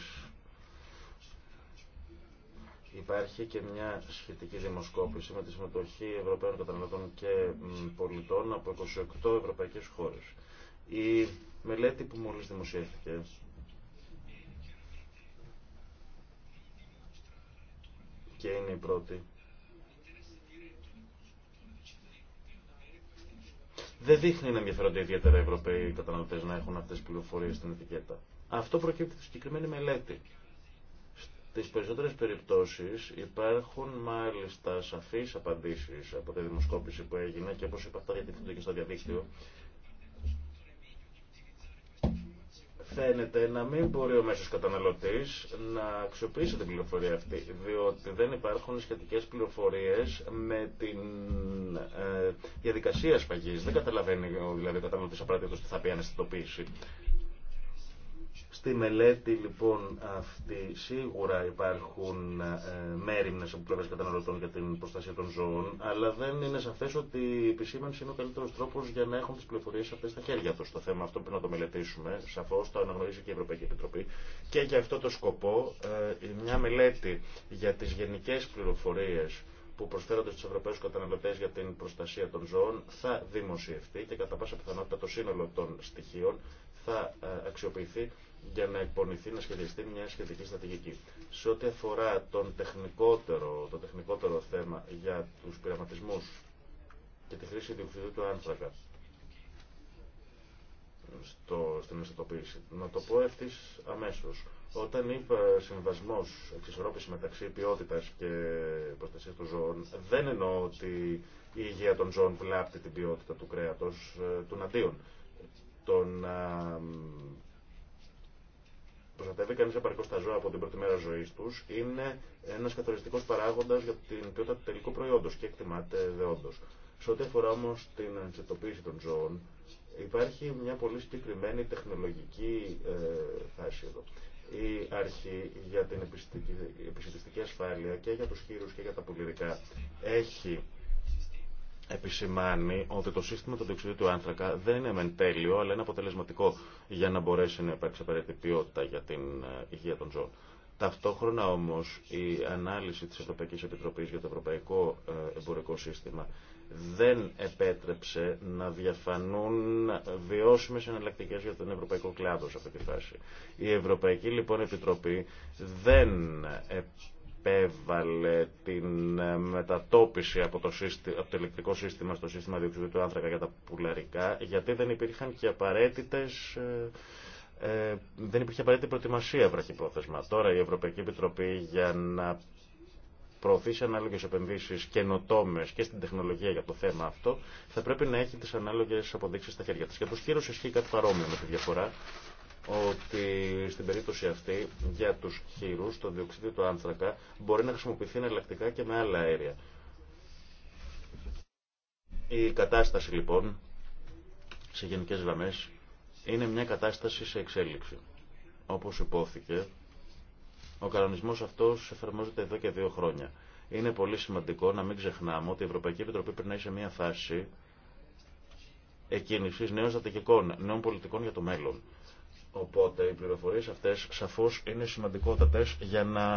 Υπάρχει και μια σχετική δημοσκόπηση με τη συμμετοχή Ευρωπαίων καταναλωτών και πολιτών από 28 ευρωπαϊκές χώρες. Η μελέτη που μόλις δημοσιεύτηκε και είναι η πρώτη δεν δείχνει να ενδιαφέρονται ιδιαίτερα οι Ευρωπαίοι καταναλωτέ να έχουν αυτέ τι πληροφορίε στην ετικέτα. Αυτό προκύπτει τη συγκεκριμένη μελέτη. Στι περισσότερε περιπτώσει υπάρχουν μάλιστα σαφεί απαντήσει από τη δημοσκόπηση που έγινε και όπω είπα αυτά διατίθενται και στο διαδίκτυο φαίνεται να μην μπορεί ο μέσος καταναλωτής να αξιοποιήσει την πληροφορία αυτή, διότι δεν υπάρχουν σχετικές πληροφορίες με την ε, διαδικασία σφαγής. Δεν καταλαβαίνει δηλαδή, ο καταναλωτής απαραίτητος τι θα πει αναισθητοποίηση. Στη μελέτη λοιπόν αυτή σίγουρα υπάρχουν ε, μέρημνες από πλευρές καταναλωτών για την προστασία των ζώων, αλλά δεν είναι σαφές ότι η επισήμανση είναι ο καλύτερος τρόπος για να έχουν τις πληροφορίες αυτές στα χέρια τους. Το θέμα αυτό πρέπει να το μελετήσουμε, σαφώς το αναγνωρίζει και η Ευρωπαϊκή Επιτροπή. Και για αυτό το σκοπό ε, μια μελέτη για τις γενικές πληροφορίες που προσφέρονται στους Ευρωπαίους καταναλωτές για την προστασία των ζώων θα δημοσιευτεί και κατά πάσα πιθανότητα το σύνολο των στοιχείων θα ε, αξιοποιηθεί για να εκπονηθεί, να σχεδιαστεί μια σχετική στρατηγική. Σε ό,τι αφορά τον τεχνικότερο, το τεχνικότερο θέμα για τους πειραματισμούς και τη χρήση διοξιδίου του άνθρακα στο, στην αισθητοποίηση. Να το πω ευθύ αμέσως. Όταν είπα συμβασμό εξισορρόπηση μεταξύ ποιότητα και προστασία των ζώων, δεν εννοώ ότι η υγεία των ζώων βλάπτει την ποιότητα του κρέατο, ε, του αντίον. Τον προστατεύει κανεί επαρκώ τα ζώα από την πρώτη μέρα ζωή του είναι ένα καθοριστικό παράγοντα για την ποιότητα του τελικού προϊόντο και εκτιμάται δεόντω. Σε ό,τι αφορά όμω την ανεξιτοποίηση των ζώων, υπάρχει μια πολύ συγκεκριμένη τεχνολογική ε, φάση εδώ. Η αρχή για την επιστημιστική ασφάλεια και για του χείρου και για τα πολιτικά έχει επισημάνει ότι το σύστημα του διοξιδίου του άνθρακα δεν είναι μεν τέλειο, αλλά είναι αποτελεσματικό για να μπορέσει να υπάρξει απαραίτητη ποιότητα για την ε, υγεία των ζώων. Ταυτόχρονα όμως η ανάλυση της Ευρωπαϊκή Επιτροπής για το Ευρωπαϊκό ε, Εμπορικό Σύστημα δεν επέτρεψε να διαφανούν βιώσιμες εναλλακτικέ για τον ευρωπαϊκό κλάδο σε αυτή τη φάση. Η Ευρωπαϊκή λοιπόν Επιτροπή δεν ε, επέβαλε την ε, μετατόπιση από το, σύστη, το ηλεκτρικό σύστημα στο σύστημα διοξιδίου του άνθρακα για τα πουλαρικά, γιατί δεν υπήρχαν και ε, ε, δεν υπήρχε απαραίτητη προετοιμασία βραχυπρόθεσμα. Τώρα η Ευρωπαϊκή Επιτροπή για να προωθήσει ανάλογε επενδύσει καινοτόμε και στην τεχνολογία για το θέμα αυτό, θα πρέπει να έχει τι ανάλογε αποδείξει στα χέρια τη. Και του κύριο ισχύει κάτι παρόμοιο με τη διαφορά ότι στην περίπτωση αυτή για τους χείρους το διοξίδιο του άνθρακα μπορεί να χρησιμοποιηθεί εναλλακτικά και με άλλα αέρια. Η κατάσταση λοιπόν σε γενικές γραμμές είναι μια κατάσταση σε εξέλιξη. Όπως υπόθηκε, ο κανονισμός αυτός εφαρμόζεται εδώ και δύο χρόνια. Είναι πολύ σημαντικό να μην ξεχνάμε ότι η Ευρωπαϊκή Επιτροπή περνάει σε μια φάση εκκίνησης νέων στρατηγικών, νέων πολιτικών για το μέλλον. Οπότε οι πληροφορίες αυτές σαφώς είναι σημαντικότατες για να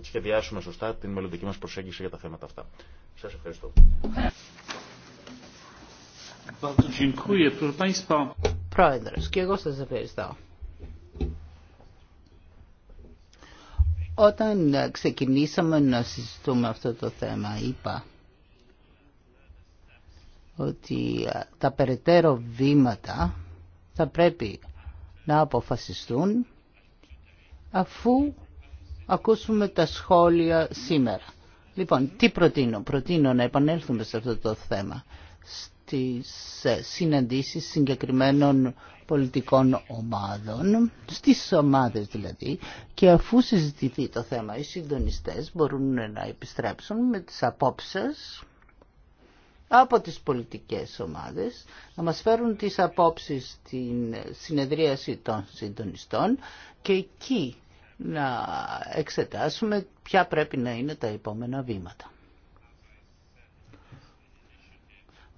σχεδιάσουμε σωστά την μελλοντική μας προσέγγιση για τα θέματα αυτά. Σας ευχαριστώ. Πρόεδρος, και εγώ σας ευχαριστώ. Όταν ξεκινήσαμε να συζητούμε αυτό το θέμα, είπα ότι ε, τα περαιτέρω βήματα θα πρέπει να αποφασιστούν αφού ακούσουμε τα σχόλια σήμερα. Λοιπόν, τι προτείνω. Προτείνω να επανέλθουμε σε αυτό το θέμα στις ε, συναντήσεις συγκεκριμένων πολιτικών ομάδων, στις ομάδες δηλαδή, και αφού συζητηθεί το θέμα οι συντονιστές μπορούν να επιστρέψουν με τις απόψεις από τις πολιτικές ομάδες να μας φέρουν τις απόψεις στην συνεδρίαση των συντονιστών και εκεί να εξετάσουμε ποια πρέπει να είναι τα επόμενα βήματα.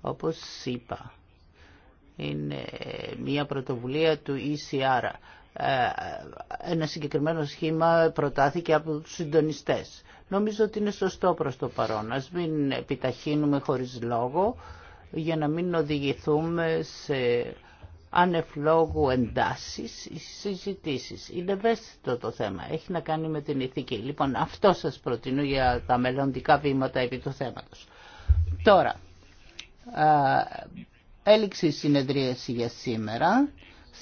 Όπως είπα, είναι μια πρωτοβουλία του ECR. Ε, ένα συγκεκριμένο σχήμα προτάθηκε από τους συντονιστές. Νομίζω ότι είναι σωστό προς το παρόν. Ας μην επιταχύνουμε χωρίς λόγο για να μην οδηγηθούμε σε ανεφλόγου εντάσεις ή συζητήσεις. Είναι ευαίσθητο το θέμα. Έχει να κάνει με την ηθική. Λοιπόν, αυτό σας προτείνω για τα μελλοντικά βήματα επί του θέματος. Τώρα, έληξε η συνεδρίαση για σήμερα.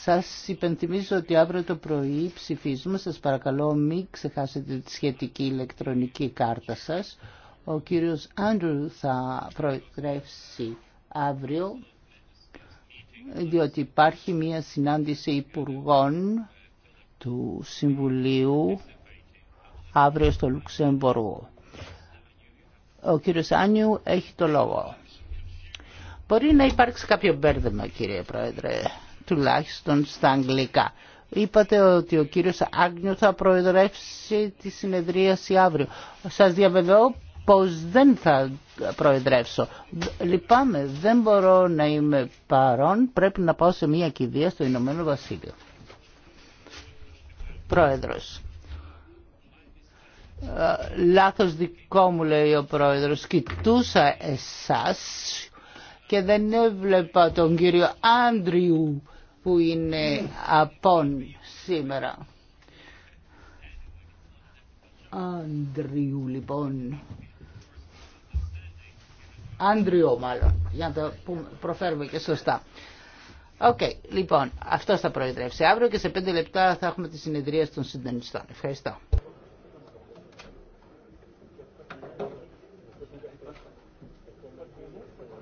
Σας υπενθυμίζω ότι αύριο το πρωί ψηφίζουμε. Σας παρακαλώ μην ξεχάσετε τη σχετική ηλεκτρονική κάρτα σας. Ο κύριος Άντρου θα προεδρεύσει αύριο, διότι υπάρχει μία συνάντηση υπουργών του Συμβουλίου αύριο στο Λουξέμβουργο. Ο κύριος Άνιου έχει το λόγο. Μπορεί να υπάρξει κάποιο μπέρδεμα κύριε Πρόεδρε τουλάχιστον στα αγγλικά. Είπατε ότι ο κύριος Άγνιου θα προεδρεύσει τη συνεδρίαση αύριο. Σας διαβεβαιώ πως δεν θα προεδρεύσω. Λυπάμαι, δεν μπορώ να είμαι παρόν, πρέπει να πάω σε μια κηδεία στο Ηνωμένο Βασίλειο. Πρόεδρος. Ε, λάθος δικό μου λέει ο πρόεδρος. Κοιτούσα εσάς και δεν έβλεπα τον κύριο Άντριου που είναι απόν σήμερα. Άντριου λοιπόν. Άντριο μάλλον, για να το προφέρουμε και σωστά. Οκ, λοιπόν, αυτό θα προεδρεύσει αύριο και σε πέντε λεπτά θα έχουμε τη συνεδρία των συντονιστών. Ευχαριστώ.